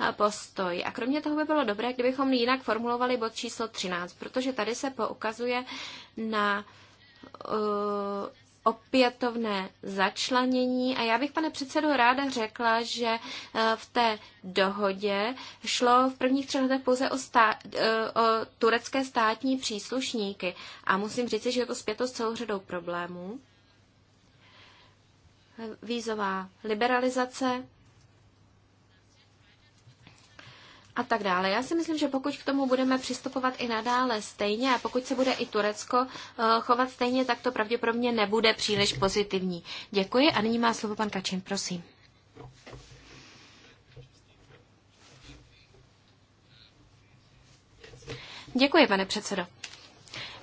Speaker 1: eh, postoj. A kromě toho by bylo dobré, kdybychom jinak formulovali bod číslo 13, protože tady se poukazuje na uh, opětovné začlanění. A já bych, pane předsedo, ráda řekla, že eh, v té dohodě šlo v prvních třech letech pouze o, stá- eh, o turecké státní příslušníky. A musím říct, že je to zpěto s celou řadou problémů. Vízová liberalizace, a tak dále. Já si myslím, že pokud k tomu budeme přistupovat i nadále stejně a pokud se bude i Turecko eh, chovat stejně, tak to pravděpodobně nebude příliš pozitivní. Děkuji a nyní má slovo pan Kačin, prosím. Děkuji, pane předsedo.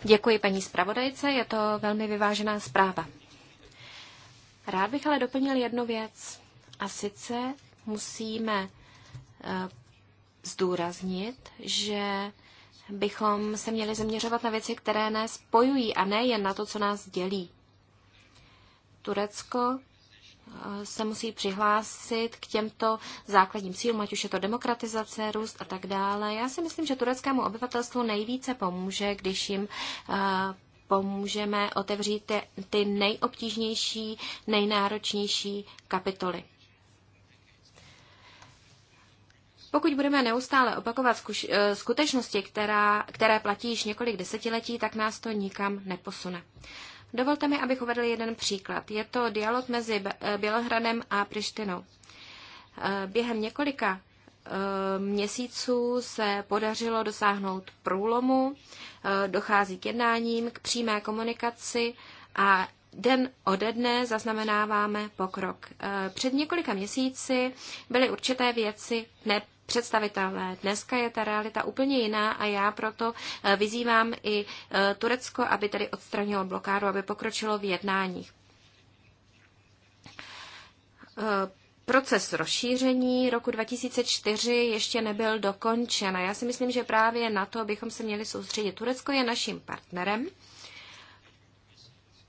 Speaker 1: Děkuji paní zpravodajce, je to velmi vyvážená zpráva. Rád bych ale doplnil jednu věc. A sice musíme eh, zdůraznit, že bychom se měli zaměřovat na věci, které nás spojují a ne jen na to, co nás dělí. Turecko eh, se musí přihlásit k těmto základním cílům, ať už je to demokratizace, růst a tak dále. Já si myslím, že tureckému obyvatelstvu nejvíce pomůže, když jim eh, pomůžeme otevřít ty, ty nejobtížnější, nejnáročnější kapitoly. Pokud budeme neustále opakovat zkuš, eh, skutečnosti, která, které platí již několik desetiletí, tak nás to nikam neposune. Dovolte mi, abych uvedl jeden příklad. Je to dialog mezi eh, Bělehradem a Prištinou. Eh, během několika měsíců se podařilo dosáhnout průlomu, dochází k jednáním, k přímé komunikaci a den ode dne zaznamenáváme pokrok. Eh, před několika měsíci byly určité věci ne představitelné. Dneska je ta realita úplně jiná a já proto eh, vyzývám i eh, Turecko, aby tedy odstranilo blokádu, aby pokročilo v jednáních. Proces rozšíření roku 2004 ještě nebyl dokončen a já si myslím, že právě na to bychom se měli soustředit. Turecko je naším partnerem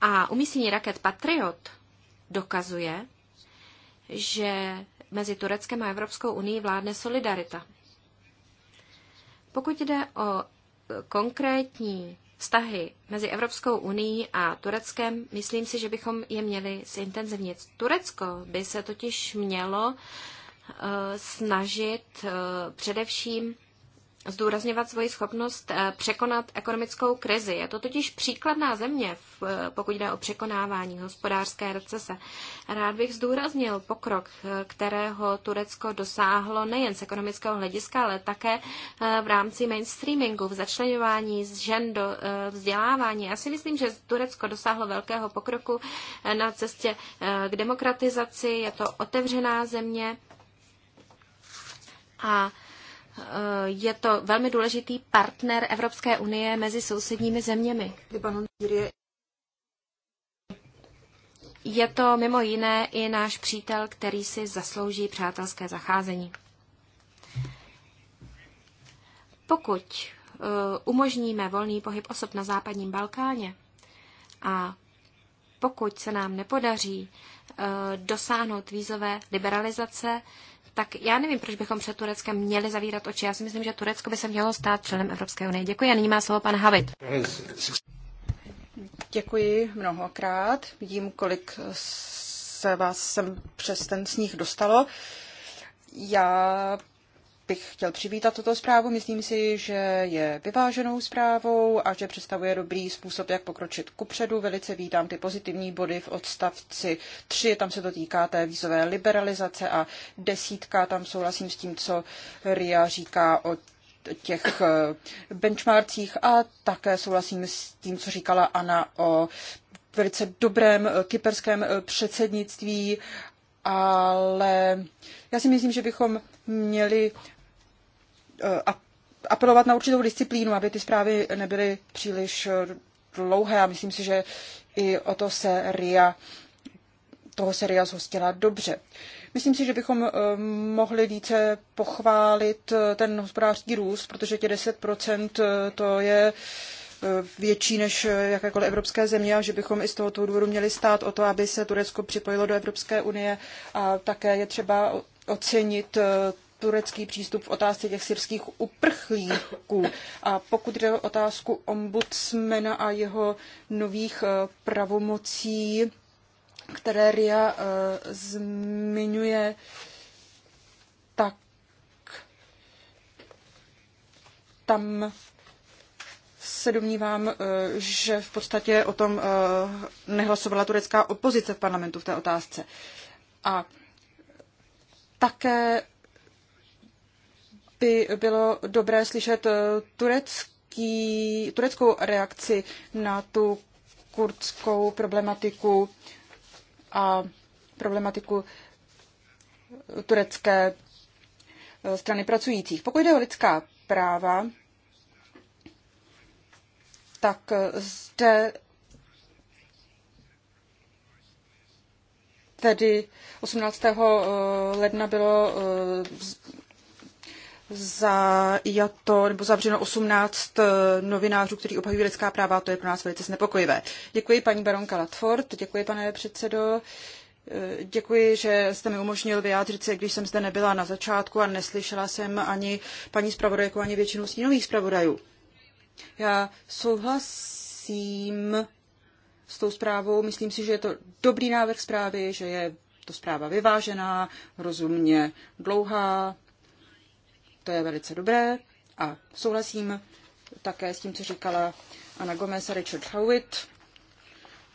Speaker 1: a umístění raket Patriot dokazuje, že mezi Tureckem a Evropskou unii vládne solidarita. Pokud jde o e, konkrétní vztahy mezi Evropskou unii a Tureckem, myslím si, že bychom je měli zintenzivnit. Turecko by se totiž mělo e, snažit e, především zdůrazňovat svoji schopnost eh, překonat ekonomickou krizi. Je to totiž příkladná země, eh, pokud jde o překonávání hospodářské recese. Rád bych zdůraznil pokrok, eh, kterého Turecko dosáhlo nejen z ekonomického hlediska, ale také v rámci mainstreamingu, v začlenování žen do vzdělávání. Já si myslím, že Turecko dosáhlo velkého pokroku na cestě k demokratizaci. Je to otevřená země a Eh, je to velmi důležitý partner Evropské unie mezi sousedními zeměmi. Je to mimo jiné i náš přítel, který si zaslouží přátelské zacházení. Pokud eh, umožníme volný pohyb osob na západním Balkáně a pokud se nám nepodaří eh, dosáhnout vízové liberalizace, tak já nevím, proč bychom před Tureckem měli zavírat oči. Já si myslím, že Turecko by se mělo stát členem Evropské unie. Děkuji a nyní má slovo pan Havit.
Speaker 3: Děkuji mnohokrát. Vidím, kolik se vás sem přes ten sníh dostalo. Já bych chtěl přivítat tuto zprávu. Myslím si, že je vyváženou zprávou a že představuje dobrý způsob, jak pokročit kupředu. Velice vítám ty pozitivní body v odstavci 3, tam se to týká té vízové liberalizace a desítka, tam souhlasím s tím, co Ria říká o těch eh, benchmarkcích a také souhlasím s tím, co říkala Ana o velice dobrém eh, kyperském eh, předsednictví ale já si myslím, že bychom měli apelovat na určitou disciplínu, aby ty zprávy nebyly příliš dlouhé a myslím si, že i o to se RIA, toho se RIA zhostila dobře. Myslím si, že bychom eh, mohli více pochválit eh, ten hospodářský růst, protože tě 10% eh, to je větší než jakékoliv evropské země a že bychom i z tohoto důvodu měli stát o to, aby se Turecko připojilo do Evropské unie a také je třeba ocenit turecký přístup v otázce těch syrských uprchlíků. A pokud jde o otázku ombudsmena a jeho nových eh, pravomocí, které RIA eh, zmiňuje, tak tam se domnívám, eh, že v podstatě o tom nehlasovala turecká opozice v parlamentu v té otázce. A také by bylo dobré slyšet eh, turecký, tureckou reakci na tu kurdskou problematiku a problematiku eh, turecké eh, strany pracujících. Pokud jde o lidská práva, tak zde tedy 18. ledna bylo zajato nebo zavřeno 18 eh, novinářů, kteří obhajují lidská práva, to je pro nás velice znepokojivé. Děkuji paní baronka Latford, děkuji pane předsedo. Eh, děkuji, že jste mi umožnil vyjádřit se, když jsem zde nebyla na začátku a neslyšela jsem ani paní zpravodajku, ani většinu stínových zpravodajů. Já souhlasím s tou zprávou. Myslím si, že je to dobrý návrh zprávy, že je to zpráva vyvážená, rozumně dlouhá, to je velice dobré a souhlasím také s tím, co říkala Ana Gomez a Richard Howitt,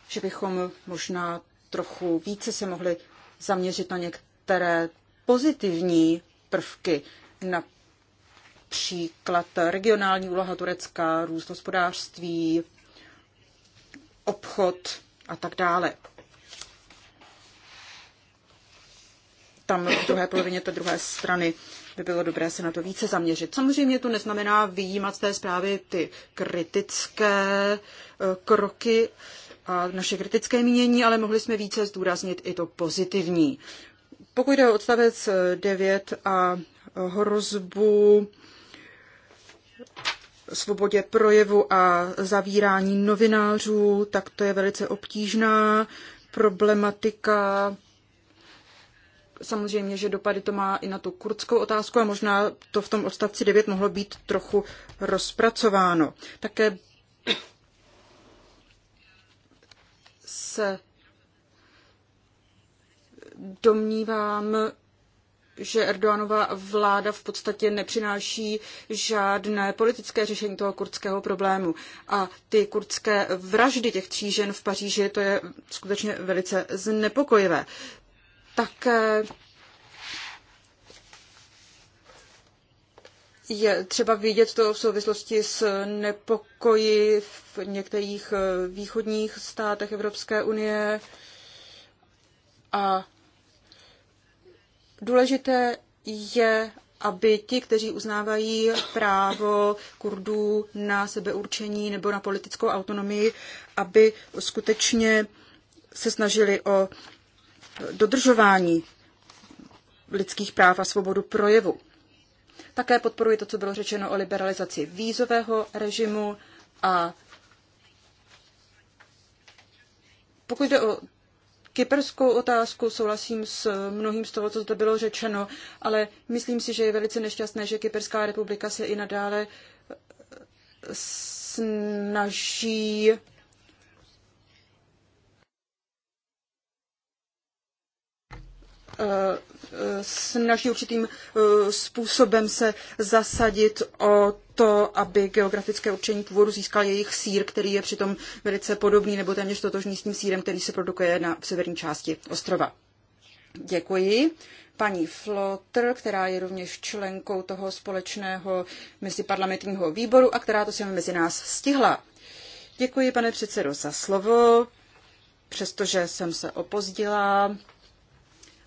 Speaker 3: že bychom možná trochu více se mohli zaměřit na některé pozitivní prvky, například regionální úloha Turecka, růst hospodářství, obchod a tak dále. Tam v druhé polovině té druhé strany by bylo dobré se na to více zaměřit. Samozřejmě to neznamená vyjímat z té zprávy ty kritické eh, kroky a naše kritické mínění, ale mohli jsme více zdůraznit i to pozitivní. Pokud jde o odstavec 9 eh, a eh, hrozbu svobodě projevu a zavírání novinářů, tak to je velice obtížná problematika. Samozřejmě, že dopady to má i na tu kurdskou otázku a možná to v tom odstavci 9 mohlo být trochu rozpracováno. Také se domnívám, že Erdoganova vláda v podstatě nepřináší žádné politické řešení toho kurdského problému. A ty kurdské vraždy těch tří žen v Paříži, to je skutečně velice znepokojivé. Tak eh, je třeba vidět to v souvislosti s nepokoji v některých eh, východních státech Evropské unie. A důležité je, aby ti, kteří uznávají právo Kurdů na sebeurčení nebo na politickou autonomii, aby skutečně se snažili o dodržování lidských práv a svobodu projevu. Také podporuji to, co bylo řečeno o liberalizaci vízového režimu a pokud jde o kyperskou otázku, souhlasím s mnohým z toho, co zde bylo řečeno, ale myslím si, že je velice nešťastné, že Kyperská republika se i nadále snaží Eh, snaží určitým eh, způsobem se zasadit o to, aby geografické určení původu získal jejich sír, který je přitom velice podobný nebo téměř totožný s tím sírem, který se produkuje na v severní části ostrova. Děkuji. Paní Flotr, která je rovněž členkou toho společného meziparlamentního výboru a která to sem mezi nás stihla. Děkuji, pane předsedo, za slovo. Přestože jsem se opozdila,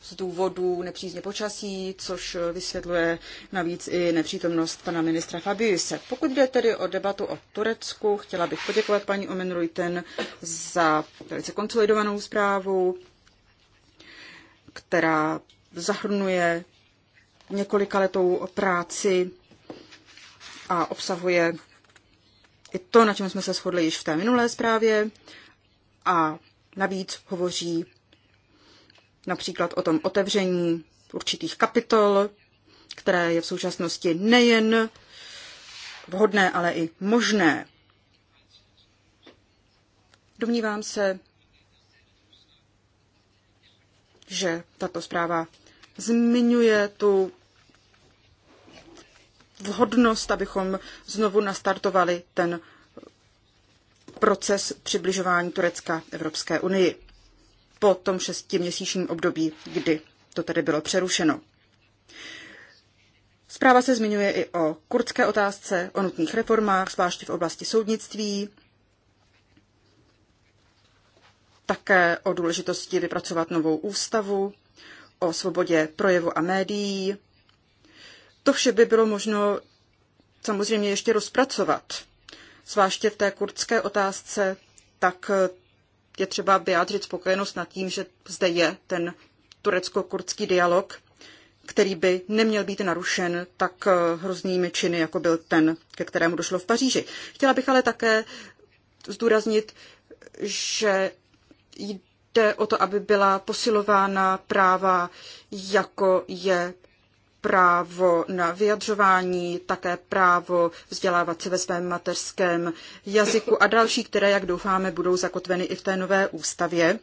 Speaker 3: z důvodu nepřízně počasí, což vysvětluje navíc i nepřítomnost pana ministra Fabiuse. Pokud jde tedy o debatu o Turecku, chtěla bych poděkovat paní Omen Ruiten za velice konsolidovanou zprávu, která zahrnuje letou práci a obsahuje i to, na čem jsme se shodli již v té minulé zprávě a navíc hovoří například o tom otevření určitých kapitol, které je v současnosti nejen vhodné, ale i možné. Domnívám se, že tato zpráva zmiňuje tu vhodnost, abychom znovu nastartovali ten proces přibližování Turecka Evropské unii po tom šestiměsíčním období, kdy to tedy bylo přerušeno. Zpráva se zmiňuje i o kurdské otázce, o nutných reformách, zvláště v oblasti soudnictví, také o důležitosti vypracovat novou ústavu, o svobodě projevu a médií. To vše by bylo možno samozřejmě ještě rozpracovat, zvláště v té kurdské otázce, tak je třeba vyjádřit spokojenost nad tím, že zde je ten turecko-kurdský dialog, který by neměl být narušen tak eh, hroznými činy, jako byl ten, ke kterému došlo v Paříži. Chtěla bych ale také zdůraznit, že jde o to, aby byla posilována práva, jako je právo na vyjadřování, také právo vzdělávat se ve svém mateřském jazyku a další, které, jak doufáme, budou zakotveny i v té nové ústavě.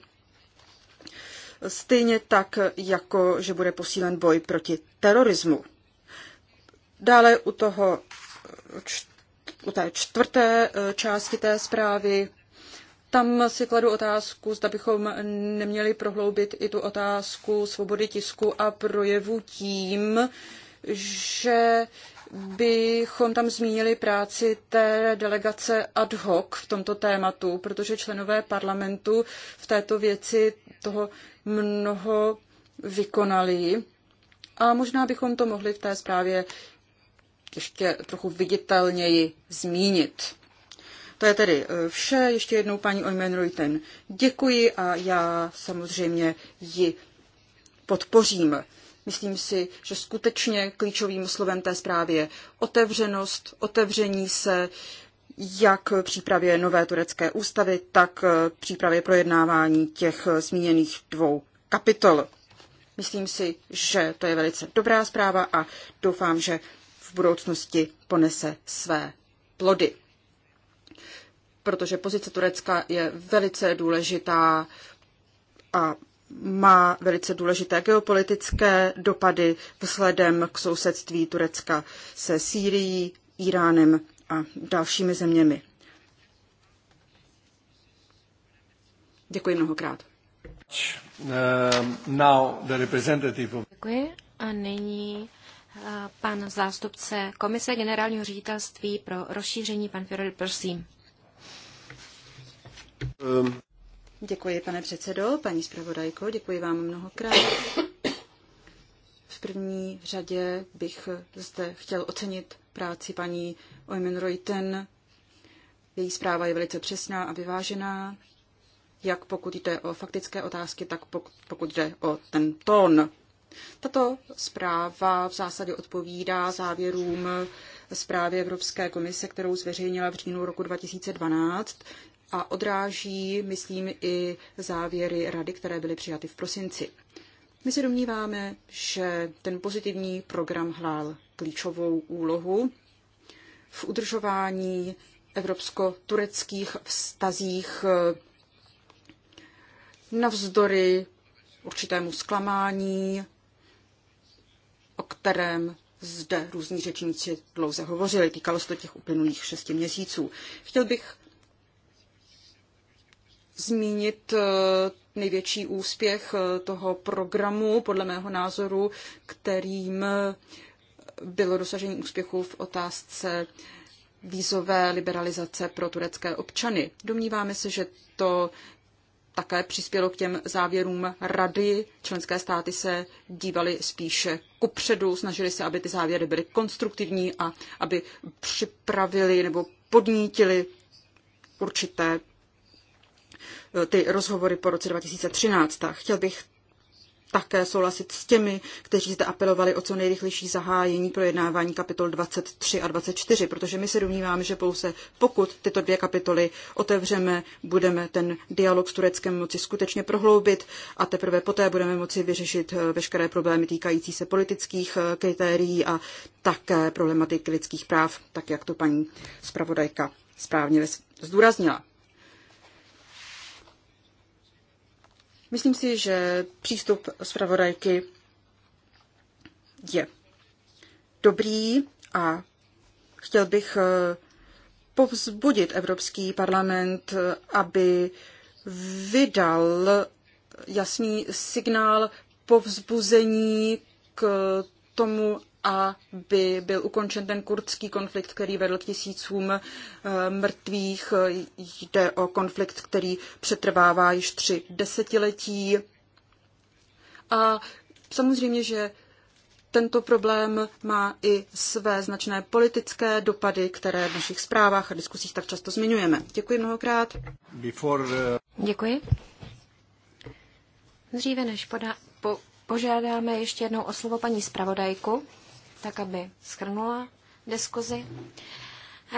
Speaker 3: Stejně tak, jako že bude posílen boj proti terorismu. Dále u toho u té čtvrté eh, části té zprávy tam si kladu otázku, zda bychom neměli prohloubit i tu otázku svobody tisku a projevu tím, že bychom tam zmínili práci té delegace ad hoc v tomto tématu, protože členové parlamentu v této věci toho mnoho vykonali. A možná bychom to mohli v té zprávě ještě trochu viditelněji zmínit. To je tedy eh, vše. Ještě jednou paní Ojmen ten děkuji a já samozřejmě ji podpořím. Myslím si, že skutečně klíčovým slovem té zprávy je otevřenost, otevření se jak přípravě nové turecké ústavy, tak eh, přípravě projednávání těch eh, zmíněných dvou kapitol. Myslím si, že to je velice dobrá zpráva a doufám, že v budoucnosti ponese své plody protože pozice Turecka je velice důležitá a má velice důležité geopolitické dopady vzhledem k sousedství Turecka se Sýrií, Iránem a dalšími zeměmi. Děkuji mnohokrát.
Speaker 1: Um, Děkuji a nyní uh, pan zástupce Komise generálního ředitelství pro rozšíření, pan Fiorel, prosím. Um.
Speaker 3: Děkuji, pane předsedo, paní zpravodajko, děkuji vám mnohokrát. V první řadě bych zde chtěl ocenit práci paní Oymen Reuten. Její zpráva je velice přesná a vyvážená, jak pokud jde o faktické otázky, tak pokud jde o ten tón. Tato zpráva v zásadě odpovídá závěrům zprávy Evropské komise, kterou zveřejnila v říjnu roku 2012 a odráží, myslím, i závěry rady, které byly přijaty v prosinci. My se domníváme, že ten pozitivní program hrál klíčovou úlohu v udržování evropsko-tureckých vztazích eh, navzdory určitému zklamání, o kterém zde různí řečníci dlouze hovořili. Týkalo se to těch uplynulých šesti měsíců. Chtěl bych zmínit eh, největší úspěch eh, toho programu, podle mého názoru, kterým eh, bylo dosažení úspěchu v otázce vízové liberalizace pro turecké občany. Domníváme se, že to také přispělo k těm závěrům rady. Členské státy se dívaly spíše kupředu, snažili se, aby ty závěry byly konstruktivní a aby připravili nebo podnítili určité Eh, ty rozhovory po roce 2013. chtěl bych také souhlasit s těmi, kteří zde apelovali o co nejrychlejší zahájení projednávání kapitol 23 a 24, protože my se domníváme, že pouze pokud tyto dvě kapitoly otevřeme, budeme ten dialog s Tureckem moci skutečně prohloubit a teprve poté budeme moci vyřešit eh, veškeré problémy týkající se politických eh, kritérií a také problematiky lidských práv, tak jak to paní zpravodajka správně zdůraznila. Myslím si, že přístup zpravodajky je dobrý a chtěl bych eh, povzbudit Evropský parlament, eh, aby vydal jasný signál povzbuzení k tomu, aby byl ukončen ten kurdský konflikt, který vedl k tisícům eh, mrtvých. Jde o konflikt, který přetrvává již tři desetiletí. A samozřejmě, že tento problém má i své značné politické dopady, které v našich zprávách a diskusích tak často zmiňujeme. Děkuji mnohokrát. Before, uh... Děkuji. Dříve než poda- po-
Speaker 1: požádáme ještě jednou o slovo paní zpravodajku, tak aby schrnula diskuzi.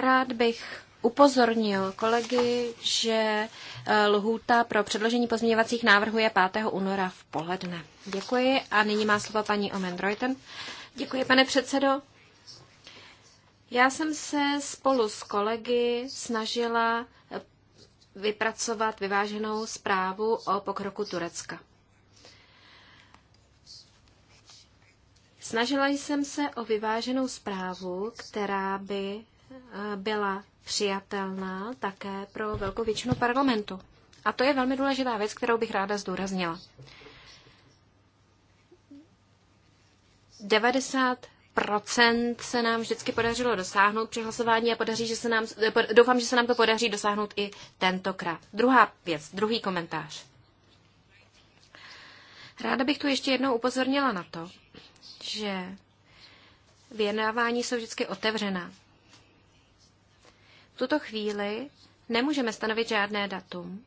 Speaker 1: Rád bych upozornil kolegy, že eh, lhůta pro předložení pozměňovacích návrhů je 5. února v poledne. Děkuji a nyní má slovo paní Omen Reuten. Děkuji, pane předsedo. Já jsem se spolu s kolegy snažila eh, vypracovat vyváženou zprávu o pokroku Turecka. Snažila jsem se o vyváženou zprávu, která by eh, byla přijatelná také pro velkou většinu parlamentu. A to je velmi důležitá věc, kterou bych ráda zdůraznila. 90 se nám vždycky podařilo dosáhnout při hlasování a podaří, že se nám, eh, doufám, že se nám to podaří dosáhnout i tentokrát. Druhá věc, druhý komentář. Ráda bych tu ještě jednou upozornila na to, že vyjednávání jsou vždycky otevřená. V tuto chvíli nemůžeme stanovit žádné datum.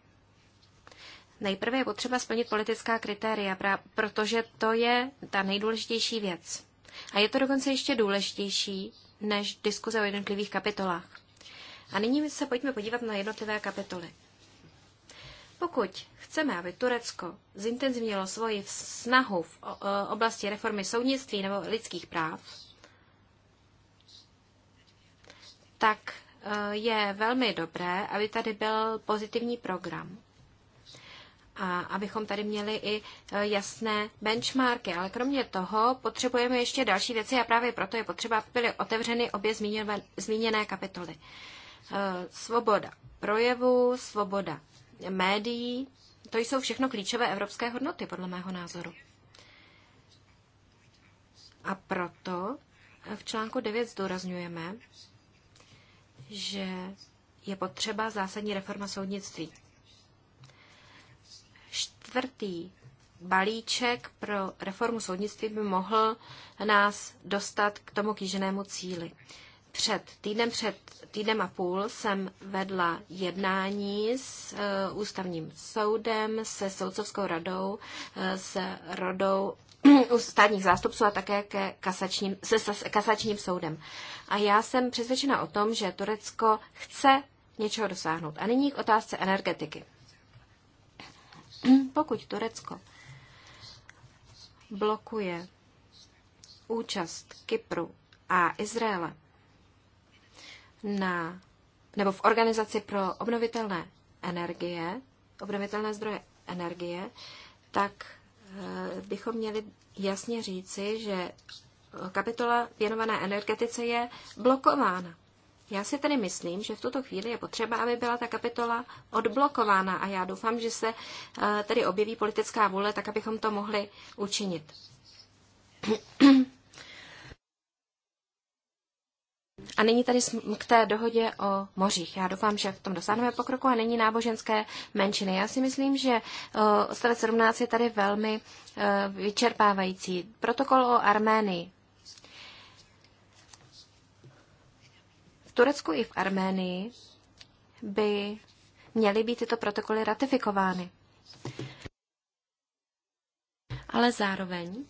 Speaker 1: Nejprve je potřeba splnit politická kritéria, protože to je ta nejdůležitější věc. A je to dokonce ještě důležitější než diskuze o jednotlivých kapitolách. A nyní se pojďme podívat na jednotlivé kapitoly. Pokud chceme, aby Turecko zintenzivnilo svoji snahu v oblasti reformy soudnictví nebo lidských práv, tak e, je velmi dobré, aby tady byl pozitivní program. A abychom tady měli i e, jasné benchmarky. Ale kromě toho potřebujeme ještě další věci a právě proto je potřeba, aby byly otevřeny obě zmíněné kapitoly. E, svoboda projevu, svoboda médií. To jsou všechno klíčové evropské hodnoty, podle mého názoru. A proto v článku 9 zdůrazňujeme, že je potřeba zásadní reforma soudnictví. Čtvrtý balíček pro reformu soudnictví by mohl nás dostat k tomu kýženému cíli. Před týdnem, před týdnem a půl jsem vedla jednání s eh, ústavním soudem, se soudcovskou radou, eh, s rodou státních zástupců a také ke kasačním, se, se kasačním soudem. A já jsem přesvědčena o tom, že Turecko chce něčeho dosáhnout. A nyní k otázce energetiky. Pokud Turecko blokuje účast Kypru a Izraele na, nebo v Organizaci pro obnovitelné energie, obnovitelné zdroje energie, tak eh, bychom měli jasně říci, že kapitola věnovaná energetice je blokována. Já si tedy myslím, že v tuto chvíli je potřeba, aby byla ta kapitola odblokována a já doufám, že se eh, tedy objeví politická vůle, tak abychom to mohli učinit. A nyní tady k té dohodě o mořích. Já doufám, že v tom dosáhneme pokroku a není náboženské menšiny. Já si myslím, že eh, odstavec 17 je tady velmi eh, vyčerpávající. Protokol o Arménii. V Turecku i v Arménii by měly být tyto protokoly ratifikovány. Ale zároveň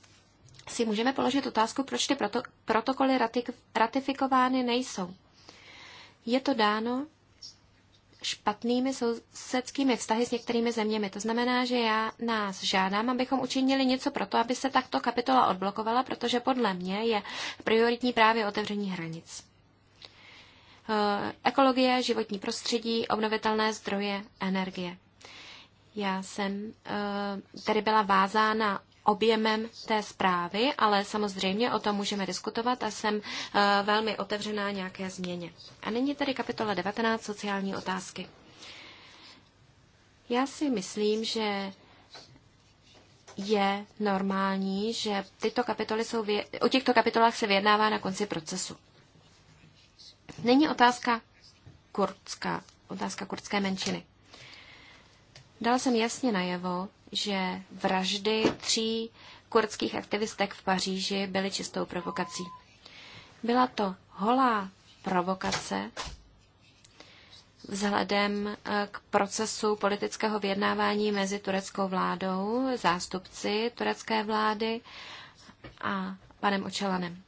Speaker 1: si můžeme položit otázku, proč ty proto, protokoly ratik, ratifikovány nejsou. Je to dáno špatnými sousedskými vztahy s některými zeměmi. To znamená, že já nás žádám, abychom učinili něco pro to, aby se takto kapitola odblokovala, protože podle mě je prioritní právě otevření hranic. Eh, ekologie, životní prostředí, obnovitelné zdroje, energie. Já jsem eh, tedy byla vázána objemem té zprávy, ale samozřejmě o tom můžeme diskutovat a jsem eh, velmi otevřená nějaké změně. A nyní tedy kapitola 19 sociální otázky. Já si myslím, že je normální, že tyto kapitoly jsou vě... o těchto kapitolách se vyjednává na konci procesu. Není otázka kurdská, otázka kurdské menšiny. Dal jsem jasně najevo, že vraždy tří kurdských aktivistek v Paříži byly čistou provokací. Byla to holá provokace vzhledem eh, k procesu politického vyjednávání mezi tureckou vládou, zástupci turecké vlády a panem Očelanem.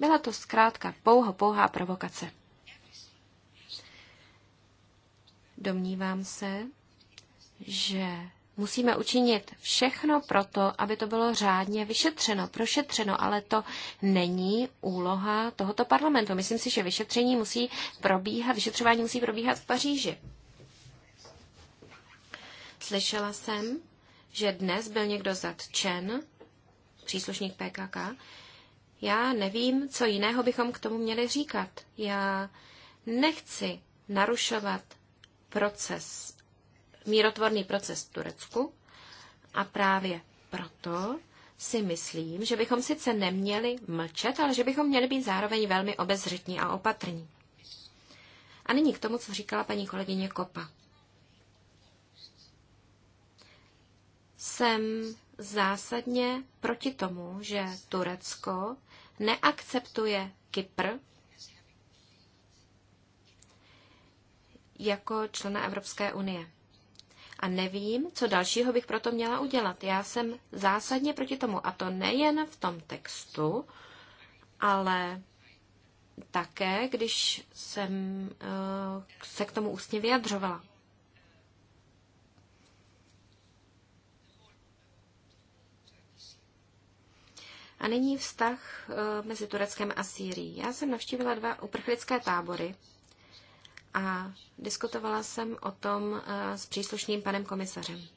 Speaker 1: Byla to zkrátka pouho pouhá provokace. Domnívám se, že musíme učinit všechno proto, aby to bylo řádně vyšetřeno, prošetřeno, ale to není úloha tohoto parlamentu. Myslím si, že vyšetření musí probíhat, vyšetřování musí probíhat v Paříži. Slyšela jsem, že dnes byl někdo zatčen, příslušník PKK. Já nevím, co jiného bychom k tomu měli říkat. Já nechci narušovat proces mírotvorný proces v Turecku a právě proto si myslím, že bychom sice neměli mlčet, ale že bychom měli být zároveň velmi obezřetní a opatrní. A nyní k tomu, co říkala paní kolegyně Kopa. Jsem zásadně proti tomu, že Turecko neakceptuje Kypr jako člena Evropské unie a nevím, co dalšího bych proto měla udělat. Já jsem zásadně proti tomu, a to nejen v tom textu, ale také, když jsem eh, se k tomu ústně vyjadřovala. A nyní vztah eh, mezi Tureckem a Sýrií. Já jsem navštívila dva uprchlické tábory a diskutovala jsem o tom eh, s příslušným panem komisařem.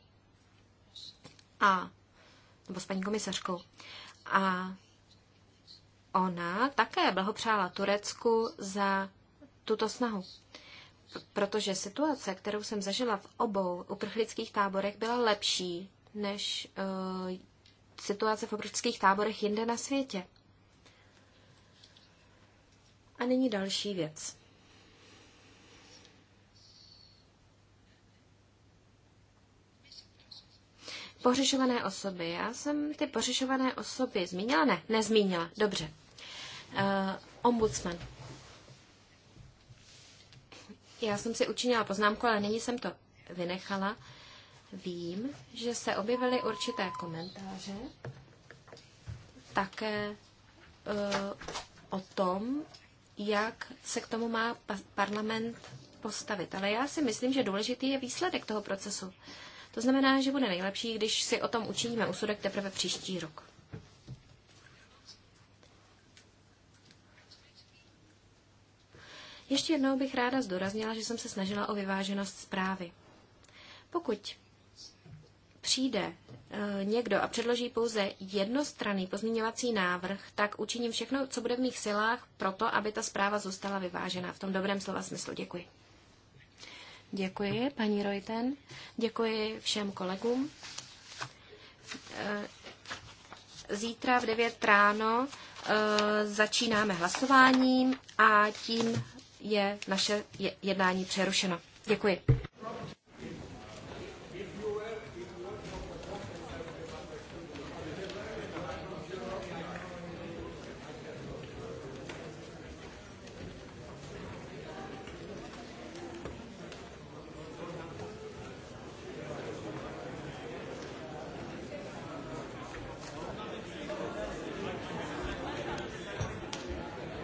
Speaker 1: A, nebo s paní komisařkou. A ona také blahopřála Turecku za tuto snahu. Protože situace, kterou jsem zažila v obou uprchlických táborech, byla lepší než uh, situace v uprchlických táborech jinde na světě. A nyní další věc. pořešované osoby. Já jsem ty pořešované osoby zmínila? Ne, nezmínila. Dobře. Uh, ombudsman. Já jsem si učinila poznámku, ale nyní jsem to vynechala. Vím, že se objevily určité komentáře také uh, o tom, jak se k tomu má parlament postavit. Ale já si myslím, že důležitý je výsledek toho procesu. Uh, to znamená, že bude nejlepší, když si o tom učiníme úsudek teprve příští rok. Ještě jednou bych ráda zdůraznila, že jsem se snažila o vyváženost zprávy. Pokud přijde e, někdo a předloží pouze jednostranný pozměňovací návrh, tak učiním všechno, co bude v mých silách, proto aby ta zpráva zůstala vyvážená. V tom dobrém slova smyslu. Děkuji. Děkuji, paní Reuten. Děkuji všem kolegům. Eh, zítra v 9 ráno eh, začínáme hlasováním a tím je naše jednání přerušeno. Děkuji.